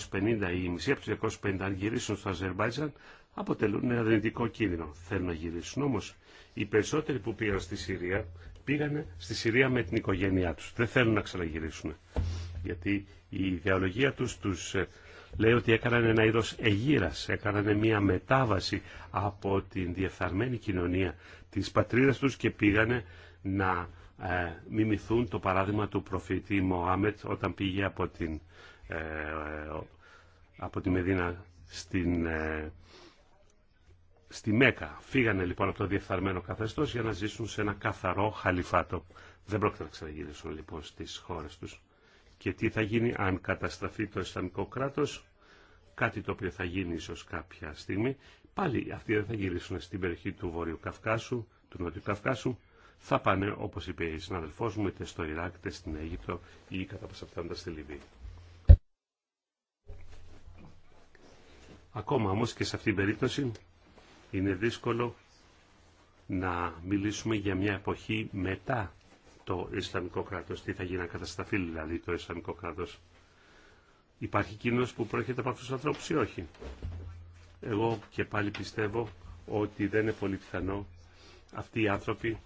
A: ή η μισή από τους 250 αν γυρίσουν στο Αζερμπάιτζαν αποτελούν ένα δυνητικό κίνδυνο. Θέλουν να γυρίσουν όμως οι περισσότεροι που πήγαν στη Συρία πήγανε στη Συρία με την οικογένειά τους. Δεν θέλουν να ξαναγυρίσουν γιατί η ιδεολογία τους τους ε, λέει ότι έκαναν ένα είδος εγύρας, έκαναν μια μετάβαση από την διεφθαρμένη κοινωνία της πατρίδας τους και πήγανε να ε, μιμηθούν το παράδειγμα του προφητή Μωάμετ όταν πήγε από την ε, από τη Μεδίνα στην, ε, στη Μέκα. Φύγανε λοιπόν από το διεφθαρμένο καθεστώς για να ζήσουν σε ένα καθαρό χαλιφάτο. Δεν πρόκειται να ξαναγυρίσουν λοιπόν στις χώρες τους. Και τι θα γίνει αν καταστραφεί το Ισλαμικό κράτος κάτι το οποίο θα γίνει ίσως κάποια στιγμή. Πάλι αυτοί δεν θα γυρίσουν στην περιοχή του Βορειού Καυκάσου, του Νότιου Καυκάσου. Θα πάνε, όπως είπε η συναδελφός μου, είτε στο Ιράκ, είτε στην Αίγυπτο ή κατά πάσα στη Λιβύη. Ακόμα όμως και σε αυτήν την περίπτωση είναι δύσκολο να μιλήσουμε για μια εποχή μετά το Ισλαμικό κράτος. Τι θα γίνει να κατασταθεί δηλαδή το Ισλαμικό κράτος. Υπάρχει κίνδυνος που προέρχεται από αυτούς τους ανθρώπους ή όχι. Εγώ και πάλι πιστεύω ότι δεν είναι πολύ πιθανό αυτοί οι άνθρωποι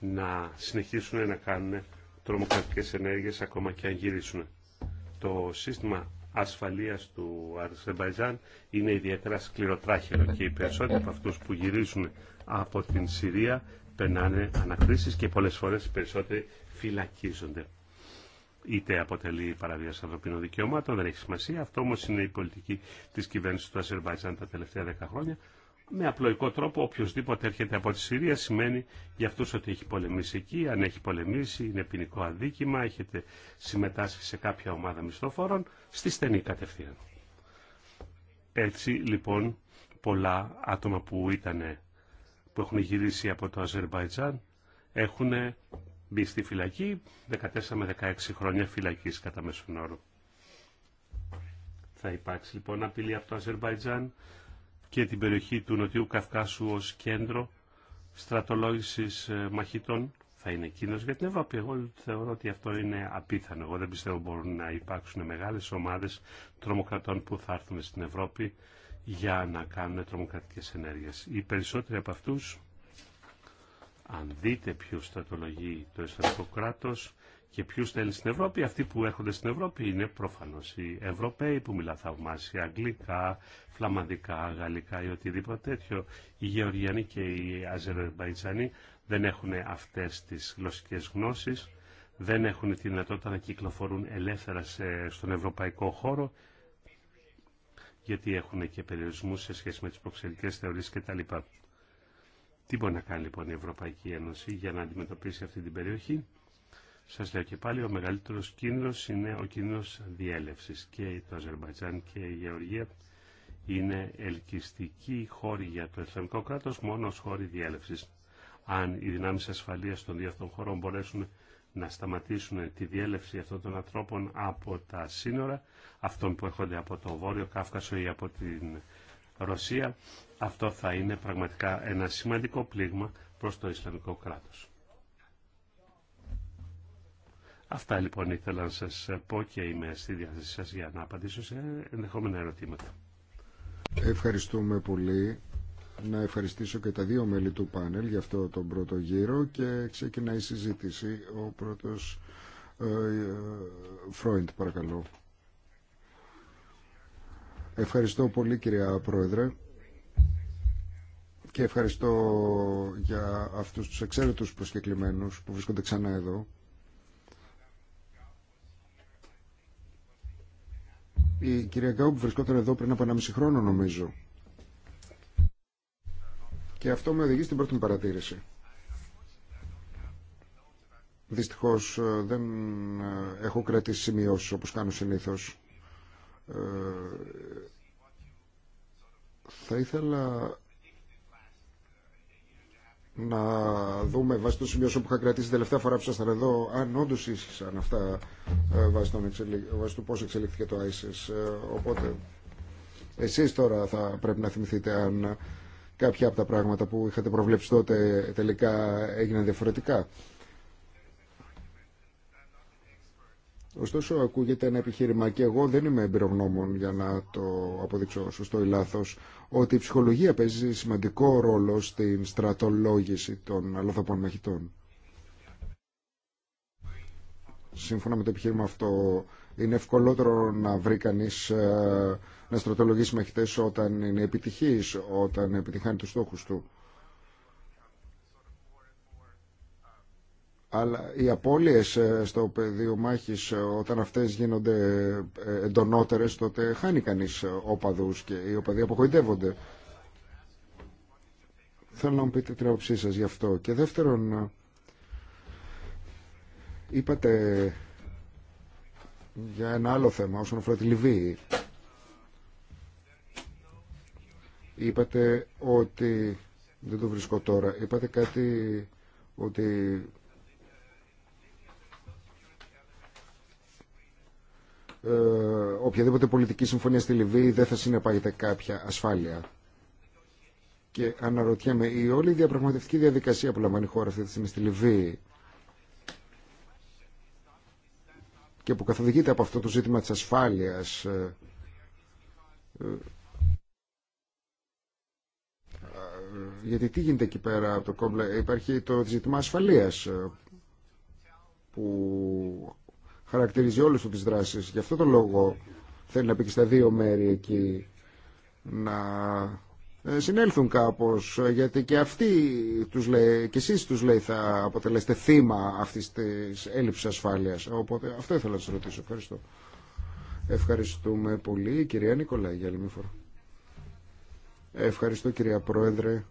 A: να συνεχίσουν να κάνουν τρομοκρατικές ενέργειες ακόμα και αν γυρίσουν. Το σύστημα ασφαλείας του Αρσεμπαϊζάν είναι ιδιαίτερα σκληροτράχυλο και οι περισσότεροι από αυτούς που γυρίζουν από την Συρία περνάνε ανακρίσεις και πολλές φορές οι περισσότεροι φυλακίζονται είτε αποτελεί παραβίαση ανθρωπίνων δικαιωμάτων, δεν έχει σημασία. Αυτό όμω είναι η πολιτική τη κυβέρνηση του Αζερβαϊτζάν τα τελευταία δέκα χρόνια. Με απλοϊκό τρόπο, οποιοδήποτε έρχεται από τη Συρία σημαίνει για αυτού ότι έχει πολεμήσει εκεί. Αν έχει πολεμήσει, είναι ποινικό αδίκημα, έχετε συμμετάσχει σε κάποια ομάδα μισθοφόρων, στη στενή κατευθείαν. Έτσι λοιπόν, πολλά άτομα που, ήταν, που έχουν γυρίσει από το Αζερβαϊτζάν έχουν μπει στη φυλακή, 14 με 16 χρόνια φυλακής κατά μέσον όρο. Θα υπάρξει λοιπόν απειλή από το Αζερβαϊτζάν και την περιοχή του Νοτιού Καυκάσου ως κέντρο στρατολόγησης ε, μαχητών. Θα είναι κίνδυνος για την Ευρώπη. Εγώ θεωρώ ότι αυτό είναι απίθανο. Εγώ δεν πιστεύω μπορούν να υπάρξουν μεγάλες ομάδες τρομοκρατών που θα έρθουν στην Ευρώπη για να κάνουν τρομοκρατικές ενέργειες. Οι περισσότεροι από αυτούς αν δείτε ποιο στρατολογεί το Ισλαμικό κράτο και ποιου θέλει στην Ευρώπη, αυτοί που έρχονται στην Ευρώπη είναι προφανώ οι Ευρωπαίοι που μιλά θαυμάσια αγγλικά, φλαμανδικά, γαλλικά ή οτιδήποτε τέτοιο. Οι Γεωργιανοί και οι Αζερβαϊτζανοί δεν έχουν αυτέ τι γλωσσικέ γνώσει, δεν έχουν τη δυνατότητα να κυκλοφορούν ελεύθερα στον ευρωπαϊκό χώρο γιατί έχουν και περιορισμού σε σχέση με τις προξενικές θεωρίες κτλ. Τι μπορεί να κάνει λοιπόν η Ευρωπαϊκή Ένωση για να αντιμετωπίσει αυτή την περιοχή. Σας λέω και πάλι, ο μεγαλύτερος κίνδυνος είναι ο κίνδυνος διέλευσης και το Αζερμπαϊτζάν και η Γεωργία είναι ελκυστικοί χώροι για το Ισλαμικό κράτος, μόνο ως χώροι διέλευσης. Αν οι δυνάμεις ασφαλείας των δύο αυτών χωρών μπορέσουν να σταματήσουν τη διέλευση αυτών των ανθρώπων από τα σύνορα, αυτών που έρχονται από το Βόρειο Κάφκασο ή από την Ρωσία, αυτό θα είναι πραγματικά ένα σημαντικό πλήγμα προς το Ισλαμικό κράτος. Αυτά λοιπόν ήθελα να σας πω και είμαι στη διάθεσή σας για να απαντήσω σε ενδεχόμενα ερωτήματα.
B: Ευχαριστούμε πολύ. Να ευχαριστήσω και τα δύο μέλη του πάνελ για αυτό τον πρώτο γύρο και ξεκινάει η συζήτηση. Ο πρώτος ε, ε, Φρόιντ, παρακαλώ. Ευχαριστώ πολύ κυρία Πρόεδρε και ευχαριστώ για αυτούς τους εξαίρετους προσκεκλημένους που βρίσκονται ξανά εδώ. Η κυρία Γκάουμπ βρισκόταν εδώ πριν από 1,5 χρόνο νομίζω. Και αυτό με οδηγεί στην πρώτη μου παρατήρηση. Δυστυχώς ε, δεν ε, έχω κρατήσει σημειώσεις όπως κάνω συνήθως. Ε, θα ήθελα να δούμε βάσει το σημείο που είχα κρατήσει την τελευταία φορά που ήσασταν εδώ, αν όντω ίσχυσαν αυτά ε, βάσει, τον εξελι... του πώ εξελίχθηκε το ISIS. Ε, οπότε, εσεί τώρα θα πρέπει να θυμηθείτε αν κάποια από τα πράγματα που είχατε προβλέψει τότε τελικά έγιναν διαφορετικά. Ωστόσο, ακούγεται ένα επιχείρημα και εγώ δεν είμαι εμπειρογνώμων για να το αποδείξω σωστό ή λάθο, ότι η ψυχολογία παίζει σημαντικό ρόλο στην στρατολόγηση των αλλοδαπών μαχητών. Σύμφωνα με το επιχείρημα αυτό, είναι ευκολότερο να βρει κανεί ε, να στρατολογήσει μαχητέ όταν είναι επιτυχή, όταν επιτυχάνει του στόχου του. αλλά οι απώλειες ε, στο πεδίο μάχης ε, όταν αυτές γίνονται ε, εντονότερες τότε χάνει κανείς οπαδούς και οι οπαδοί απογοητεύονται. Θέλω να μου πείτε την άποψή σας γι' αυτό. Και δεύτερον, είπατε για ένα άλλο θέμα όσον αφορά τη Λιβύη. Είπατε ότι, δεν το βρίσκω τώρα, είπατε κάτι ότι Ε, οποιαδήποτε πολιτική συμφωνία στη Λιβύη δεν θα συνεπάγεται κάποια ασφάλεια. Και αναρωτιέμαι, η όλη διαπραγματευτική διαδικασία που λαμβάνει η χώρα αυτή τη στιγμή στη Λιβύη και που καθοδηγείται από αυτό το ζήτημα της ασφάλειας ε, ε, γιατί τι γίνεται εκεί πέρα από το κόμπλε υπάρχει το ζήτημα ασφαλείας που χαρακτηρίζει όλες του τις δράσεις. Γι' αυτό τον λόγο θέλει να πει και στα δύο μέρη εκεί να ε, συνέλθουν κάπως γιατί και αυτοί τους λέει, και εσείς τους λέει θα αποτελέσετε θύμα αυτής της έλλειψης ασφάλειας οπότε αυτό ήθελα να σας ρωτήσω ευχαριστώ ευχαριστούμε πολύ κυρία Νικολάη για άλλη φορά ευχαριστώ κυρία Πρόεδρε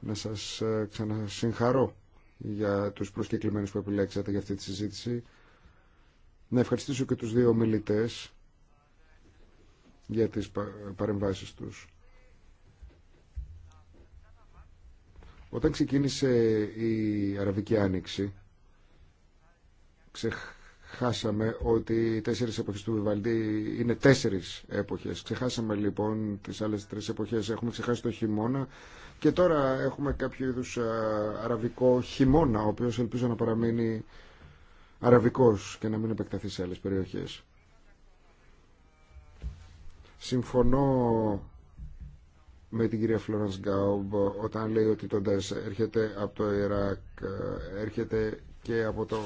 B: να σας ε, ξανασυγχαρώ για τους προσκεκλημένους που επιλέξατε για αυτή τη συζήτηση να ευχαριστήσω και τους δύο μιλητές για τις παρεμβάσεις τους. Όταν ξεκίνησε η Αραβική Άνοιξη, ξεχάσαμε ότι οι τέσσερις εποχές του Βιβαλντή είναι τέσσερις εποχές. Ξεχάσαμε λοιπόν τις άλλες τρεις εποχές. Έχουμε ξεχάσει το χειμώνα και τώρα έχουμε κάποιο είδους αραβικό χειμώνα, ο οποίος ελπίζω να παραμείνει αραβικός και να μην επεκταθεί σε άλλες περιοχές. Συμφωνώ με την κυρία Φλόρανς Γκάουμπ όταν λέει ότι το έρχεται από το Ιράκ, έρχεται και από το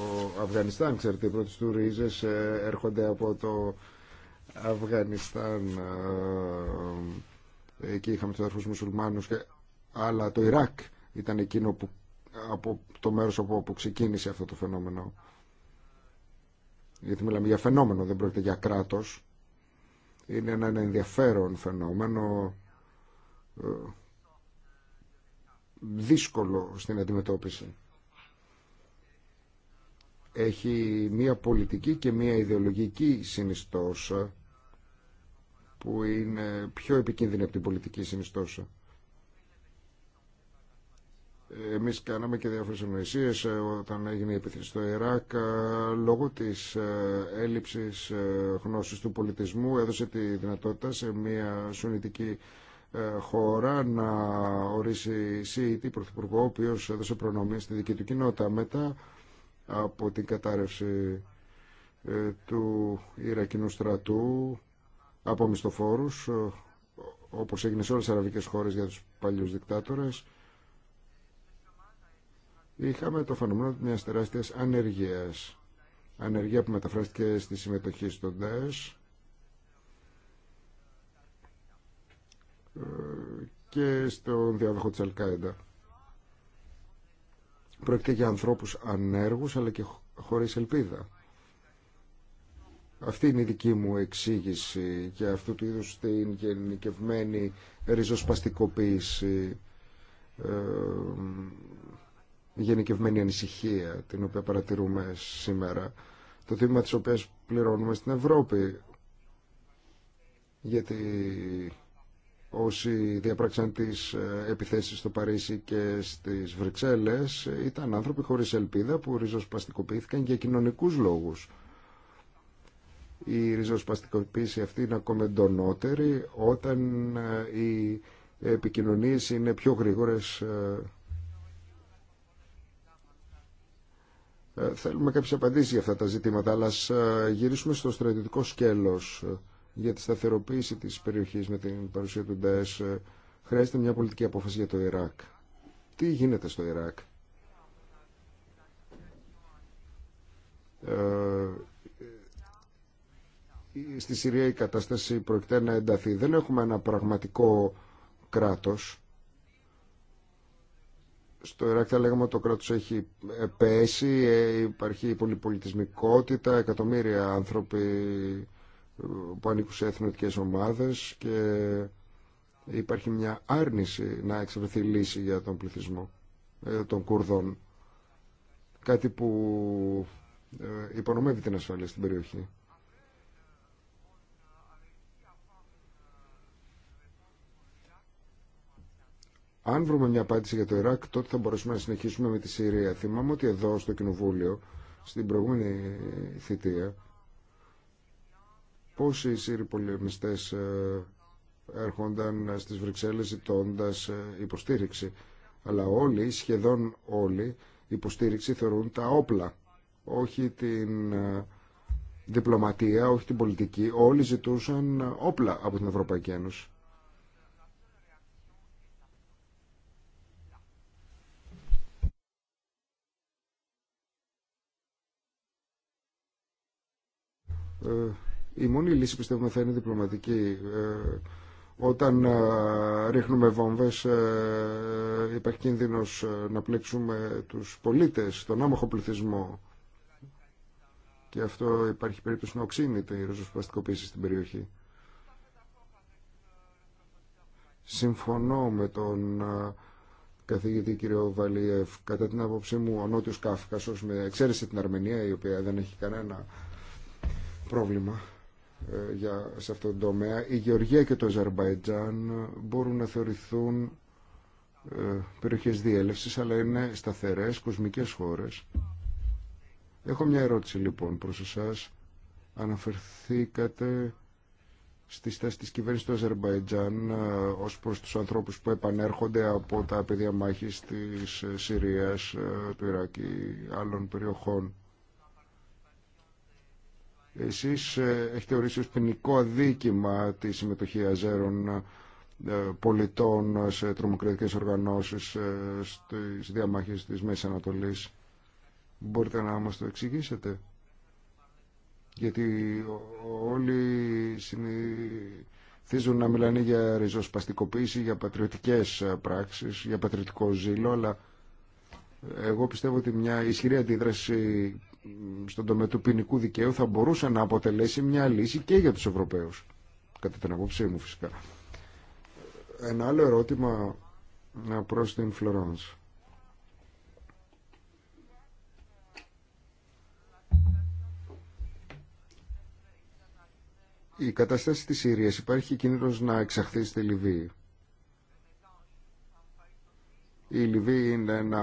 B: Αφγανιστάν. Ξέρετε, οι πρώτες του ρίζες ε, έρχονται από το Αφγανιστάν. Ε, εκεί είχαμε τους αδερφούς μουσουλμάνους, και... αλλά το Ιράκ ήταν εκείνο που από το μέρος από όπου ξεκίνησε αυτό το φαινόμενο γιατί μιλάμε για φαινόμενο, δεν πρόκειται για κράτος. Είναι ένα ενδιαφέρον φαινόμενο, ε, δύσκολο στην αντιμετώπιση. Έχει μία πολιτική και μία ιδεολογική συνιστόσα που είναι πιο επικίνδυνη από την πολιτική συνιστόσα. Εμείς κάναμε και διάφορε ονοησίε ε, όταν έγινε η επίθεση στο Ιράκ ε, λόγω της ε, έλλειψης γνώσης του πολιτισμού έδωσε τη δυνατότητα σε μια σουνητική χώρα να ορίσει ΣΥΙΤΗ πρωθυπουργό ο οποίο έδωσε προνομία στη δική του κοινότητα μετά από την κατάρρευση του Ιρακινού στρατού από μισθοφόρους όπως έγινε σε όλες τις αραβικές χώρες για τους παλιούς δικτάτορες είχαμε το φαινόμενο μιας τεράστια ανεργία. Ανεργία που μεταφράστηκε στη συμμετοχή στον ΤΕΣ. Ε, και στον διάδοχο της Αλκάιντα. Πρόκειται για ανθρώπους ανέργους αλλά και χωρίς ελπίδα. Αυτή είναι η δική μου εξήγηση και αυτού του είδους την γενικευμένη ριζοσπαστικοποίηση ε, γενικευμένη ανησυχία την οποία παρατηρούμε σήμερα. Το θύμα της οποίας πληρώνουμε στην Ευρώπη. Γιατί όσοι διαπράξαν τις ε, επιθέσεις στο Παρίσι και στις Βρυξέλλες ήταν άνθρωποι χωρίς ελπίδα που ριζοσπαστικοποιήθηκαν για κοινωνικούς λόγους. Η ριζοσπαστικοποίηση αυτή είναι ακόμα εντονότερη όταν ε, οι επικοινωνίες είναι πιο γρήγορες ε, Ε, θέλουμε κάποιες απαντήσεις για αυτά τα ζητήματα, αλλά ε, γυρίσουμε στο στρατιωτικό σκέλος ε, για τη σταθεροποίηση της περιοχής με την παρουσία του ΝΤΕΣ. Χρειάζεται μια πολιτική απόφαση για το Ιράκ. Τι γίνεται στο Ιράκ. στη Συρία η κατάσταση είναι να ενταθεί. Δεν έχουμε ένα πραγματικό κράτος στο Ιράκ θα λέγαμε ότι το κράτος έχει ε, πέσει, ε, υπάρχει πολυπολιτισμικότητα, εκατομμύρια άνθρωποι ε, που ανήκουν σε εθνικές ομάδε και υπάρχει μια άρνηση να εξευρεθεί λύση για τον πληθυσμό των Κουρδών. Κάτι που υπονομεύει την ασφάλεια στην περιοχή. αν βρούμε μια απάντηση για το Ιράκ, τότε θα μπορέσουμε να συνεχίσουμε με τη Συρία. Θυμάμαι ότι εδώ στο Κοινοβούλιο, στην προηγούμενη θητεία, πόσοι Σύριοι πολεμιστές ε, έρχονταν στις Βρυξέλλες ζητώντα ε, υποστήριξη. Αλλά όλοι, σχεδόν όλοι, υποστήριξη θεωρούν τα όπλα, όχι την ε, διπλωματία, όχι την πολιτική. Όλοι ζητούσαν όπλα από την Ευρωπαϊκή Ένωση. Ε, η μόνη λύση πιστεύουμε θα είναι διπλωματική. Ε, όταν ε, ρίχνουμε βόμβες υπάρχει κίνδυνος να πλέξουμε τους πολίτες, τον άμαχο πληθυσμό και αυτό υπάρχει περίπτωση να οξύνεται η ροζοσπαστικοποίηση στην περιοχή. Συμφωνώ με τον καθηγητή κ. Βαλίεφ. Κατά την άποψή μου, ο Νότιος Κάφκασος, με εξαίρεση την Αρμενία, η οποία δεν έχει κανένα πρόβλημα ε, για, σε αυτόν τον τομέα. Η Γεωργία και το Αζερβαϊτζάν μπορούν να θεωρηθούν ε, περιοχές διέλευσης, αλλά είναι σταθερές, κοσμικές χώρες. Έχω μια ερώτηση λοιπόν προς εσάς. Αναφερθήκατε στη στάση της κυβέρνησης του Αζερμπαϊτζάν ε, ως προς τους ανθρώπους που επανέρχονται από τα πεδία μάχης της Συρίας, του Ιράκ άλλων περιοχών. Εσείς ε, έχετε ορίσει ως ποινικό αδίκημα τη συμμετοχή αζέρων ε, πολιτών σε τρομοκρατικές οργανώσεις ε, στις διαμάχες της Μέσης Ανατολής. Μπορείτε να μας το εξηγήσετε. Γιατί όλοι συνηθίζουν να μιλάνε για ριζοσπαστικοποίηση, για πατριωτικές πράξεις, για πατριωτικό ζήλο, αλλά εγώ πιστεύω ότι μια ισχυρή αντίδραση στον τομέα του ποινικού δικαίου θα μπορούσε να αποτελέσει μια λύση και για τους Ευρωπαίους. Κατά την απόψή μου φυσικά. Ένα άλλο ερώτημα ε, προς την Φλωρόνς. Η κατάσταση της Συρίας υπάρχει κίνδυνος να εξαχθεί στη Λιβύη. Η Λιβύη είναι ένα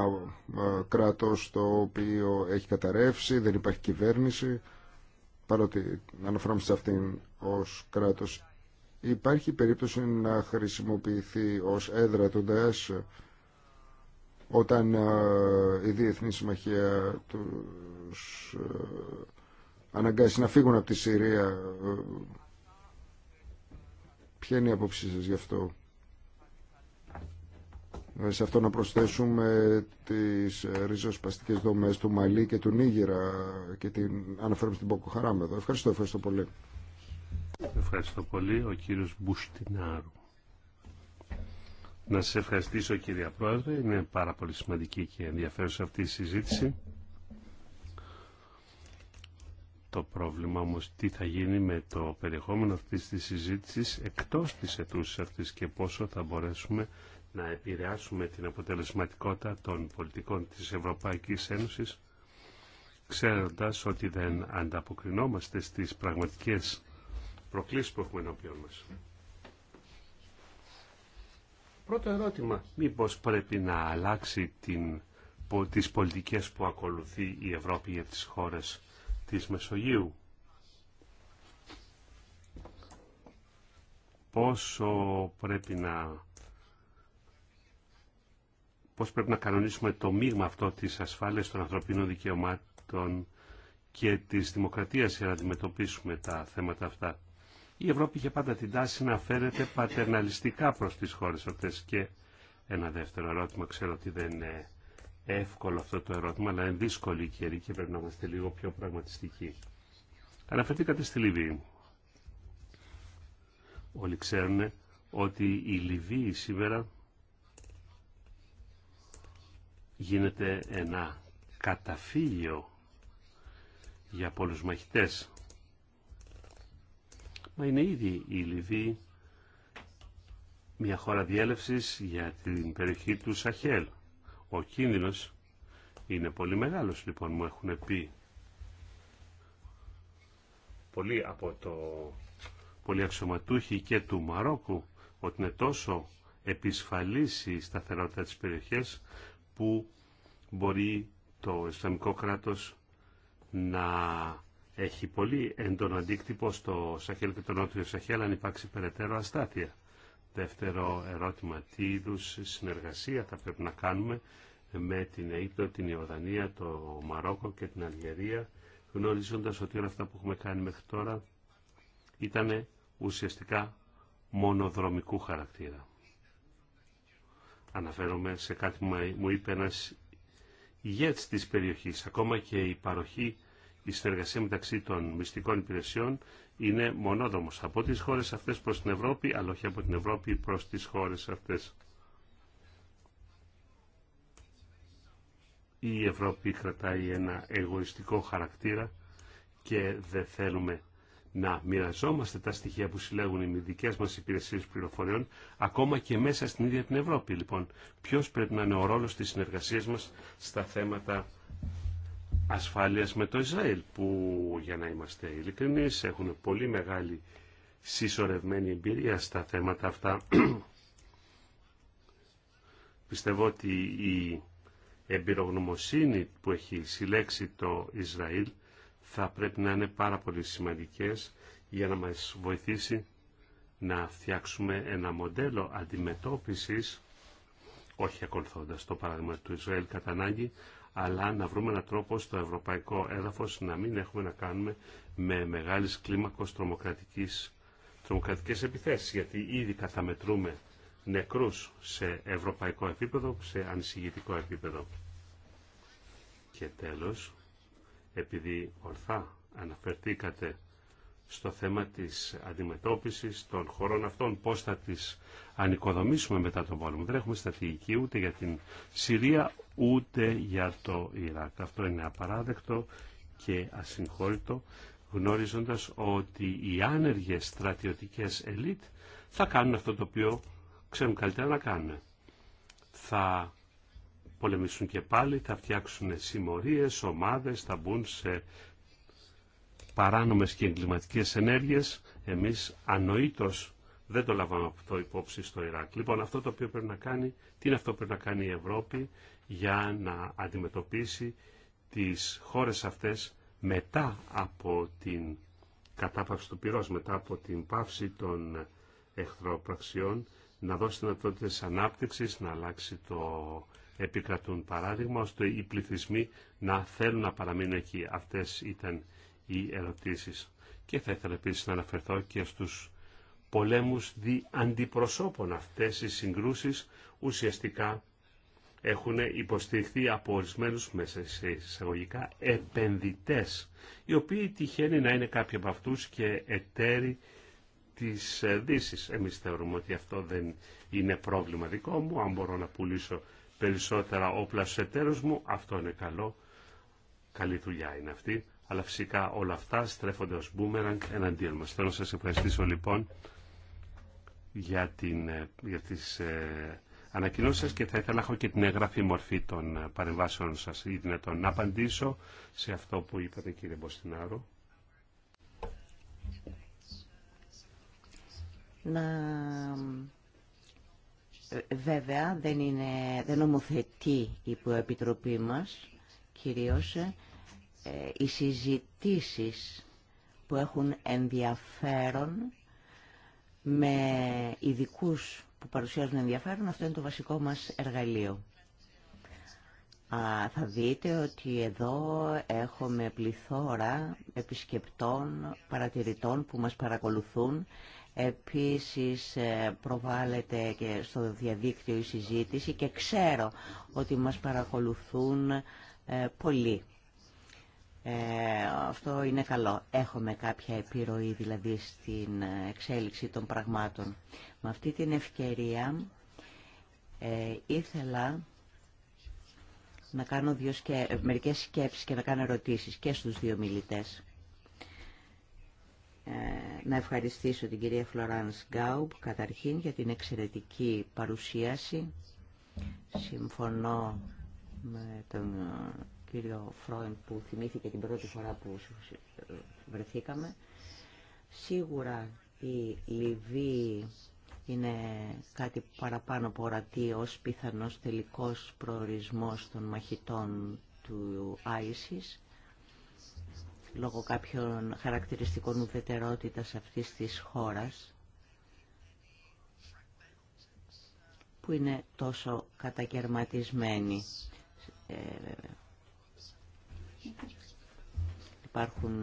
B: ε, κράτος το οποίο έχει καταρρεύσει, δεν υπάρχει κυβέρνηση, παρότι αναφερόμαστε σε αυτήν ως κράτος. Υπάρχει περίπτωση να χρησιμοποιηθεί ως έδρα του όταν ε, η Διεθνή Συμμαχία τους ε, αναγκάσει να φύγουν από τη Συρία. Ποια είναι η απόψη σας γι' αυτό. Σε αυτό να προσθέσουμε τις ριζοσπαστικές δομές του Μαλή και του Νίγηρα και την αναφέρουμε στην Ποκοχαράμ εδώ. Ευχαριστώ, ευχαριστώ πολύ.
A: Ευχαριστώ πολύ ο κύριος Μπουστινάρου. Να σα ευχαριστήσω κύριε Πρόεδρε, είναι πάρα πολύ σημαντική και ενδιαφέρουσα αυτή η συζήτηση. Το πρόβλημα όμως τι θα γίνει με το περιεχόμενο αυτής της συζήτησης εκτός της αιτούσης αυτής και πόσο θα μπορέσουμε να επηρεάσουμε την αποτελεσματικότητα των πολιτικών της Ευρωπαϊκής Ένωσης ξέροντας ότι δεν ανταποκρινόμαστε στις πραγματικές προκλήσεις που έχουμε ενώπιον μας. Πρώτο ερώτημα, μήπως πρέπει να αλλάξει την, τις πολιτικές που ακολουθεί η Ευρώπη για τις χώρες της Μεσογείου. Πόσο πρέπει να πώς πρέπει να κανονίσουμε το μείγμα αυτό της ασφάλειας των ανθρωπίνων δικαιωμάτων και της δημοκρατίας για να αντιμετωπίσουμε τα θέματα αυτά. Η Ευρώπη είχε πάντα την τάση να φέρεται πατερναλιστικά προς τις χώρες αυτές και ένα δεύτερο ερώτημα, ξέρω ότι δεν είναι εύκολο αυτό το ερώτημα, αλλά είναι δύσκολη η καιρή και πρέπει να είμαστε λίγο πιο πραγματιστικοί. Αναφερθήκατε στη Λιβύη. Όλοι ξέρουν ότι η Λιβύη σήμερα γίνεται ένα καταφύγιο για πολλούς μαχητές. Μα είναι ήδη η Λιβύη μια χώρα διέλευσης για την περιοχή του Σαχέλ. Ο κίνδυνος είναι πολύ μεγάλος λοιπόν μου έχουν πει πολλοί από το πολύ αξιωματούχοι και του Μαρόκου ότι είναι τόσο επισφαλής η σταθερότητα της περιοχής που μπορεί το Ισλαμικό κράτος να έχει πολύ έντονο αντίκτυπο στο Σαχέλ και το Νότιο Σαχέλ αν υπάρξει περαιτέρω αστάθεια. Δεύτερο ερώτημα, τι είδου συνεργασία θα πρέπει να κάνουμε με την Αίγυπτο, την Ιορδανία, το Μαρόκο και την Αλγερία, γνωρίζοντας ότι όλα αυτά που έχουμε κάνει μέχρι τώρα ήταν ουσιαστικά μονοδρομικού χαρακτήρα. Αναφέρομαι σε κάτι που μου είπε ένας ηγέτης της περιοχής. Ακόμα και η παροχή, η συνεργασία μεταξύ των μυστικών υπηρεσιών είναι μονόδομος από τις χώρες αυτές προς την Ευρώπη, αλλά όχι από την Ευρώπη προς τις χώρες αυτές. Η Ευρώπη κρατάει ένα εγωιστικό χαρακτήρα και δεν θέλουμε να μοιραζόμαστε τα στοιχεία που συλλέγουν οι δικέ μα υπηρεσίε πληροφοριών, ακόμα και μέσα στην ίδια την Ευρώπη. Λοιπόν, ποιο πρέπει να είναι ο ρόλο τη συνεργασία μα στα θέματα ασφάλειας με το Ισραήλ, που για να είμαστε ειλικρινεί έχουν πολύ μεγάλη συσσωρευμένη εμπειρία στα θέματα αυτά. Πιστεύω ότι η εμπειρογνωμοσύνη που έχει συλλέξει το Ισραήλ θα πρέπει να είναι πάρα πολύ σημαντικές για να μας βοηθήσει να φτιάξουμε ένα μοντέλο αντιμετώπισης, όχι ακολουθώντας το παράδειγμα του Ισραήλ κατά ανάγκη, αλλά να βρούμε έναν τρόπο στο ευρωπαϊκό έδαφος να μην έχουμε να κάνουμε με μεγάλης κλίμακος τρομοκρατικής, τρομοκρατικές επιθέσεις, γιατί ήδη καταμετρούμε νεκρούς σε ευρωπαϊκό επίπεδο, σε ανησυχητικό επίπεδο. Και τέλος, επειδή ορθά αναφερθήκατε στο θέμα της αντιμετώπισης των χωρών αυτών, πώς θα τις ανοικοδομήσουμε μετά τον πόλεμο. Δεν έχουμε στρατηγική ούτε για την Συρία, ούτε για το Ιράκ. Αυτό είναι απαράδεκτο και ασυγχώρητο, γνώριζοντας ότι οι άνεργες στρατιωτικές ελίτ θα κάνουν αυτό το οποίο ξέρουν καλύτερα να κάνουν. Θα πολεμήσουν και πάλι, θα φτιάξουν συμμορίες, ομάδες, θα μπουν σε παράνομες και εγκληματικές ενέργειες. Εμείς ανοήτως δεν το λάβαμε αυτό υπόψη στο Ιράκ. Λοιπόν, αυτό το οποίο πρέπει να κάνει, τι είναι αυτό που πρέπει να κάνει η Ευρώπη για να αντιμετωπίσει τις χώρες αυτές μετά από την κατάπαυση του πυρός, μετά από την πάυση των εχθροπραξιών, να δώσει δυνατότητες ανάπτυξης, να αλλάξει το επικρατούν. Παράδειγμα, ώστε οι πληθυσμοί να θέλουν να παραμείνουν εκεί. Αυτές ήταν οι ερωτήσεις. Και θα ήθελα επίσης να αναφερθώ και στους πολέμους δι αντιπροσώπων. Αυτές οι συγκρούσεις ουσιαστικά έχουν υποστηριχθεί από ορισμένου μέσα σε εισαγωγικά επενδυτέ, οι οποίοι τυχαίνει να είναι κάποιοι από αυτούς και εταίροι της Δύση. Εμεί θεωρούμε ότι αυτό δεν είναι πρόβλημα δικό μου, αν μπορώ να πουλήσω περισσότερα όπλα στους εταίρους μου, αυτό είναι καλό. Καλή δουλειά είναι αυτή. Αλλά φυσικά όλα αυτά στρέφονται ως μπούμερανγκ εναντίον μας. Θέλω να σας ευχαριστήσω λοιπόν για, την, ε, για τις ε, ανακοινώσεις σας και θα ήθελα να έχω και την εγγραφή μορφή των ε, παρεμβάσεων σας ή δυνατόν να απαντήσω σε αυτό που είπατε κύριε Μποστινάρου
C: Να Βέβαια δεν, είναι, δεν νομοθετεί η Επιτροπή μας, κυρίως ε, οι συζητήσεις που έχουν ενδιαφέρον με ειδικού που παρουσιάζουν ενδιαφέρον, αυτό είναι το βασικό μας εργαλείο. Α, θα δείτε ότι εδώ έχουμε πληθώρα επισκεπτών, παρατηρητών που μας παρακολουθούν Επίσης ε, προβάλλεται και στο διαδίκτυο η συζήτηση και ξέρω ότι μας παρακολουθούν ε, πολλοί. Ε, αυτό είναι καλό. Έχουμε κάποια επιρροή δηλαδή στην εξέλιξη των πραγμάτων. Με αυτή την ευκαιρία ήθελα να κάνω δύο σκέ... μερικές σκέψεις και να κάνω ερωτήσεις και στους δύο μιλητές. Ε, να ευχαριστήσω την κυρία Φλωράνς Γκάουμπ καταρχήν για την εξαιρετική παρουσίαση. Συμφωνώ με τον ε, κύριο Φρόιν που θυμήθηκε την πρώτη φορά που βρεθήκαμε. Σίγουρα η Λιβύη είναι κάτι παραπάνω από ορατή ως πιθανός τελικός προορισμός των μαχητών του Άισις λόγω κάποιων χαρακτηριστικών ουδετερότητας αυτής της χώρας που είναι τόσο κατακαιρματισμένη. Ε, υπάρχουν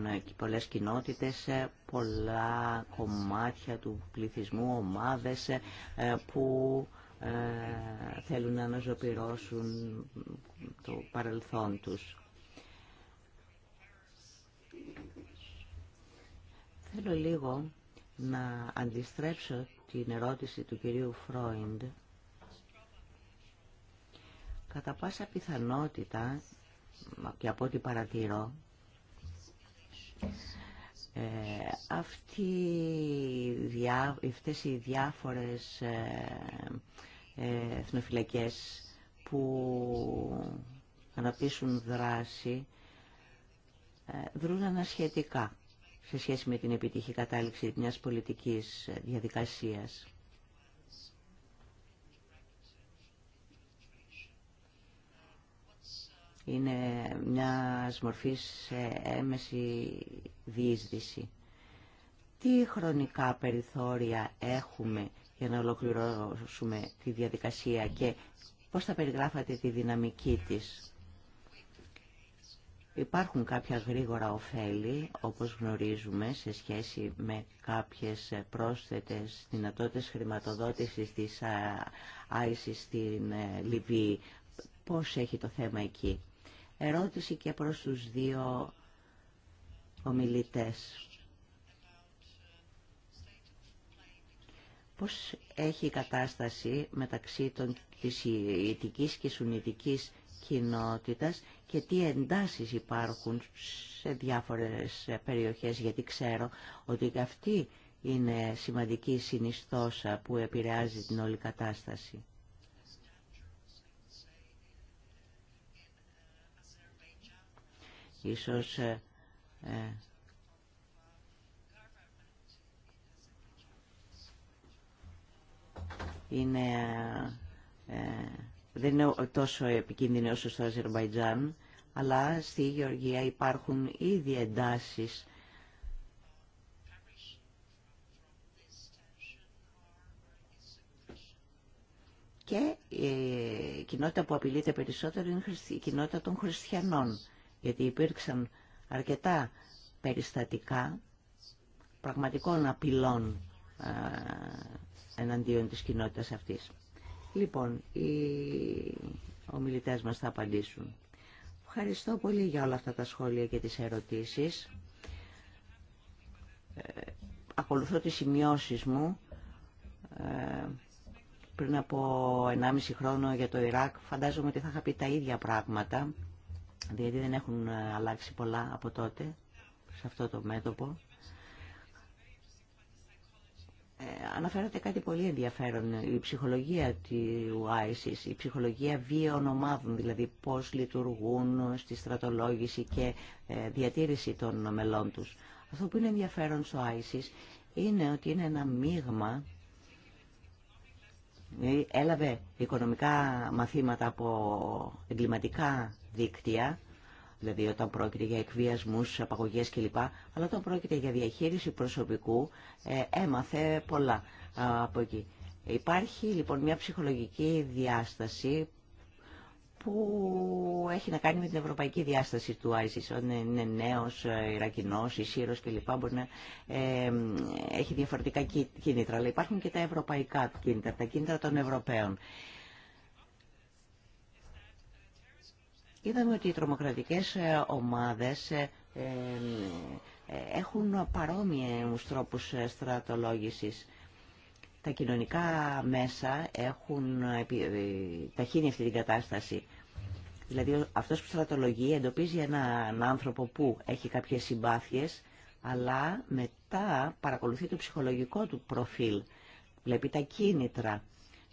C: υπάρχουν πολλές κοινότητες, ε, πολλά κομμάτια του πληθυσμού, ομάδες ε, που θέλουν να αναζωπηρώσουν το παρελθόν τους. Θέλω λίγο να αντιστρέψω την ερώτηση του κυρίου Φρόιντ. Κατά πάσα πιθανότητα, και από ό,τι παρατηρώ, ε, αυτή, αυτές οι διάφορες ε, ε, εθνοφυλακές που αναπτύσσουν δράση δρούν ε, ανασχετικά σε σχέση με την επιτυχή κατάληξη μιας πολιτικής διαδικασίας. Είναι μια μορφή έμεση διείσδυση. Τι χρονικά περιθώρια έχουμε για να ολοκληρώσουμε τη διαδικασία και πώς θα περιγράφατε τη δυναμική της. Υπάρχουν κάποια γρήγορα ωφέλη, όπως γνωρίζουμε, σε σχέση με κάποιες πρόσθετες δυνατότητες χρηματοδότησης της ΆΙΣΙ στην ε, Λιβύη. Πώς έχει το θέμα εκεί. Ερώτηση και προς τους δύο ομιλητές. Πώς έχει η κατάσταση μεταξύ των, της Ιητικής και Σουνητικής κοινότητας και τι εντάσεις υπάρχουν σε διάφορες περιοχές, γιατί ξέρω ότι και αυτή είναι σημαντική συνιστόσα που επηρεάζει την όλη κατάσταση. Ίσως ε, ε, είναι, ε, δεν είναι τόσο επικίνδυνο όσο στο Αζερβαϊτζάν αλλά στη Γεωργία υπάρχουν ήδη εντάσεις. Και ε, η κοινότητα που απειλείται περισσότερο είναι η κοινότητα των χριστιανών, γιατί υπήρξαν αρκετά περιστατικά πραγματικών απειλών ε, εναντίον της κοινότητας αυτής. Λοιπόν, οι ομιλητές μας θα απαντήσουν. Ευχαριστώ πολύ για όλα αυτά τα σχόλια και τις ερωτήσεις. Ε, ακολουθώ τις σημειώσεις μου. Ε, πριν από 1,5 χρόνο για το Ιράκ φαντάζομαι ότι θα είχα πει τα ίδια πράγματα, διότι δεν έχουν ε, αλλάξει πολλά από τότε σε αυτό το μέτωπο. Ε, αναφέρατε κάτι πολύ ενδιαφέρον, η ψυχολογία του ISIS, η ψυχολογία βίαιων ομάδων, δηλαδή πώς λειτουργούν στη στρατολόγηση και ε, διατήρηση των μελών τους. Αυτό που είναι ενδιαφέρον στο ISIS είναι ότι είναι ένα μείγμα, ε, έλαβε οικονομικά μαθήματα από εγκληματικά δίκτυα, δηλαδή όταν πρόκειται για εκβιασμούς, απαγωγές κλπ. Αλλά όταν πρόκειται για διαχείριση προσωπικού, ε, έμαθε πολλά από εκεί. Υπάρχει λοιπόν μια ψυχολογική διάσταση που έχει να κάνει με την ευρωπαϊκή διάσταση του ISIS. Όταν είναι νέος, ε, Ιρακινός, Ισύρος κλπ. Μπορεί να ε, έχει διαφορετικά κίνητρα. Αλλά υπάρχουν και τα ευρωπαϊκά κίνητρα, τα κίνητρα των Ευρωπαίων. είδαμε ότι οι τρομοκρατικές ε, ομάδες ε, ε, έχουν παρόμοιους τρόπους στρατολόγησης. Τα κοινωνικά μέσα έχουν ταχύνει αυτή την κατάσταση. Δηλαδή αυτός που στρατολογεί εντοπίζει έναν άνθρωπο που έχει κάποιες συμπάθειες, αλλά μετά παρακολουθεί το ψυχολογικό του προφίλ, βλέπει τα κίνητρα,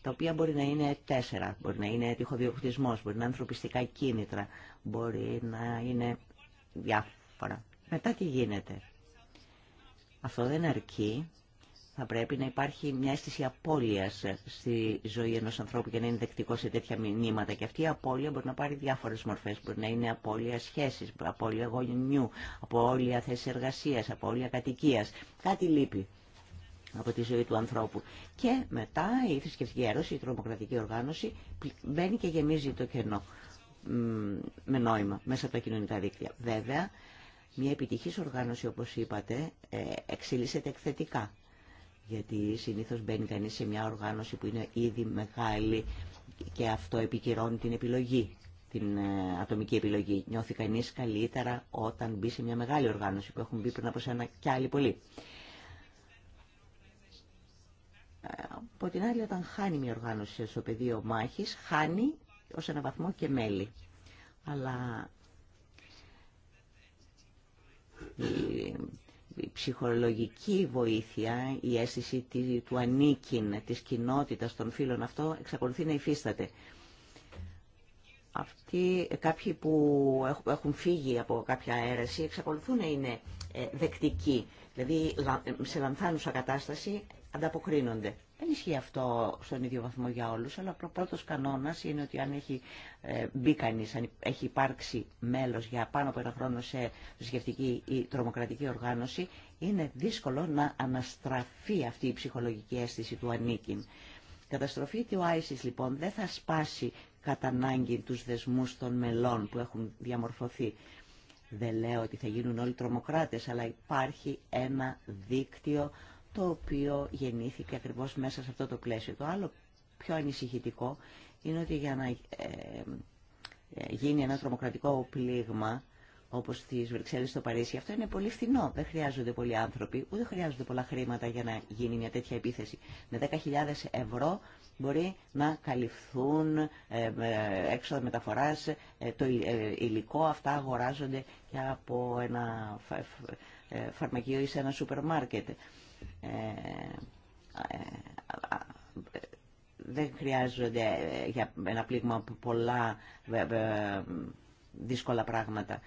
C: τα οποία μπορεί να είναι τέσσερα, μπορεί να είναι τυχοδιοκτισμός, μπορεί να είναι ανθρωπιστικά κίνητρα, μπορεί να είναι διάφορα. Μετά τι γίνεται. Αυτό δεν αρκεί. Θα πρέπει να υπάρχει μια αίσθηση απώλειας στη ζωή ενός ανθρώπου για να είναι δεκτικό σε τέτοια μηνύματα. Και αυτή η απώλεια μπορεί να πάρει διάφορες μορφές. Μπορεί να είναι απώλεια σχέσης, απώλεια γονιού, απώλεια θέση εργασίας, απώλεια κατοικίας. Κάτι λείπει από τη ζωή του ανθρώπου. Και μετά η θρησκευτική έρωση, η τρομοκρατική οργάνωση μπαίνει και γεμίζει το κενό με νόημα μέσα από τα κοινωνικά δίκτυα. Βέβαια, μια επιτυχής οργάνωση, όπως είπατε, ε, εξελίσσεται εκθετικά. Γιατί συνήθως μπαίνει κανείς σε μια οργάνωση που είναι ήδη μεγάλη και αυτό επικυρώνει την επιλογή, την ε, ατομική επιλογή. Νιώθει κανείς καλύτερα όταν μπει σε μια μεγάλη οργάνωση που έχουν μπει πριν από σένα κι άλλοι πολλοί από την άλλη όταν χάνει μια οργάνωση στο πεδίο μάχης, χάνει ως ένα βαθμό και μέλη. Αλλά η ψυχολογική βοήθεια, η αίσθηση του ανήκειν, της κοινότητας των φίλων αυτό εξακολουθεί να υφίσταται. Αυτοί, κάποιοι που έχουν φύγει από κάποια αίρεση εξακολουθούν να είναι ε, δεκτικοί. Δηλαδή σε λανθάνουσα κατάσταση ανταποκρίνονται. Δεν ισχύει αυτό στον ίδιο βαθμό για όλους, αλλά ο πρώτος κανόνας είναι ότι αν έχει ε, μπει κανείς, αν έχει υπάρξει μέλος για πάνω από ένα χρόνο σε θρησκευτική ή τρομοκρατική οργάνωση, είναι δύσκολο να αναστραφεί αυτή η ψυχολογική αίσθηση του ανήκειν. Καταστροφή του ISIS λοιπόν δεν θα σπάσει κατά ανάγκη τους δεσμούς των μελών που έχουν διαμορφωθεί. Δεν λέω ότι θα γίνουν όλοι τρομοκράτες, αλλά υπάρχει ένα δίκτυο το οποίο γεννήθηκε ακριβώς μέσα σε αυτό το πλαίσιο. Το άλλο πιο ανησυχητικό είναι ότι για να ε, ε, γίνει ένα τρομοκρατικό πλήγμα όπως στις Βρυξέλλες στο Παρίσι. Αυτό είναι πολύ φθηνό. Δεν χρειάζονται πολλοί άνθρωποι, ούτε χρειάζονται πολλά χρήματα για να γίνει μια τέτοια επίθεση. Με 10.000 ευρώ μπορεί να καλυφθούν ε, έξοδα μεταφοράς, το υλικό αυτά αγοράζονται και από ένα φαρμακείο ή σε ένα σούπερ μάρκετ. Ε, ε, ε, δεν χρειάζονται για ένα πλήγμα από πολλά δύσκολα πράγματα.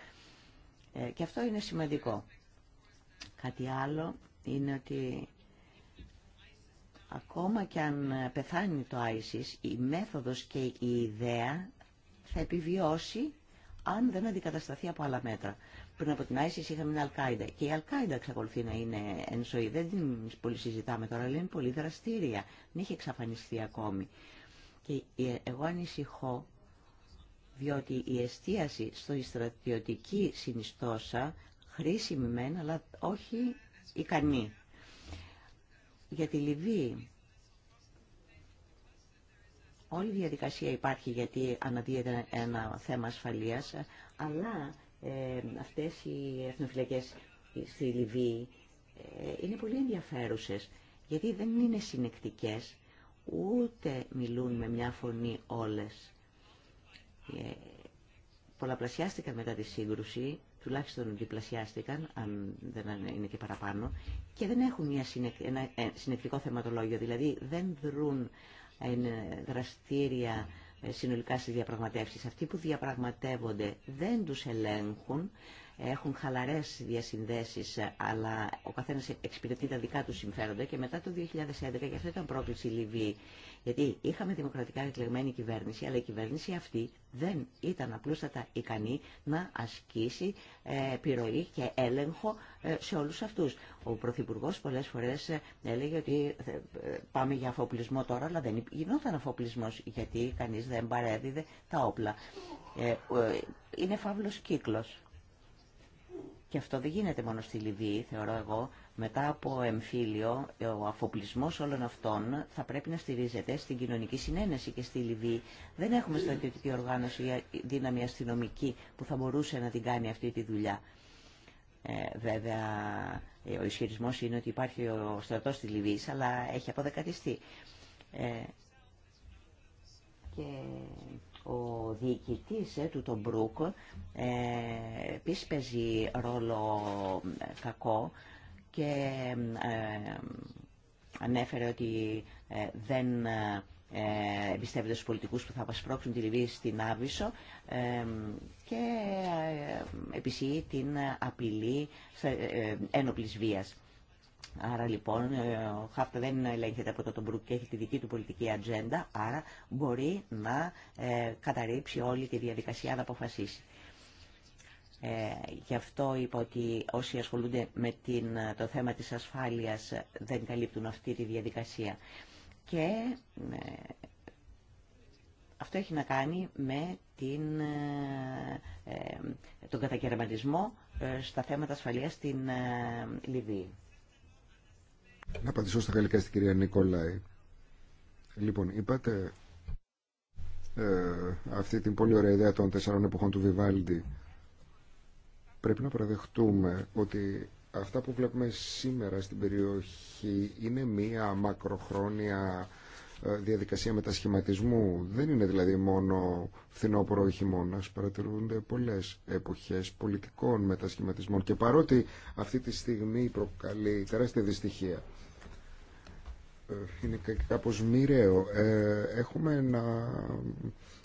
C: Και αυτό είναι σημαντικό. Κάτι άλλο είναι ότι ακόμα και αν πεθάνει το ISIS, η μέθοδος και η ιδέα θα επιβιώσει αν δεν αντικατασταθεί από άλλα μέτρα. Πριν από την ISIS είχαμε την Αλκάιντα και η Αλκάιντα εξακολουθεί να είναι ενσωή. Δεν την πολύ συζητάμε τώρα, αλλά είναι πολύ δραστήρια. Δεν έχει εξαφανιστεί ακόμη. Και ε, εγώ ανησυχώ διότι η εστίαση στο στρατιωτική συνιστόσα χρήσιμη μεν, αλλά όχι ικανή. Για τη Λιβύη Όλη η διαδικασία υπάρχει γιατί αναδύεται ένα θέμα ασφαλείας, αλλά ε, αυτές οι εθνοφυλακές στη Λιβύη ε, είναι πολύ ενδιαφέρουσες, γιατί δεν είναι συνεκτικές, ούτε μιλούν με μια φωνή όλες. Ε, πολλαπλασιάστηκαν μετά τη σύγκρουση, τουλάχιστον διπλασιάστηκαν, αν δεν είναι και παραπάνω, και δεν έχουν μια συνεκ, ένα ε, συνεκτικό θεματολόγιο, δηλαδή δεν δρούν είναι δραστήρια ε, συνολικά στις διαπραγματεύσεις. Αυτοί που διαπραγματεύονται δεν τους ελέγχουν, έχουν χαλαρές διασυνδέσεις, ε, αλλά ο καθένας εξυπηρετεί τα δικά του συμφέροντα και μετά το 2011, γι' αυτό ήταν πρόκληση η Λιβύη, γιατί είχαμε δημοκρατικά εκλεγμένη κυβέρνηση, αλλά η κυβέρνηση αυτή δεν ήταν απλούστατα ικανή να ασκήσει ε, πυροή και έλεγχο ε, σε όλους αυτούς. Ο Πρωθυπουργό πολλές φορές έλεγε ότι πάμε για αφοπλισμό τώρα, αλλά δεν γινόταν αφοπλισμός, γιατί κανείς δεν παρέδιδε τα όπλα. Είναι φαύλος κύκλος. Και αυτό δεν γίνεται μόνο στη Λιβύη, θεωρώ εγώ. Μετά από εμφύλιο, ο αφοπλισμός όλων αυτών θα πρέπει να στηρίζεται στην κοινωνική συνένεση και στη Λιβύη. Δεν έχουμε στρατιωτική οργάνωση ή δύναμη αστυνομική που θα μπορούσε να την κάνει αυτή τη δουλειά. Ε, βέβαια, ε, ο ισχυρισμό είναι ότι υπάρχει ο στρατό στη Λιβύη, αλλά έχει αποδεκατιστεί. Ε, και ο διοικητής ε, του τον Μπρούκ ε, παίζει ρόλο ε, κακό και ε, ανέφερε ότι ε, δεν εμπιστεύεται στους πολιτικούς που θα απασπρώξουν τη Λιβύη στην Άβυσσο και ε, την απειλή ε, ένοπλης βίας. Άρα λοιπόν ε, ο δεν ελέγχεται από το τον και έχει τη δική του πολιτική ατζέντα, άρα μπορεί να ε, καταρρύψει όλη τη διαδικασία να αποφασίσει. Ε, γι' αυτό είπα ότι όσοι ασχολούνται με την, το θέμα της ασφάλειας δεν καλύπτουν αυτή τη διαδικασία. Και ε, αυτό έχει να κάνει με την, ε, τον κατακαιρματισμό στα θέματα ασφαλείας στην Λιβύη.
B: Να απαντήσω στα γαλλικά στην κυρία Νικολάη. Λοιπόν, είπατε ε, αυτή την πολύ ωραία ιδέα των τεσσάρων εποχών του Βιβάλντι. Πρέπει να παραδεχτούμε ότι αυτά που βλέπουμε σήμερα στην περιοχή είναι μία μακροχρόνια ε, διαδικασία μετασχηματισμού. Δεν είναι δηλαδή μόνο φθινόπωρο ή χειμώνα. Παρατηρούνται πολλέ εποχέ πολιτικών μετασχηματισμών. Και παρότι αυτή τη στιγμή προκαλεί τεράστια δυστυχία, ε, είναι κάπω μοιραίο. Ε, έχουμε να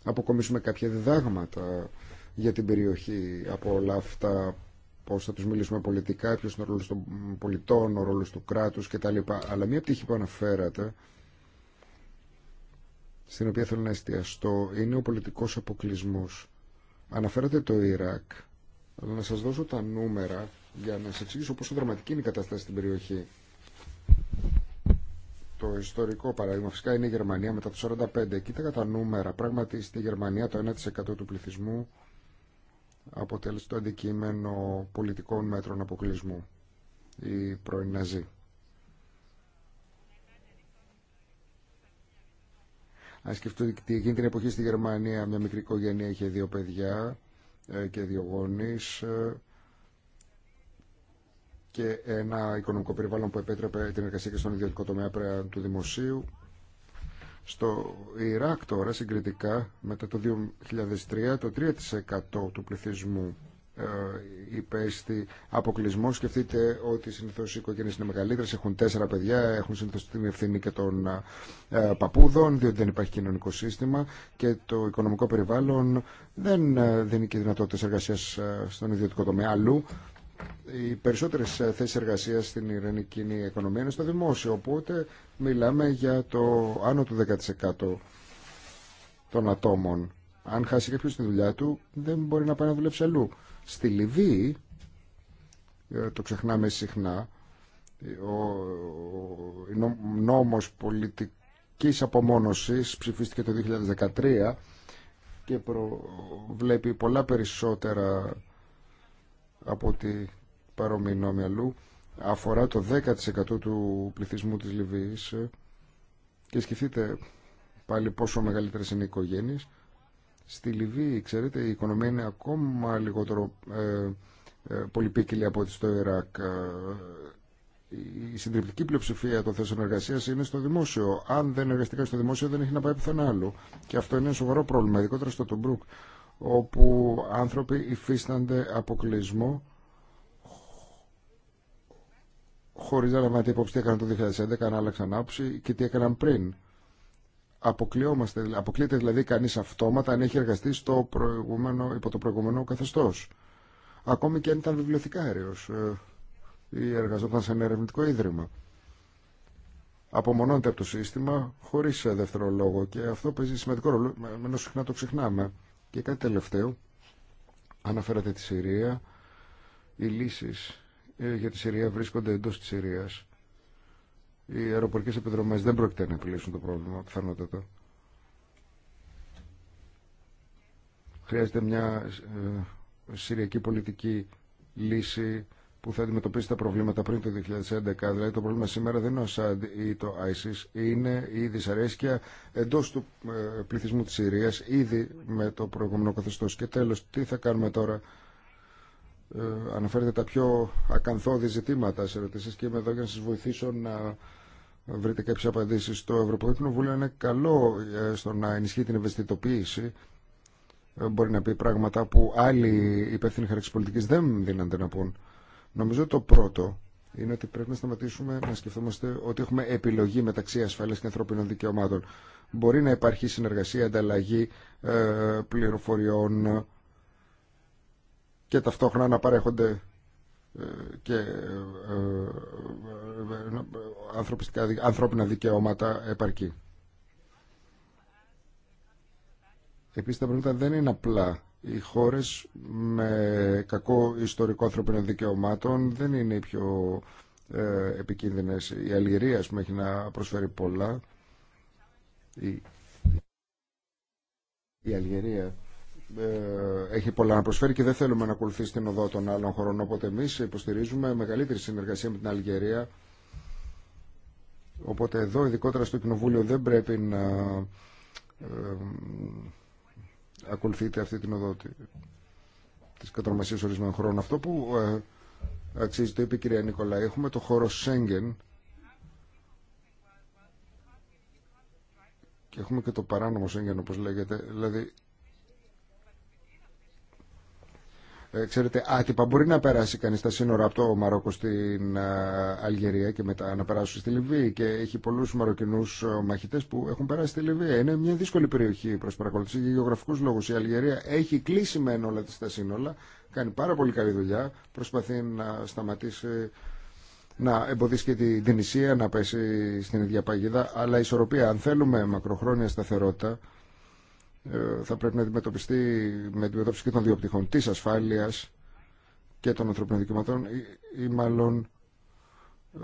B: αποκομίσουμε κάποια διδάγματα για την περιοχή από όλα αυτά πώς θα τους μιλήσουμε πολιτικά, ποιο είναι ο ρόλο των πολιτών, ο ρόλο του κράτου κτλ. Αλλά μία πτυχή που αναφέρατε στην οποία θέλω να εστιαστώ είναι ο πολιτικός αποκλεισμός. Αναφέρατε το Ιράκ, αλλά να σας δώσω τα νούμερα για να σας εξηγήσω πόσο δραματική είναι η κατάσταση στην περιοχή. Το ιστορικό παράδειγμα φυσικά είναι η Γερμανία μετά το 1945. Κοίταγα τα νούμερα. Πράγματι στη Γερμανία το 1% του πληθυσμού αποτέλεσε το αντικείμενο πολιτικών μέτρων αποκλεισμού. Η πρώην Αν σκεφτούμε ότι εκείνη την εποχή στη Γερμανία μια μικρή οικογένεια είχε δύο παιδιά ε, και δύο γονείς ε, και ένα οικονομικό περιβάλλον που επέτρεπε την εργασία και στον ιδιωτικό τομέα πρέα του δημοσίου. Στο Ιράκ τώρα συγκριτικά μετά το 2003 το 3% του πληθυσμού ε, υπέστη αποκλεισμό. Σκεφτείτε ότι συνήθω οι οικογένειε είναι μεγαλύτερε, έχουν τέσσερα παιδιά, έχουν συνήθω την ευθύνη και των ε, παππούδων, διότι δεν υπάρχει κοινωνικό σύστημα και το οικονομικό περιβάλλον δεν ε, δίνει και δυνατότητε εργασία στον ιδιωτικό τομέα. Αλλού οι περισσότερε θέσει εργασία στην ειρηνική οικονομία είναι στο δημόσιο. Οπότε μιλάμε για το άνω του 10% των ατόμων αν χάσει κάποιο τη δουλειά του, δεν μπορεί να πάει να δουλέψει αλλού. Στη Λιβύη, ε, το ξεχνάμε συχνά, ο νόμος πολιτικής απομόνωσης ψηφίστηκε το 2013 και βλέπει πολλά περισσότερα από ότι παρόμοιοι νόμοι αλλού αφορά το 10% του πληθυσμού της Λιβύης ε, και σκεφτείτε πάλι πόσο μεγαλύτερες είναι οι οικογένειες Στη Λιβύη, ξέρετε, η οικονομία είναι ακόμα λιγότερο ε, ε πολυπίκυλη από ό,τι στο Ιράκ. Ε, η συντριπτική πλειοψηφία των θέσεων εργασία είναι στο δημόσιο. Αν δεν εργαστικά στο δημόσιο, δεν έχει να πάει πουθενά άλλο. Και αυτό είναι ένα σοβαρό πρόβλημα, ειδικότερα στο Τουμπρούκ, όπου άνθρωποι υφίστανται αποκλεισμό χωρίς να λαμβάνεται υπόψη τι έκαναν το 2011, αν άλλαξαν άποψη και τι έκαναν πριν. Αποκλείομαστε, δηλαδή, αποκλείεται δηλαδή κανείς αυτόματα αν έχει εργαστεί στο προηγούμενο, υπό το προηγούμενο καθεστώς. Ακόμη και αν ήταν βιβλιοθηκάριος ε, ή εργαζόταν σε ένα ερευνητικό ίδρυμα. Απομονώνεται από το σύστημα χωρίς ε, δεύτερο λόγο και αυτό παίζει σημαντικό ρόλο, ενώ συχνά το ξεχνάμε. Και κάτι τελευταίο, αναφέρατε τη Συρία, οι λύσεις ε, για τη Συρία βρίσκονται εντός της Συρίας οι αεροπορικές επιδρομές δεν πρόκειται να επιλύσουν το πρόβλημα πιθανότατα. Χρειάζεται μια ε, συριακή πολιτική λύση που θα αντιμετωπίσει τα προβλήματα πριν το 2011. Δηλαδή το πρόβλημα σήμερα δεν είναι ο ΣΑΝΤ ή το ISIS, είναι η δυσαρέσκεια εντός του ε, πληθυσμού της Συρίας, ήδη με το προηγούμενο καθεστώς. Και τέλος, τι θα κάνουμε τώρα. Ε, αναφέρετε τα πιο ακαθόδη ζητήματα σε ερωτήσεις και είμαι εδώ για να σας βοηθήσω να βρείτε κάποιε απαντήσει στο Ευρωπαϊκό Κοινοβούλιο. Είναι καλό ε, στο να ενισχύει την ευαισθητοποίηση. Ε, μπορεί να πει πράγματα που άλλοι υπεύθυνοι χαρακτηριστικοί πολιτική δεν δίνονται να πούν. Νομίζω το πρώτο είναι ότι πρέπει να σταματήσουμε να σκεφτόμαστε ότι έχουμε επιλογή μεταξύ ασφαλεία και ανθρώπινων δικαιωμάτων. Μπορεί να υπάρχει συνεργασία, ανταλλαγή ε, πληροφοριών και ταυτόχρονα να παρέχονται και ανθρώπινα δικαιώματα επαρκεί. Επίσης τα πράγματα δεν είναι απλά. Οι χώρες με κακό ιστορικό ανθρωπίνων δικαιωμάτων δεν είναι οι πιο ε, επικίνδυνες. Η Αλγερία που έχει να προσφέρει πολλά. Η, η Αλγερία ε, έχει πολλά να προσφέρει και δεν θέλουμε να ακολουθήσει την οδό των άλλων χωρών. Οπότε εμεί υποστηρίζουμε μεγαλύτερη συνεργασία με την Αλγερία. Οπότε εδώ, ειδικότερα στο Κοινοβούλιο, δεν πρέπει να ε, ακολουθείτε αυτή την οδό τη κατορμασία ορισμένων χωρών. Αυτό που ε, αξίζει, το είπε η κυρία Νικολά, έχουμε το χώρο Σέγγεν. Και έχουμε και το παράνομο Σέγγεν, όπως λέγεται. Δηλαδή, Ε, ξέρετε, άτυπα μπορεί να περάσει κανείς τα σύνορα από το Μαρόκο στην ε, Αλγερία και μετά να περάσουν στη Λιβύη και έχει πολλούς Μαροκινούς ε, μαχητές που έχουν περάσει στη Λιβύη. Είναι μια δύσκολη περιοχή προς παρακολουθήσεις για γεωγραφικούς λόγους. Η Αλγερία έχει κλείσει μεν όλα τα σύνορα, κάνει πάρα πολύ καλή δουλειά, προσπαθεί να σταματήσει να εμποδίσει και την Τινησία να πέσει στην ίδια παγίδα, αλλά ισορροπία, αν θέλουμε μακροχρόνια σταθερότητα, ε, θα πρέπει να αντιμετωπιστεί με αντιμετώπιση και των δύο πτυχών της ασφάλειας και των ανθρωπίνων δικαιωμάτων ή, μάλλον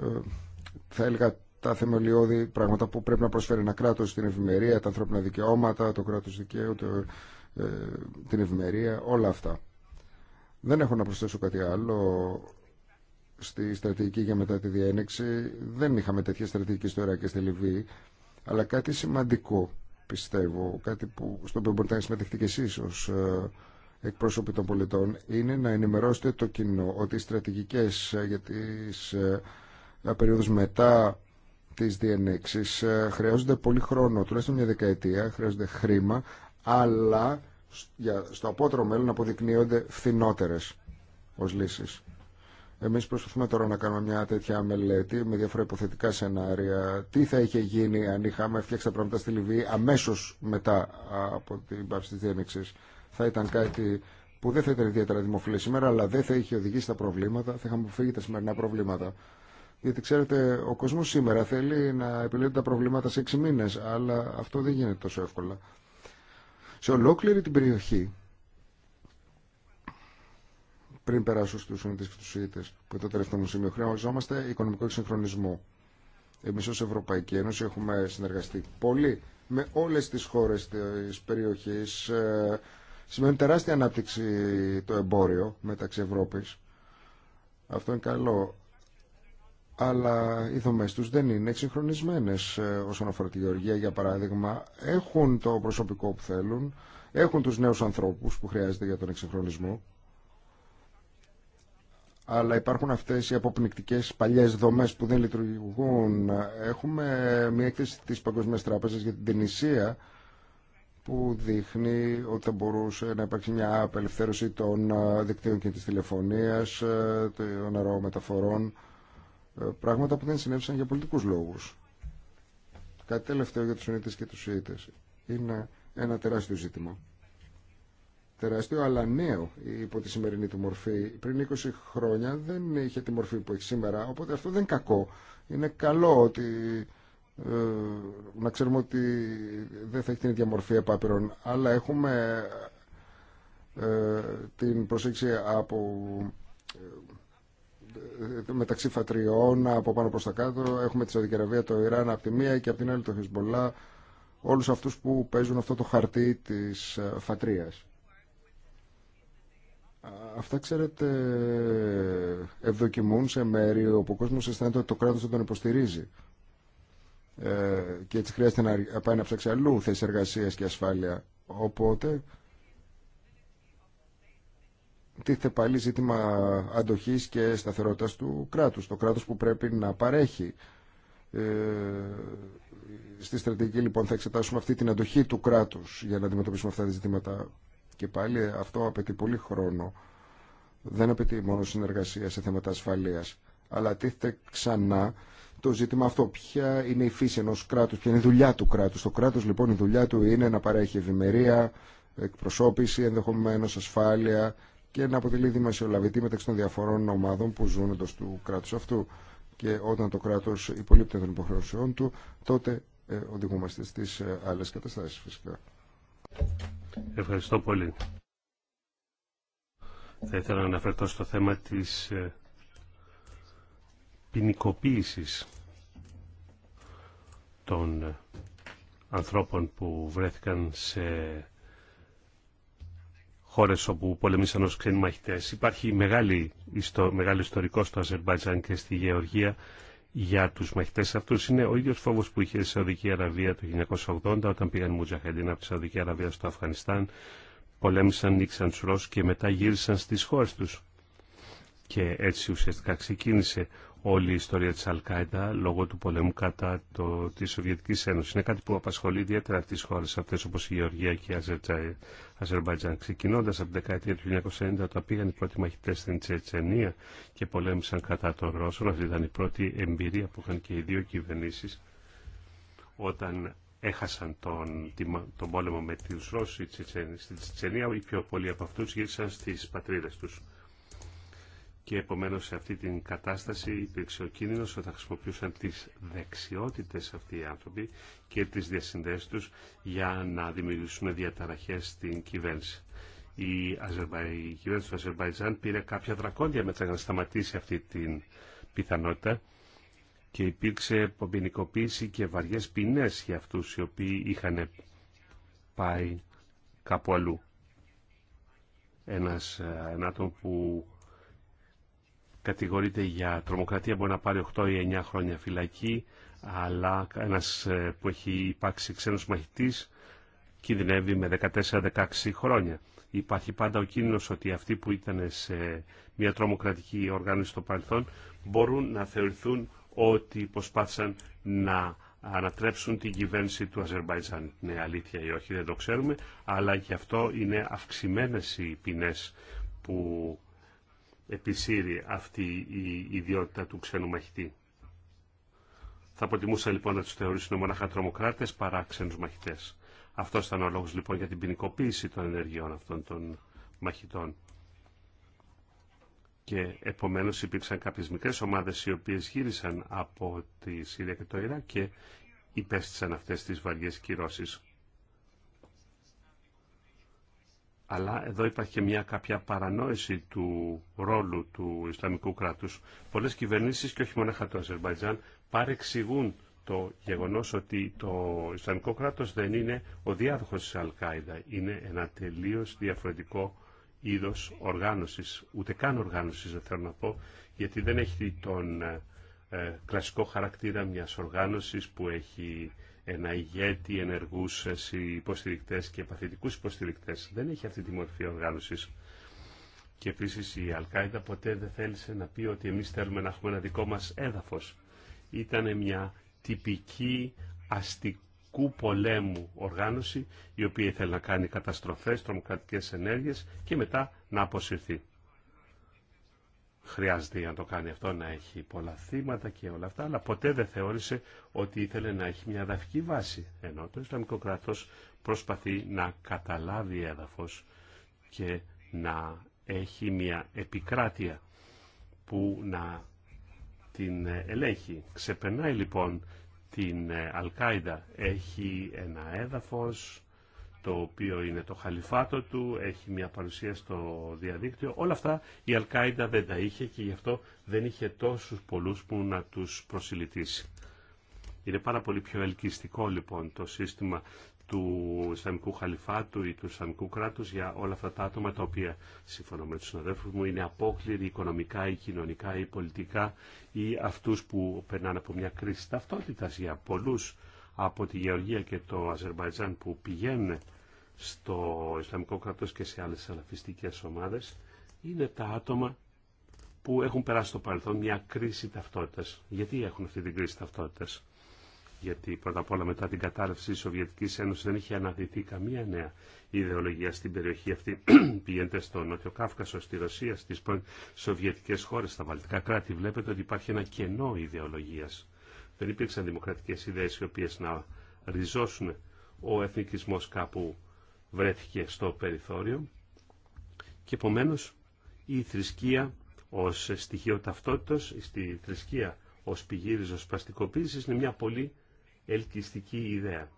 B: ε, θα έλεγα τα θεμελιώδη πράγματα που πρέπει να προσφέρει ένα κράτος, την ευημερία, τα ανθρώπινα δικαιώματα, το κράτος δικαίου, το, ε, την ευημερία, όλα αυτά. Δεν έχω να προσθέσω κάτι άλλο στη στρατηγική για μετά τη διένεξη. Δεν είχαμε τέτοια στρατηγική στο Ιράκ και στη Λιβύη, αλλά κάτι σημαντικό πιστεύω, κάτι που, στο οποίο μπορείτε να συμμετέχετε και εσείς ως ε, εκπρόσωποι των πολιτών, είναι να ενημερώσετε το κοινό ότι οι στρατηγικές ε, για τις ε, περίοδους μετά τις διενέξεις χρειάζονται πολύ χρόνο, τουλάχιστον μια δεκαετία, χρειάζονται χρήμα, αλλά στο απότερο μέλλον αποδεικνύονται φθηνότερες ως λύσεις. Εμεί προσπαθούμε τώρα να κάνουμε μια τέτοια μελέτη με διάφορα υποθετικά σενάρια. Τι θα είχε γίνει αν είχαμε φτιάξει τα πράγματα στη Λιβύη αμέσω μετά από την πάυση τη διένεξη. Θα ήταν κάτι που δεν θα ήταν ιδιαίτερα δημοφιλή σήμερα, αλλά δεν θα είχε οδηγήσει τα προβλήματα, θα είχαμε αποφύγει τα σημερινά προβλήματα. Γιατί ξέρετε, ο κόσμο σήμερα θέλει να επιλέγει τα προβλήματα σε έξι μήνε, αλλά αυτό δεν γίνεται τόσο εύκολα. Σε ολόκληρη την περιοχή πριν περάσω στους Σουνιτές και τους Σιήτες, που είναι το τελευταίο μου σημείο, χρειαζόμαστε οικονομικό εξυγχρονισμό. Εμείς ως Ευρωπαϊκή Ένωση έχουμε συνεργαστεί πολύ με όλες τις χώρες της περιοχής. Ε, σημαίνει τεράστια ανάπτυξη το εμπόριο μεταξύ Ευρώπης. Αυτό είναι καλό. Αλλά οι δομές τους δεν είναι εξυγχρονισμένες ε, όσον αφορά τη γεωργία, για παράδειγμα. Έχουν το προσωπικό που θέλουν, έχουν τους νέους ανθρώπους που χρειάζεται για τον εξυγχρονισμό αλλά υπάρχουν αυτές οι αποπνικτικές παλιές δομές που δεν λειτουργούν. Έχουμε μια έκθεση της Παγκοσμίας Τράπεζας για την Τινησία που δείχνει ότι θα μπορούσε να υπάρξει μια απελευθέρωση των ε, δικτύων και της τηλεφωνίας, ε, των αερομεταφορών, ε, πράγματα που δεν συνέβησαν για πολιτικούς λόγους. Κάτι τελευταίο για τους και τους Σιήτες. Είναι ένα τεράστιο ζήτημα τεράστιο αλλά νέο υπό τη σημερινή του μορφή. Πριν 20 χρόνια δεν είχε τη μορφή που έχει σήμερα, οπότε αυτό δεν κακό. Είναι καλό ότι ε, να ξέρουμε ότι δεν θα έχει την ίδια μορφή επάπειρων, αλλά έχουμε ε, την προσέξη από ε, μεταξύ φατριών από πάνω προς τα κάτω έχουμε τη Σαουδική το Ιράν από τη μία και από την άλλη το Χεσμπολά όλους αυτούς που παίζουν αυτό το χαρτί της ε, φατρίας Αυτά, ξέρετε, ευδοκιμούν σε μέρη όπου ο κόσμος αισθάνεται ότι το κράτος δεν τον υποστηρίζει. Ε, και έτσι χρειάζεται να πάει να ψάξει αλλού θέσει εργασία και ασφάλεια. Οπότε, τίθεται πάλι ζήτημα αντοχής και σταθερότητας του κράτους. Το κράτος που πρέπει να παρέχει. Ε, στη στρατηγική λοιπόν θα εξετάσουμε αυτή την αντοχή του κράτους για να αντιμετωπίσουμε αυτά τα ζητήματα. Και πάλι αυτό απαιτεί πολύ χρόνο. Δεν απαιτεί μόνο συνεργασία σε θέματα ασφαλεία. αλλά τίθεται ξανά το ζήτημα αυτό. Ποια είναι η φύση ενό κράτου ποια είναι η δουλειά του κράτου. Το κράτο λοιπόν η δουλειά του είναι να παρέχει ευημερία, εκπροσώπηση, ενδεχομένω, ασφάλεια και να αποτελεί δημοσιολαβητή μεταξύ των διαφορών ομάδων που ζουν εντό του κράτου αυτού. Και όταν το κράτο υπολείπεται των υποχρεώσεών του, τότε ε, οδηγούμαστε στις ε, άλλε καταστάσει φυσικά.
A: Ευχαριστώ πολύ. Θα ήθελα να αναφερθώ στο θέμα της ε, ποινικοποίηση των ε, ανθρώπων που βρέθηκαν σε χώρες όπου πολεμήσαν ως ξένοι μαχητές. Υπάρχει μεγάλη, μεγάλο ιστορικό στο Αζερμπάτζαν και στη Γεωργία για τους μαχητές αυτούς είναι ο ίδιος φόβος που είχε η Σαουδική Αραβία το 1980 όταν πήγαν Μουτζαχεντίνα από τη Σαουδική Αραβία στο Αφγανιστάν, πολέμησαν, νίξαν τους Ρώσους και μετά γύρισαν στις χώρες τους. Και έτσι ουσιαστικά ξεκίνησε όλη η ιστορία της Αλκάιντα λόγω του πολέμου κατά το, της Σοβιετικής Ένωσης. Είναι κάτι που απασχολεί ιδιαίτερα τις χώρες αυτές όπως η Γεωργία και η Αζερμπαϊτζάν. Ξεκινώντας από την δεκαετία του 1990 όταν πήγαν οι πρώτοι μαχητές στην Τσετσενία και πολέμησαν κατά τον Ρώσο, αυτή ήταν η πρώτη εμπειρία που είχαν και οι δύο κυβερνήσεις όταν έχασαν τον, τον πόλεμο με τους Ρώσους στην Τσετσενία, οι πιο πολλοί από αυτούς γύρισαν στις πατρίδες τους και επομένω σε αυτή την κατάσταση υπήρξε ο κίνδυνο ότι θα χρησιμοποιούσαν τις δεξιότητες αυτοί οι άνθρωποι και τις διασυνδέσει του για να δημιουργήσουν διαταραχές στην κυβέρνηση. Η, κυβέρνηση του Αζερβαϊτζάν πήρε κάποια δρακόντια μέτρα για να σταματήσει αυτή την πιθανότητα και υπήρξε πομπινικοποίηση και βαριέ ποινέ για αυτού οι οποίοι είχαν πάει κάπου αλλού. Ένας, ε, ένα άτομο που κατηγορείται για τρομοκρατία μπορεί να πάρει 8 ή 9 χρόνια φυλακή, αλλά ένας ε, που έχει υπάρξει ξένος μαχητής κινδυνεύει με 14-16 χρόνια. Υπάρχει πάντα ο κίνδυνος ότι αυτοί που ήταν σε μια τρομοκρατική οργάνωση στο παρελθόν μπορούν να θεωρηθούν ότι προσπάθησαν να ανατρέψουν την κυβέρνηση του Αζερμπαϊτζάν. Είναι αλήθεια ή όχι, δεν το ξέρουμε, αλλά γι' αυτό είναι αυξημένες οι ποινές που επισύρει αυτή η ιδιότητα του ξένου μαχητή. Θα προτιμούσα λοιπόν να τους θεωρήσουν μονάχα τρομοκράτες παρά ξένους μαχητές. Αυτό ήταν ο λόγος λοιπόν για την ποινικοποίηση των ενεργειών αυτών των μαχητών. Και επομένως υπήρξαν κάποιες μικρές ομάδες οι οποίες γύρισαν από τη Συρία και το Ιράκ και υπέστησαν αυτές τις βαριές κυρώσεις. αλλά εδώ υπάρχει και μια κάποια παρανόηση του ρόλου του Ισλαμικού κράτους. Πολλές κυβερνήσεις και όχι μόνο το Αζερβαϊτζάν παρεξηγούν το γεγονός ότι το Ισλαμικό κράτος δεν είναι ο διάδοχος της Αλκάιδα. Είναι ένα τελείως διαφορετικό είδος οργάνωσης, ούτε καν οργάνωσης δεν θέλω να πω, γιατί δεν έχει τον ε, κλασικό χαρακτήρα μια οργάνωσης που έχει ένα ηγέτη, ενεργού υποστηρικτέ και παθητικού υποστηρικτέ. Δεν έχει αυτή τη μορφή οργάνωσης. Και επίση η Αλκάιδα ποτέ δεν θέλησε να πει ότι εμείς θέλουμε να έχουμε ένα δικό μας έδαφος. Ήταν μια τυπική αστικού πολέμου οργάνωση η οποία ήθελε να κάνει καταστροφές, τρομοκρατικές ενέργειες και μετά να αποσυρθεί χρειάζεται για να το κάνει αυτό να έχει πολλά θύματα και όλα αυτά, αλλά ποτέ δεν θεώρησε ότι ήθελε να έχει μια εδαφική βάση, ενώ το Ισλαμικό κράτο προσπαθεί να καταλάβει έδαφο και να έχει μια επικράτεια που να την ελέγχει. Ξεπερνάει λοιπόν την Αλκάιδα, έχει ένα έδαφος το οποίο είναι το χαλιφάτο του, έχει μια παρουσία στο διαδίκτυο. Όλα αυτά η Αλκάιντα δεν τα είχε και γι' αυτό δεν είχε τόσους πολλούς που να τους προσιλητήσει. Είναι πάρα πολύ πιο ελκυστικό λοιπόν το σύστημα του Ισλαμικού Χαλιφάτου ή του Ισλαμικού κράτους για όλα αυτά τα άτομα τα οποία, σύμφωνα με τους συναδέλφους μου, είναι απόκληροι οικονομικά ή κοινωνικά ή πολιτικά ή αυτούς που περνάνε από μια κρίση ταυτότητας για πολλούς από τη Γεωργία και το Αζερβαϊτζάν που πηγαίνουν στο Ισλαμικό κράτος και σε άλλες αλαφιστικές ομάδες είναι τα άτομα που έχουν περάσει στο παρελθόν μια κρίση ταυτότητας. Γιατί έχουν αυτή την κρίση ταυτότητας. Γιατί πρώτα απ' όλα μετά την κατάρρευση της Σοβιετικής Ένωσης δεν είχε αναδειθεί καμία νέα ιδεολογία στην περιοχή αυτή. Πηγαίνετε στο Νότιο Κάφκασο, στη Ρωσία, στις Σοβιετικές χώρες, στα Βαλτικά κράτη. Βλέπετε ότι υπάρχει ένα κενό ιδεολογίας δεν υπήρξαν δημοκρατικές ιδέες οι οποίες να ριζώσουν ο εθνικισμός κάπου βρέθηκε στο περιθώριο και επομένως η θρησκεία ως στοιχείο ταυτότητας, στη θρησκεία ως πηγή ριζοσπαστικοποίησης είναι μια πολύ ελκυστική ιδέα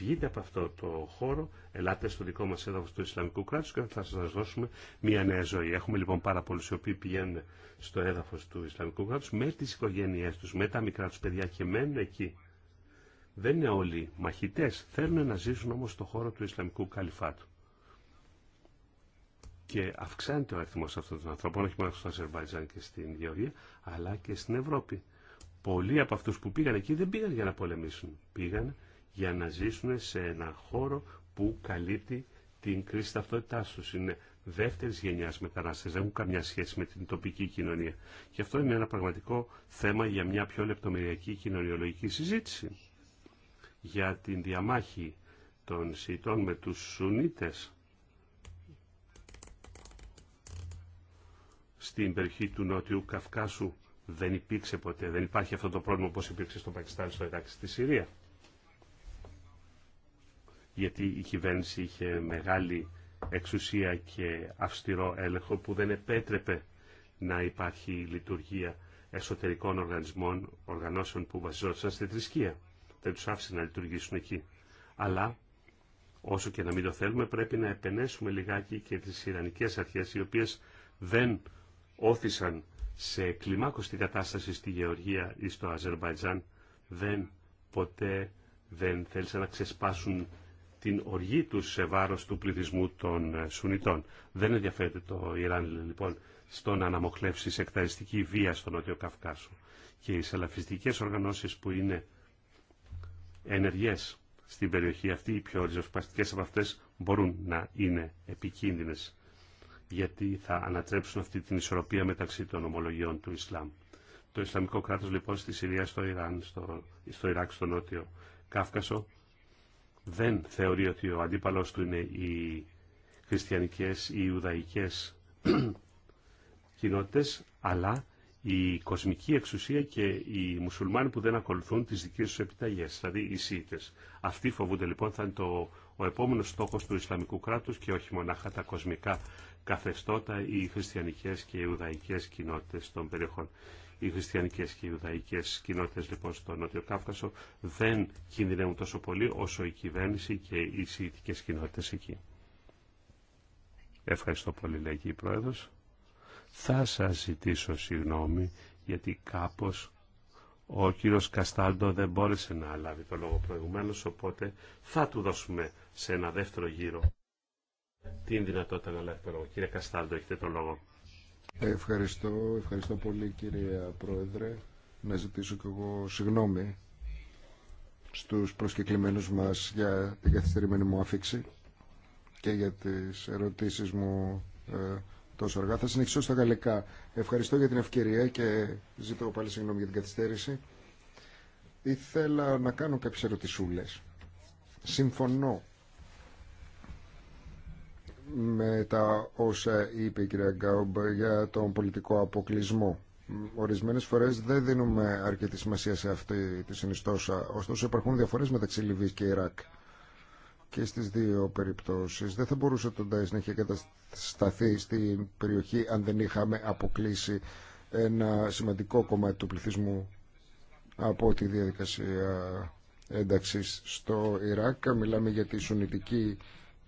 A: βγείτε από αυτό το χώρο, ελάτε στο δικό μας έδαφος του Ισλαμικού κράτους και θα σας δώσουμε μια νέα ζωή. Έχουμε λοιπόν πάρα πολλούς οι οποίοι πηγαίνουν στο έδαφος του Ισλαμικού κράτους με τις οικογένειές τους, με τα μικρά τους παιδιά και μένουν εκεί. Δεν είναι όλοι μαχητές, θέλουν να ζήσουν όμως στο χώρο του Ισλαμικού Καλυφάτου. Και αυξάνεται ο αριθμό αυτών των ανθρώπων, όχι μόνο στο Αζερβαϊτζάν και στην Γεωργία, αλλά και στην Ευρώπη. Πολλοί από αυτού που πήγαν εκεί δεν πήγαν για να πολεμήσουν. Πήγαν για να ζήσουν σε ένα χώρο που καλύπτει την κρίση ταυτότητά του. Είναι δεύτερη γενιά μετανάστε, δεν έχουν καμιά σχέση με την τοπική κοινωνία. Και αυτό είναι ένα πραγματικό θέμα για μια πιο λεπτομεριακή κοινωνιολογική συζήτηση. Για την διαμάχη των Σιητών με τους Σουνίτες στην περιοχή του Νότιου Καυκάσου δεν υπήρξε ποτέ, δεν υπάρχει αυτό το πρόβλημα όπως υπήρξε στο Πακιστάν, στο Ιράκ, στη Συρία γιατί η κυβέρνηση είχε μεγάλη εξουσία και αυστηρό έλεγχο που δεν επέτρεπε να υπάρχει λειτουργία εσωτερικών οργανισμών, οργανώσεων που βασιζόντουσαν στη θρησκεία. Δεν τους άφησε να λειτουργήσουν εκεί. Αλλά, όσο και να μην το θέλουμε, πρέπει να επενέσουμε λιγάκι και τις Ιρανικές αρχές, οι οποίες δεν όθησαν σε κλιμάκωστη κατάσταση στη Γεωργία ή στο Αζερβαϊτζάν, δεν ποτέ δεν θέλησαν να ξεσπάσουν την οργή τους σε βάρος του πληθυσμού των ε, Σουνιτών. Δεν ενδιαφέρεται το Ιράν λοιπόν στο να αναμοχλεύσει σε βία στον Νότιο Καυκάσο. Και οι σαλαφιστικές οργανώσεις που είναι ενεργές στην περιοχή αυτή, οι πιο ριζοσπαστικές από αυτές μπορούν να είναι επικίνδυνες γιατί θα ανατρέψουν αυτή την ισορροπία μεταξύ των ομολογιών του Ισλάμ. Το Ισλαμικό κράτος λοιπόν στη Συρία, στο Ιράν, στο, στο Ιράκ, στο Νότιο Κάφκασο δεν θεωρεί ότι ο αντίπαλος του είναι οι χριστιανικές ή ιουδαϊκές κοινότητες, αλλά η κοσμική εξουσία και οι μουσουλμάνοι που δεν ακολουθούν τις δικές τους επιταγές, δηλαδή οι ΣΥΙΤΕΣ. Αυτοί φοβούνται λοιπόν θα είναι το, ο επόμενος στόχος του Ισλαμικού κράτους και όχι μονάχα τα κοσμικά καθεστώτα οι χριστιανικές και οι ιουδαϊκές κοινότητες των περιοχών. Οι χριστιανικέ και οι ιουδαϊκές κοινότητε λοιπόν στο Νότιο Κάφκασο δεν κινδυνεύουν τόσο πολύ όσο η κυβέρνηση και οι σιητικές κοινότητες εκεί. Ευχαριστώ πολύ λέγει η Πρόεδρος. Θα σα ζητήσω συγγνώμη γιατί κάπω ο κύριο Καστάλντο δεν μπόρεσε να λάβει το λόγο προηγουμένω, οπότε θα του δώσουμε σε ένα δεύτερο γύρο την δυνατότητα να λάβει το λόγο. Κύριε Καστάλντο, έχετε το λόγο.
B: Ευχαριστώ, ευχαριστώ πολύ κύριε Πρόεδρε. Να ζητήσω κι εγώ συγγνώμη στους προσκεκλημένους μας για την καθυστερημένη μου άφηξη και για τις ερωτήσεις μου ε, τόσο αργά. Θα συνεχίσω στα γαλλικά. Ευχαριστώ για την ευκαιρία και ζητώ πάλι συγγνώμη για την καθυστέρηση. Ήθελα να κάνω κάποιες ερωτησούλες. Συμφωνώ με τα όσα είπε η κυρία Γκάουμπ για τον πολιτικό αποκλεισμό. Ορισμένες φορές δεν δίνουμε αρκετή σημασία σε αυτή τη συνιστόσα, ωστόσο υπάρχουν διαφορές μεταξύ Λιβύης και Ιράκ. Και στις δύο περιπτώσεις δεν θα μπορούσε το Ντάις να είχε κατασταθεί στην περιοχή αν δεν είχαμε αποκλείσει ένα σημαντικό κομμάτι του πληθυσμού από τη διαδικασία ένταξης στο Ιράκ. Μιλάμε για τη σουνητική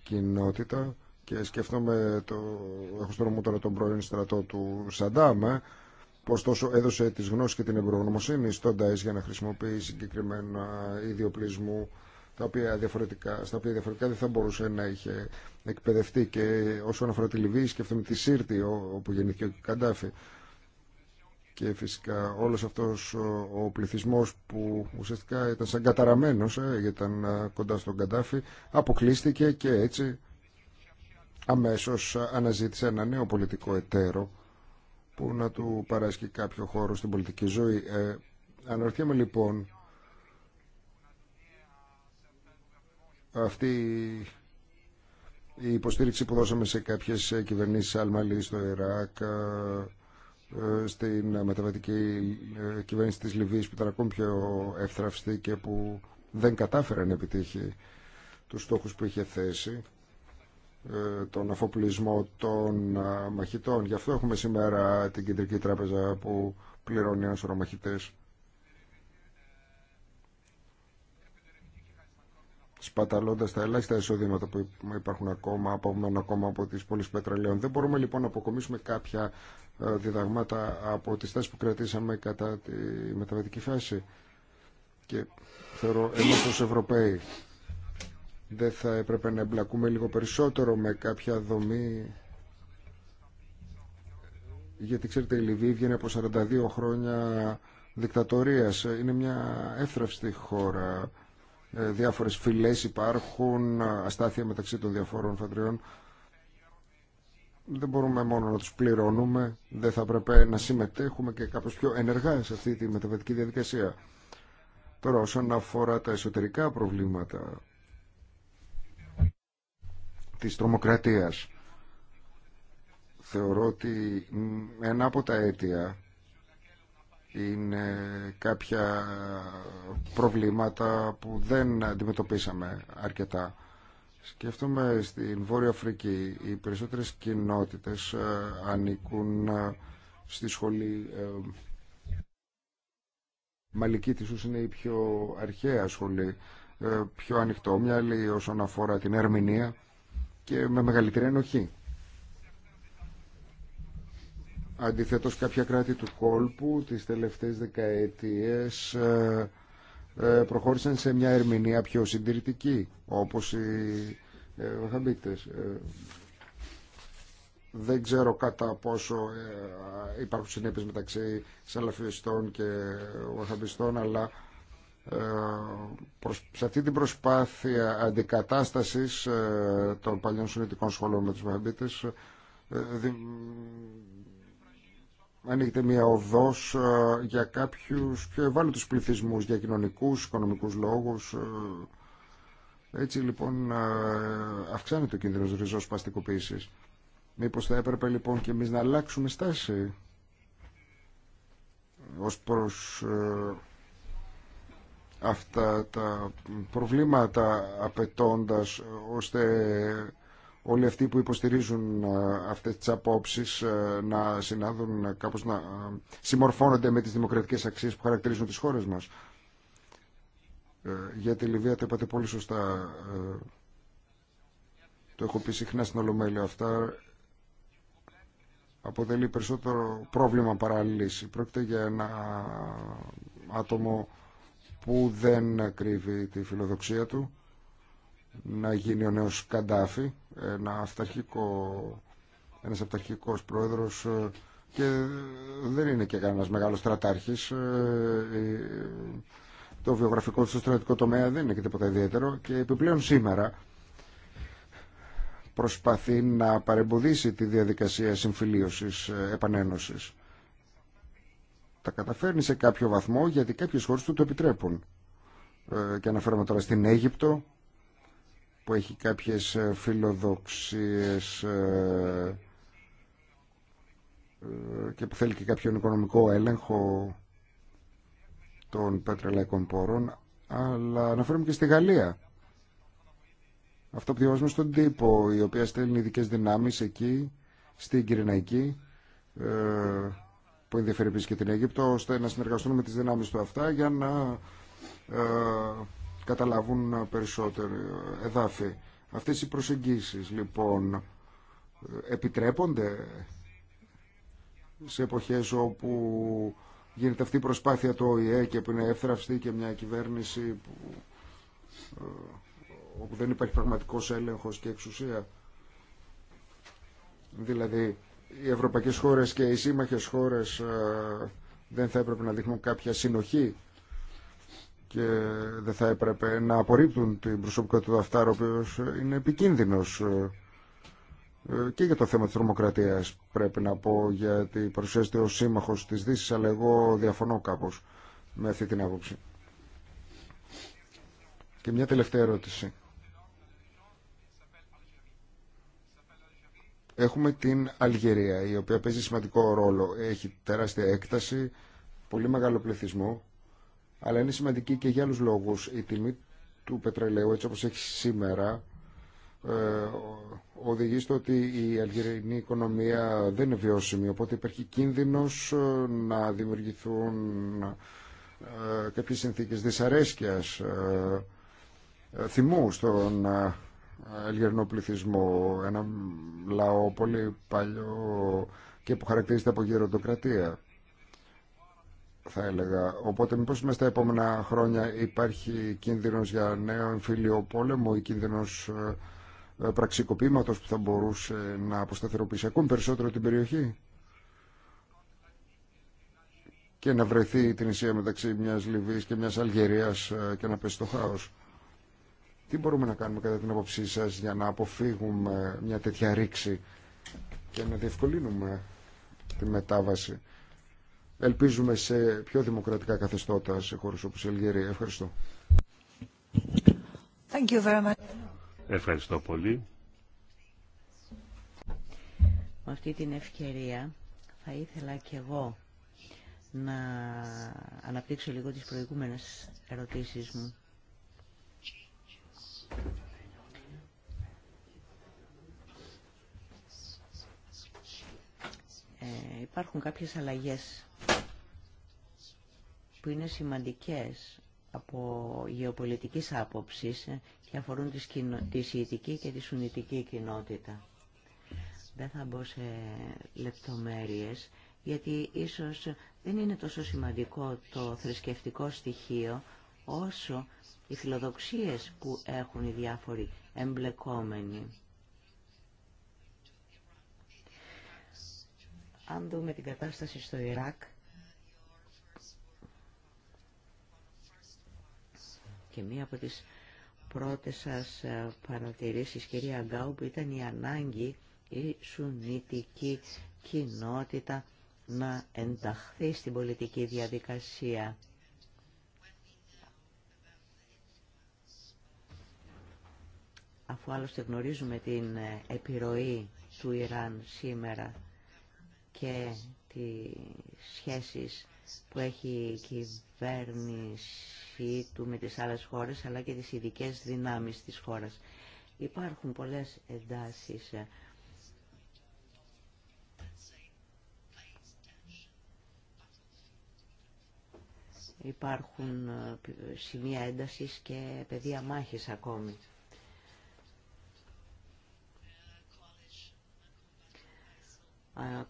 B: κοινότητα και σκέφτομαι, το, έχω στο τώρα τον πρώην στρατό του Σαντάμα, ε, πως τόσο έδωσε τις γνώσεις και την εμπειρογνωμοσύνη στον ΤΑΕΣ για να χρησιμοποιεί συγκεκριμένα ιδιοπλισμού τα οποία διαφορετικά, στα οποία διαφορετικά δεν θα μπορούσε να είχε εκπαιδευτεί και όσον αφορά τη Λιβύη σκέφτομαι τη Σύρτη όπου γεννήθηκε ο Καντάφη και φυσικά όλος αυτός ο πληθυσμός που ουσιαστικά ήταν σαν καταραμένος ε, ήταν ε, κοντά στον Καντάφη αποκλείστηκε και έτσι αμέσως αναζήτησε ένα νέο πολιτικό εταίρο που να του παράσχει κάποιο χώρο στην πολιτική ζωή. Ε, αναρωτιέμαι λοιπόν αυτή η υποστήριξη που δώσαμε σε κάποιες κυβερνήσεις Αλμαλή στο Ιράκ ε, στην μεταβατική ε, κυβέρνηση της Λιβύης που ήταν ακόμη πιο εύθραυστη και που δεν κατάφερε να επιτύχει τους στόχους που είχε θέσει ε, τον αφοπλισμό των ε, μαχητών. Γι' αυτό έχουμε σήμερα την Κεντρική Τράπεζα που πληρώνει ένα σωρό μαχητές. Σπαταλώντα τα ελάχιστα εισοδήματα που υπάρχουν ακόμα, απομένουν ακόμα από τι πόλει πετρελαίων. Δεν μπορούμε λοιπόν να αποκομίσουμε κάποια ε, διδαγμάτα από τι θέσει που κρατήσαμε κατά τη μεταβατική φάση. Και θεωρώ εμεί ω Ευρωπαίοι δεν θα έπρεπε να εμπλακούμε λίγο περισσότερο με κάποια δομή γιατί ξέρετε η Λιβύη βγαίνει από 42 χρόνια δικτατορίας είναι μια εύθραυστη χώρα ε, διάφορες φυλές υπάρχουν αστάθεια μεταξύ των διαφόρων φατριών δεν μπορούμε μόνο να τους πληρώνουμε δεν θα έπρεπε να συμμετέχουμε και κάπως πιο ενεργά σε αυτή τη μεταβατική διαδικασία τώρα όσον αφορά τα εσωτερικά προβλήματα της τρομοκρατίας. Θεωρώ ότι ένα από τα αίτια είναι κάποια προβλήματα που δεν αντιμετωπίσαμε αρκετά. Σκέφτομαι στην Βόρεια Αφρική οι περισσότερες κοινότητες ε, ανήκουν ε, στη σχολή ε, Μαλική της είναι η πιο αρχαία σχολή, πιο ανοιχτό μυαλή όσον αφορά την ερμηνεία και με μεγαλύτερη ενοχή. Αντιθέτως κάποια κράτη του κόλπου τις τελευταίες δεκαετίες ε, ε, προχώρησαν σε μια ερμηνεία πιο συντηρητική όπως οι Βαχαμπίτες. Ε, δεν ξέρω κατά πόσο υπάρχουν συνέπειες μεταξύ σαλαφιστών και Βαχαμπιστών αλλά ε, σε αυτή την προσπάθεια αντικατάστασης ε, των παλιών συνετικών σχολών με τους Μαχαμπίτες ε, ανοίγεται μια οδός για κάποιους πιο ευάλωτους πληθυσμούς για κοινωνικούς, οικονομικούς λόγους έτσι λοιπόν αυξάνεται ο κίνδυνος ριζοσπαστικοποίησης μήπως θα έπρεπε λοιπόν και εμείς να αλλάξουμε στάση ως προς αυτά τα προβλήματα απαιτώντας ώστε όλοι αυτοί που υποστηρίζουν ε, αυτές τις απόψεις ε, να συνάδουν ε, κάπως να συμμορφώνονται με τις δημοκρατικές αξίες που χαρακτηρίζουν τις χώρες μας. Για τη Λιβύα το είπατε πολύ σωστά. Το έχω πει συχνά στην Ολομέλεια αυτά. Αποτελεί περισσότερο πρόβλημα παρά λύση. Πρόκειται για ένα άτομο που δεν κρύβει τη φιλοδοξία του να γίνει ο νέος Καντάφη, ένα αυταρχικό, ένας αυταρχικός πρόεδρος ε, και δεν είναι και κανένας μεγάλος στρατάρχης. Ε, ε, το βιογραφικό του στο στρατικό τομέα δεν είναι και τίποτα ιδιαίτερο και επιπλέον σήμερα προσπαθεί να παρεμποδίσει τη διαδικασία συμφιλίωσης, επανένωσης τα καταφέρνει σε κάποιο βαθμό γιατί κάποιε χώρε του το επιτρέπουν. Ε, και αναφέρομαι τώρα στην Αίγυπτο που έχει κάποιες ε, φιλοδοξίες ε, και που θέλει και κάποιον οικονομικό έλεγχο των πετρελαϊκών πόρων αλλά αναφέρομαι και στη Γαλλία αυτό που διαβάζουμε στον τύπο η οποία στέλνει ειδικέ δυνάμεις εκεί στην Κυριναϊκή που ενδιαφέρει επίσης και την Αίγυπτο, ώστε να συνεργαστούν με τις δυνάμεις του αυτά για να ε, καταλάβουν περισσότερο εδάφη. Αυτές οι προσεγγίσεις λοιπόν επιτρέπονται σε εποχές όπου γίνεται αυτή η προσπάθεια του ΟΗΕ και που είναι εύθραυστη και μια κυβέρνηση που, ε, όπου δεν υπάρχει πραγματικός έλεγχος και εξουσία. Δηλαδή οι ευρωπαϊκές χώρες και οι σύμμαχες χώρες ε, δεν θα έπρεπε να δείχνουν κάποια συνοχή και δεν θα έπρεπε να απορρίπτουν την προσωπικότητα του Αφτάρ, ο οποίο είναι επικίνδυνος ε, και για το θέμα της τρομοκρατίας πρέπει να πω γιατί παρουσιάζεται ο σύμμαχος της Δύσης αλλά εγώ διαφωνώ κάπως με αυτή την άποψη. Και μια τελευταία ερώτηση. Έχουμε την Αλγερία, η οποία παίζει σημαντικό ρόλο. Έχει τεράστια έκταση, πολύ μεγάλο πληθυσμό, αλλά είναι σημαντική και για άλλους λόγους. Η τιμή του πετρελαίου, έτσι όπως έχει σήμερα, ε, οδηγεί στο ότι η αλγερινή οικονομία δεν είναι βιώσιμη, οπότε υπάρχει κίνδυνος ε, να δημιουργηθούν ε, κάποιες συνθήκες δυσαρέσκειας, θυμού στον αλγερινό πληθυσμό, ένα λαό πολύ παλιό και που χαρακτηρίζεται από γεροντοκρατία θα έλεγα. Οπότε μήπως μέσα στα επόμενα χρόνια υπάρχει κίνδυνος για νέο εμφύλιο πόλεμο ή κίνδυνος ε, ε, πραξικοπήματος που θα μπορούσε να αποσταθεροποιήσει ακόμη περισσότερο την περιοχή και να βρεθεί την Ισία μεταξύ μιας Λιβύης και μιας Αλγερίας ε, και να πέσει το χάος. Τι μπορούμε να κάνουμε κατά την άποψή σας για να αποφύγουμε μια τέτοια ρήξη και να διευκολύνουμε τη μετάβαση. Ελπίζουμε σε πιο δημοκρατικά καθεστώτα σε χώρους όπως η Αλγερία. Ευχαριστώ.
C: Thank you very much.
A: Ευχαριστώ πολύ.
C: Με αυτή την ευκαιρία θα ήθελα και εγώ να αναπτύξω λίγο τις προηγούμενες ερωτήσεις μου. Ε, υπάρχουν κάποιες αλλαγές που είναι σημαντικές από γεωπολιτικής άποψης και αφορούν τη, σκηνο... και τη Σουνητική κοινότητα. Δεν θα μπω σε λεπτομέρειες, γιατί ίσως δεν είναι τόσο σημαντικό το θρησκευτικό στοιχείο, όσο οι φιλοδοξίες που έχουν οι διάφοροι εμπλεκόμενοι. Αν δούμε την κατάσταση στο Ιράκ, και μία από τις πρώτες σας ε, παρατηρήσεις, κυρία Γκάου, ήταν η ανάγκη η κοινότητα να ενταχθεί στην πολιτική διαδικασία. αφού άλλωστε γνωρίζουμε την ε, επιρροή του Ιράν σήμερα και τι σχέσεις που έχει η κυβέρνηση του με τις άλλες χώρες αλλά και τις ειδικέ δυνάμεις της χώρας. Υπάρχουν πολλές εντάσεις ε. Υπάρχουν ε, σημεία έντασης και πεδία μάχης ακόμη.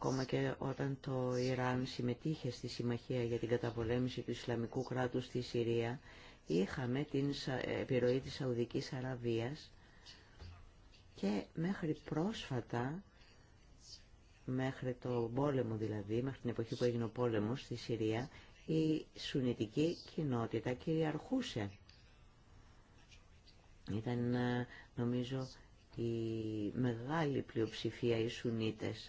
C: Ακόμα και όταν το Ιράν συμμετείχε στη συμμαχία για την καταπολέμηση του Ισλαμικού κράτους στη Συρία, είχαμε την ε, επιρροή της Σαουδικής Αραβίας και μέχρι πρόσφατα, μέχρι το πόλεμο δηλαδή, μέχρι την εποχή που έγινε ο πόλεμος στη Συρία, η Σουνητική κοινότητα κυριαρχούσε. Ήταν ε, νομίζω η μεγάλη πλειοψηφία οι Σουνίτες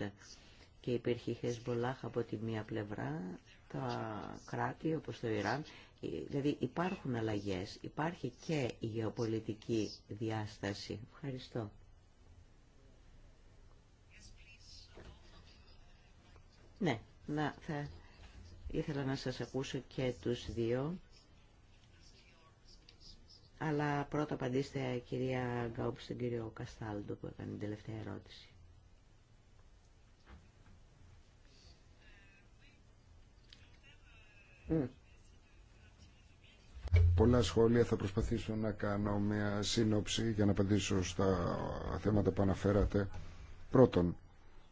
C: και υπήρχε η Χεσμολάχ από τη μία πλευρά, τα κράτη όπως το Ιράν. Ε, δηλαδή υπάρχουν αλλαγές, υπάρχει και η γεωπολιτική διάσταση. Ευχαριστώ. Ναι, θα ήθελα να σας ακούσω και τους δύο. Αλλά πρώτα απαντήστε κυρία Γκάουπ στον κύριο Καστάλντο που έκανε την τελευταία ερώτηση.
B: Πολλά σχόλια θα προσπαθήσω να κάνω μια σύνοψη για να απαντήσω στα θέματα που αναφέρατε. Πρώτον,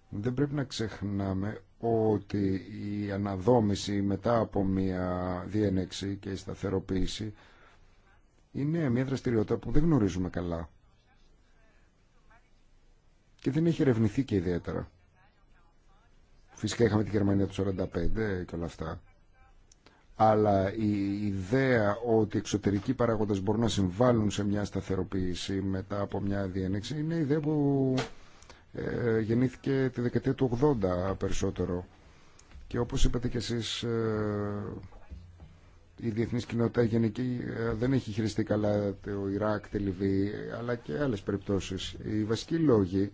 B: δεν πρέπει να ξεχνάμε ότι η αναδόμηση μετά από μια διένεξη και η σταθεροποίηση είναι μια δραστηριότητα που δεν γνωρίζουμε καλά και δεν έχει ερευνηθεί και ιδιαίτερα. Φυσικά είχαμε τη Γερμανία του 45 και όλα αυτά αλλά η ιδέα ότι εξωτερικοί παράγοντες μπορούν να συμβάλλουν σε μια σταθεροποίηση μετά από μια διένεξη είναι ιδέα που ε, γεννήθηκε τη δεκαετία του 80 περισσότερο. Και όπως είπατε κι εσείς, ε, η διεθνής κοινότητα γενική ε, δεν έχει χειριστεί καλά το Ιράκ, τη Λιβύη, αλλά και άλλες περιπτώσεις. Οι βασικοί λόγοι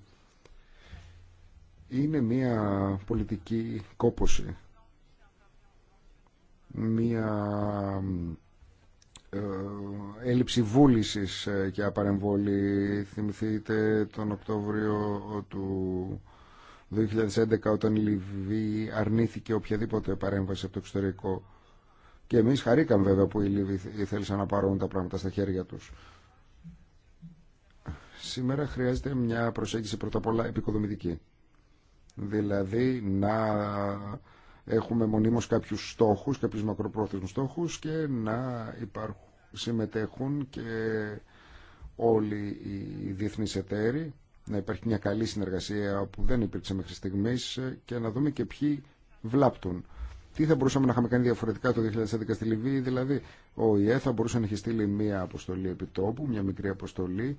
B: είναι μια πολιτική κόπωση μία ε, έλλειψη βούλησης ε, και απαρεμβόλη. Θυμηθείτε τον Οκτώβριο του 2011 όταν η Λιβύη αρνήθηκε οποιαδήποτε παρέμβαση από το εξωτερικό. Και εμείς χαρήκαμε βέβαια που οι Λιβύοι θέλησαν να πάρουν τα πράγματα στα χέρια τους. Σήμερα χρειάζεται μια προσέγγιση πρώτα απ' όλα επικοδομητική. Δηλαδή να έχουμε μονίμως κάποιους στόχους, κάποιους μακροπρόθεσμους στόχους και να υπάρχουν, συμμετέχουν και όλοι οι διεθνείς εταίροι, να υπάρχει μια καλή συνεργασία που δεν υπήρξε μέχρι στιγμής και να δούμε και ποιοι βλάπτουν. Τι θα μπορούσαμε να είχαμε κάνει διαφορετικά το 2011 στη Λιβύη, δηλαδή ο ΙΕ θα μπορούσε να έχει στείλει μια αποστολή επιτόπου, μια μικρή αποστολή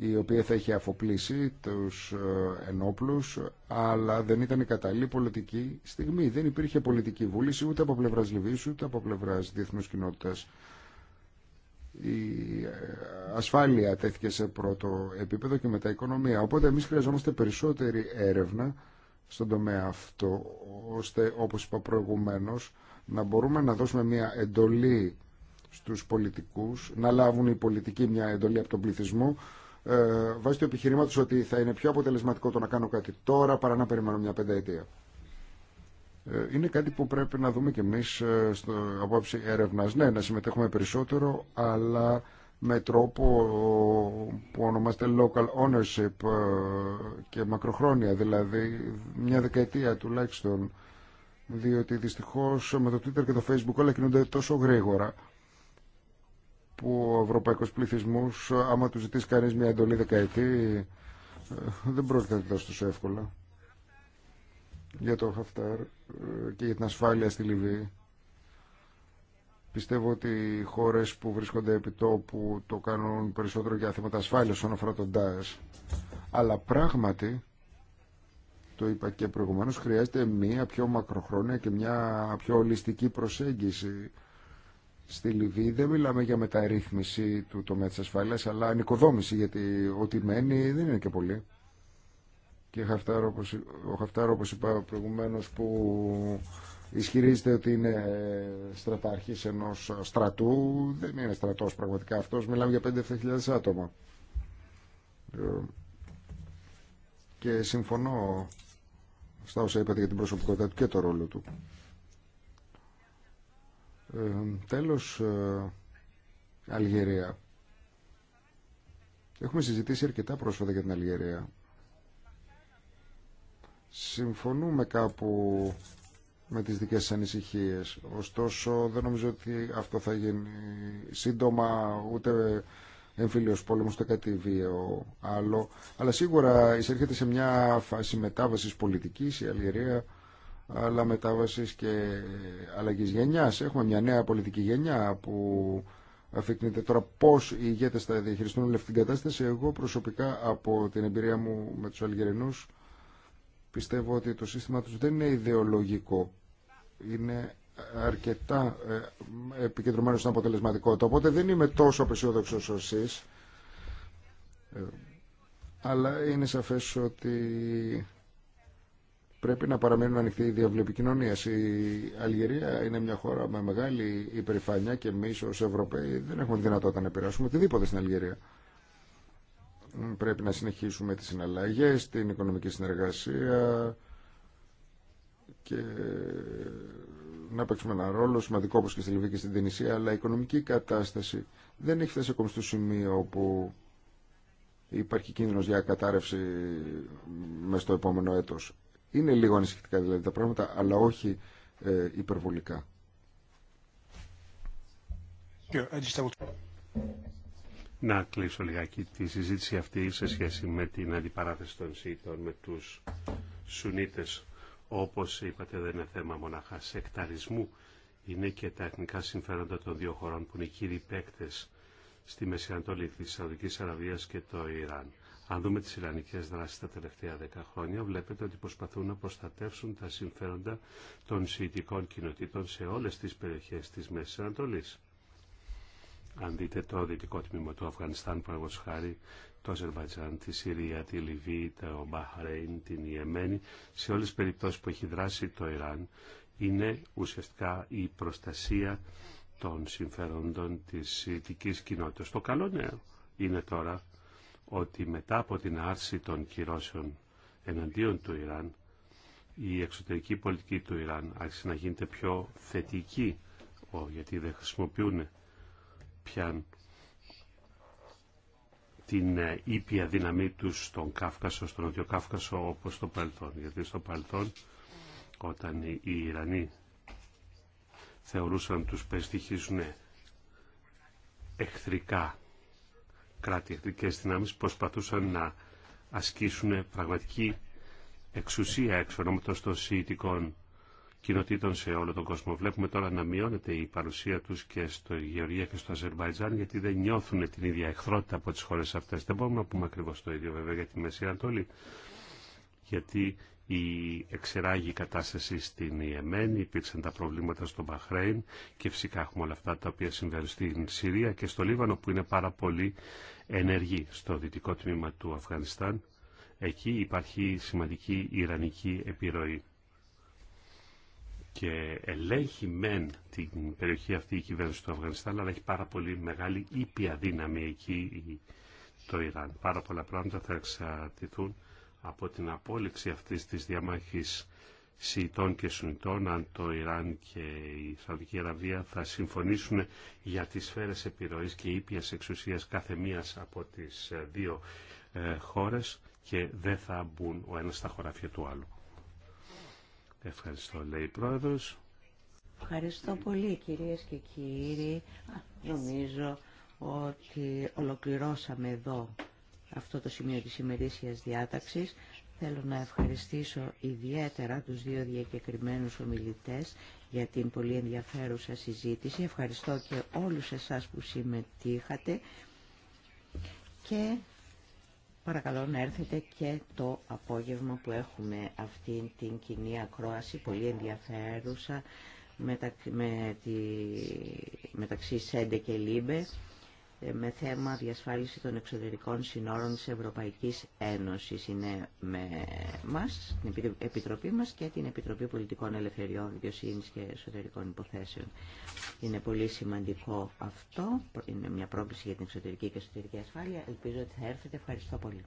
B: η οποία θα είχε αφοπλίσει τους ε, ενόπλους, αλλά δεν ήταν η κατάλληλη πολιτική στιγμή. Δεν υπήρχε πολιτική βούληση ούτε από πλευράς Λιβύης, ούτε από πλευράς διεθνούς κοινότητας. Η ε, ασφάλεια τέθηκε σε πρώτο επίπεδο και μετά η οικονομία. Οπότε εμείς χρειαζόμαστε περισσότερη έρευνα στον τομέα αυτό, ώστε όπως είπα προηγουμένως να μπορούμε να δώσουμε μια εντολή στους πολιτικούς, να λάβουν οι πολιτικοί μια εντολή από τον πληθυσμό ε, βάσει του επιχειρήματο ότι θα είναι πιο αποτελεσματικό το να κάνω κάτι τώρα παρά να περιμένω μια πενταετία. Ε, είναι κάτι που πρέπει να δούμε κι εμείς ε, στο απόψη έρευνα, Ναι, να συμμετέχουμε περισσότερο, αλλά με τρόπο που ονομάζεται local ownership και μακροχρόνια, δηλαδή μια δεκαετία τουλάχιστον, διότι δυστυχώς με το Twitter και το Facebook όλα κινούνται τόσο γρήγορα που ο Ευρωπαϊκό πληθυσμό, άμα του ζητήσει κανεί μια εντολή δεκαετή, ε, δεν πρόκειται να την δώσει εύκολα. Για το Χαφτάρ ε, και για την ασφάλεια στη Λιβύη. Πιστεύω ότι οι χώρες που βρίσκονται επί τόπου το κάνουν περισσότερο για θέματα ασφάλεια όσον αφορά τον ΤΑΕΣ. Αλλά πράγματι, το είπα και προηγουμένω, χρειάζεται μια πιο μακροχρόνια και μια πιο ολιστική προσέγγιση Στη Λιβύη δεν μιλάμε για μεταρρύθμιση του τομέα της ασφάλειας, αλλά ανοικοδόμηση, γιατί ό,τι μένει δεν είναι και πολύ. Και ο Χαφτάρο, όπω είπα προηγουμένω, που ισχυρίζεται ότι είναι στρατάρχης ενός στρατού, δεν είναι στρατός πραγματικά αυτός, μιλάμε για 5-7 άτομα. Ε, και συμφωνώ στα όσα είπατε για την προσωπικότητά του και το ρόλο του. Ε, τέλος, ε, Αλγερία. Έχουμε συζητήσει αρκετά πρόσφατα για την Αλγερία. Συμφωνούμε κάπου με τις δικές σας ανησυχίες. Ωστόσο, δεν νομίζω ότι αυτό θα γίνει σύντομα ούτε εμφύλιος πόλεμος, ούτε κάτι βίαιο άλλο. Αλλά σίγουρα εισέρχεται σε μια φάση μετάβασης πολιτικής η Αλγερία αλλά μετάβασης και αλλαγής γενιάς. Έχουμε μια νέα πολιτική γενιά που αφήκνεται τώρα πώς οι ηγέτες θα διαχειριστούν όλη αυτή την κατάσταση. Εγώ προσωπικά από την εμπειρία μου με τους Αλγερινούς πιστεύω ότι το σύστημα τους δεν είναι ιδεολογικό. Είναι αρκετά ε, επικεντρωμένο στην αποτελεσματικότητα. Οπότε δεν είμαι τόσο όσο εσείς. Ε, αλλά είναι σαφές ότι πρέπει να παραμείνουν ανοιχτοί οι διαβλοί επικοινωνία. Η Αλγερία είναι μια χώρα με μεγάλη υπερηφάνεια και εμεί ω Ευρωπαίοι δεν έχουμε δυνατότητα να επηρεάσουμε οτιδήποτε στην Αλγερία. Πρέπει να συνεχίσουμε τι συναλλαγές, την οικονομική συνεργασία και να παίξουμε ένα ρόλο σημαντικό όπω και στη Λιβύη και στην Τινησία, αλλά η οικονομική κατάσταση δεν έχει φτάσει ακόμη στο σημείο όπου υπάρχει κίνδυνο για κατάρρευση με στο επόμενο έτος. Είναι λίγο ανησυχητικά δηλαδή τα πράγματα, αλλά όχι ε, υπερβολικά.
A: Να κλείσω λιγάκι τη συζήτηση αυτή σε σχέση με την αντιπαράθεση των ΣΥΙΤΟΝ με τους Σουνίτες. Όπως είπατε δεν είναι θέμα μονάχα σεκταρισμού, είναι και τα εθνικά συμφέροντα των δύο χωρών που είναι οι κύριοι παίκτες στη Μεσανατολή της Σαουδικής Αραβίας και το Ιράν. Αν δούμε τις Ιρανικές δράσεις τα τελευταία δέκα χρόνια, βλέπετε ότι προσπαθούν να προστατεύσουν τα συμφέροντα των Σιητικών κοινοτήτων σε όλες τις περιοχές της Μέσης Ανατολής. Αν δείτε το δυτικό τμήμα του Αφγανιστάν, παραγωγός χάρη, το Αζερβαϊτζάν, τη Συρία, τη Λιβύη, το Μπαχρέιν, την Ιεμένη, σε όλες τις περιπτώσεις που έχει δράσει το Ιράν, είναι ουσιαστικά η προστασία των συμφέροντων της Σιητικής κοινότητας. Το καλό νέο είναι τώρα ότι μετά από την άρση των κυρώσεων εναντίον του Ιράν, η εξωτερική πολιτική του Ιράν άρχισε να γίνεται πιο θετική, γιατί δεν χρησιμοποιούν πια την ε, ήπια δύναμή τους στον Κάφκασο, στον Νότιο Κάφκασο όπως στο παρελθόν. Γιατί στο παρελθόν όταν οι Ιρανοί θεωρούσαν τους περιστοιχίζουν εχθρικά κράτη, εθνικές δυνάμεις προσπαθούσαν να ασκήσουν πραγματική εξουσία εξ ονόματος των σιητικών κοινοτήτων σε όλο τον κόσμο. Βλέπουμε τώρα να μειώνεται η παρουσία τους και στο Γεωργία και στο Αζερβαϊτζάν γιατί δεν νιώθουν την ίδια εχθρότητα από τις χώρες αυτές. Δεν μπορούμε να πούμε ακριβώ το ίδιο βέβαια για τη Μέση Ανατολή γιατί η εξεράγη κατάσταση στην Ιεμένη, υπήρξαν τα προβλήματα στο Μπαχρέιν και φυσικά έχουμε όλα αυτά τα οποία συμβαίνουν στην Συρία και στο Λίβανο που είναι πάρα πολύ ενεργή στο δυτικό τμήμα του Αφγανιστάν. Εκεί υπάρχει σημαντική ιρανική επιρροή και ελέγχει μεν την περιοχή αυτή η κυβέρνηση του Αφγανιστάν, αλλά έχει πάρα πολύ μεγάλη ήπια δύναμη εκεί το Ιράν. Πάρα πολλά πράγματα θα εξαρτηθούν από την απόλυξη αυτής της διαμάχης Σιητών και Σουνιτών, αν το Ιράν και η Σαουδική Αραβία θα συμφωνήσουν για τις σφαίρες επιρροής και ήπιας εξουσίας κάθε μίας από τις ε, δύο ε, χώρες και δεν θα μπουν ο ένας στα χωράφια του άλλου. Ευχαριστώ, λέει η
C: Πρόεδρος. Ευχαριστώ πολύ κυρίες και κύριοι. Νομίζω ότι ολοκληρώσαμε εδώ αυτό το σημείο της ημερήσιας διάταξης. Θέλω να ευχαριστήσω ιδιαίτερα τους δύο διακεκριμένους ομιλητές για την πολύ ενδιαφέρουσα συζήτηση. Ευχαριστώ και όλους εσάς που συμμετείχατε και παρακαλώ να έρθετε και το απόγευμα που έχουμε αυτή την κοινή ακρόαση, πολύ ενδιαφέρουσα μεταξύ, μεταξύ ΣΕΝΤΕ και ΛΥΜΠΕ. Ε, με θέμα διασφάλιση των εξωτερικών συνόρων της Ευρωπαϊκής Ένωσης. Είναι με μας, την Επιτροπή μας και την Επιτροπή Πολιτικών Ελευθεριών, Δικαιοσύνη και Εσωτερικών Υποθέσεων. Είναι πολύ σημαντικό αυτό. Είναι μια πρόκληση για την εξωτερική και εσωτερική ασφάλεια. Ελπίζω ότι θα έρθετε. Ευχαριστώ πολύ.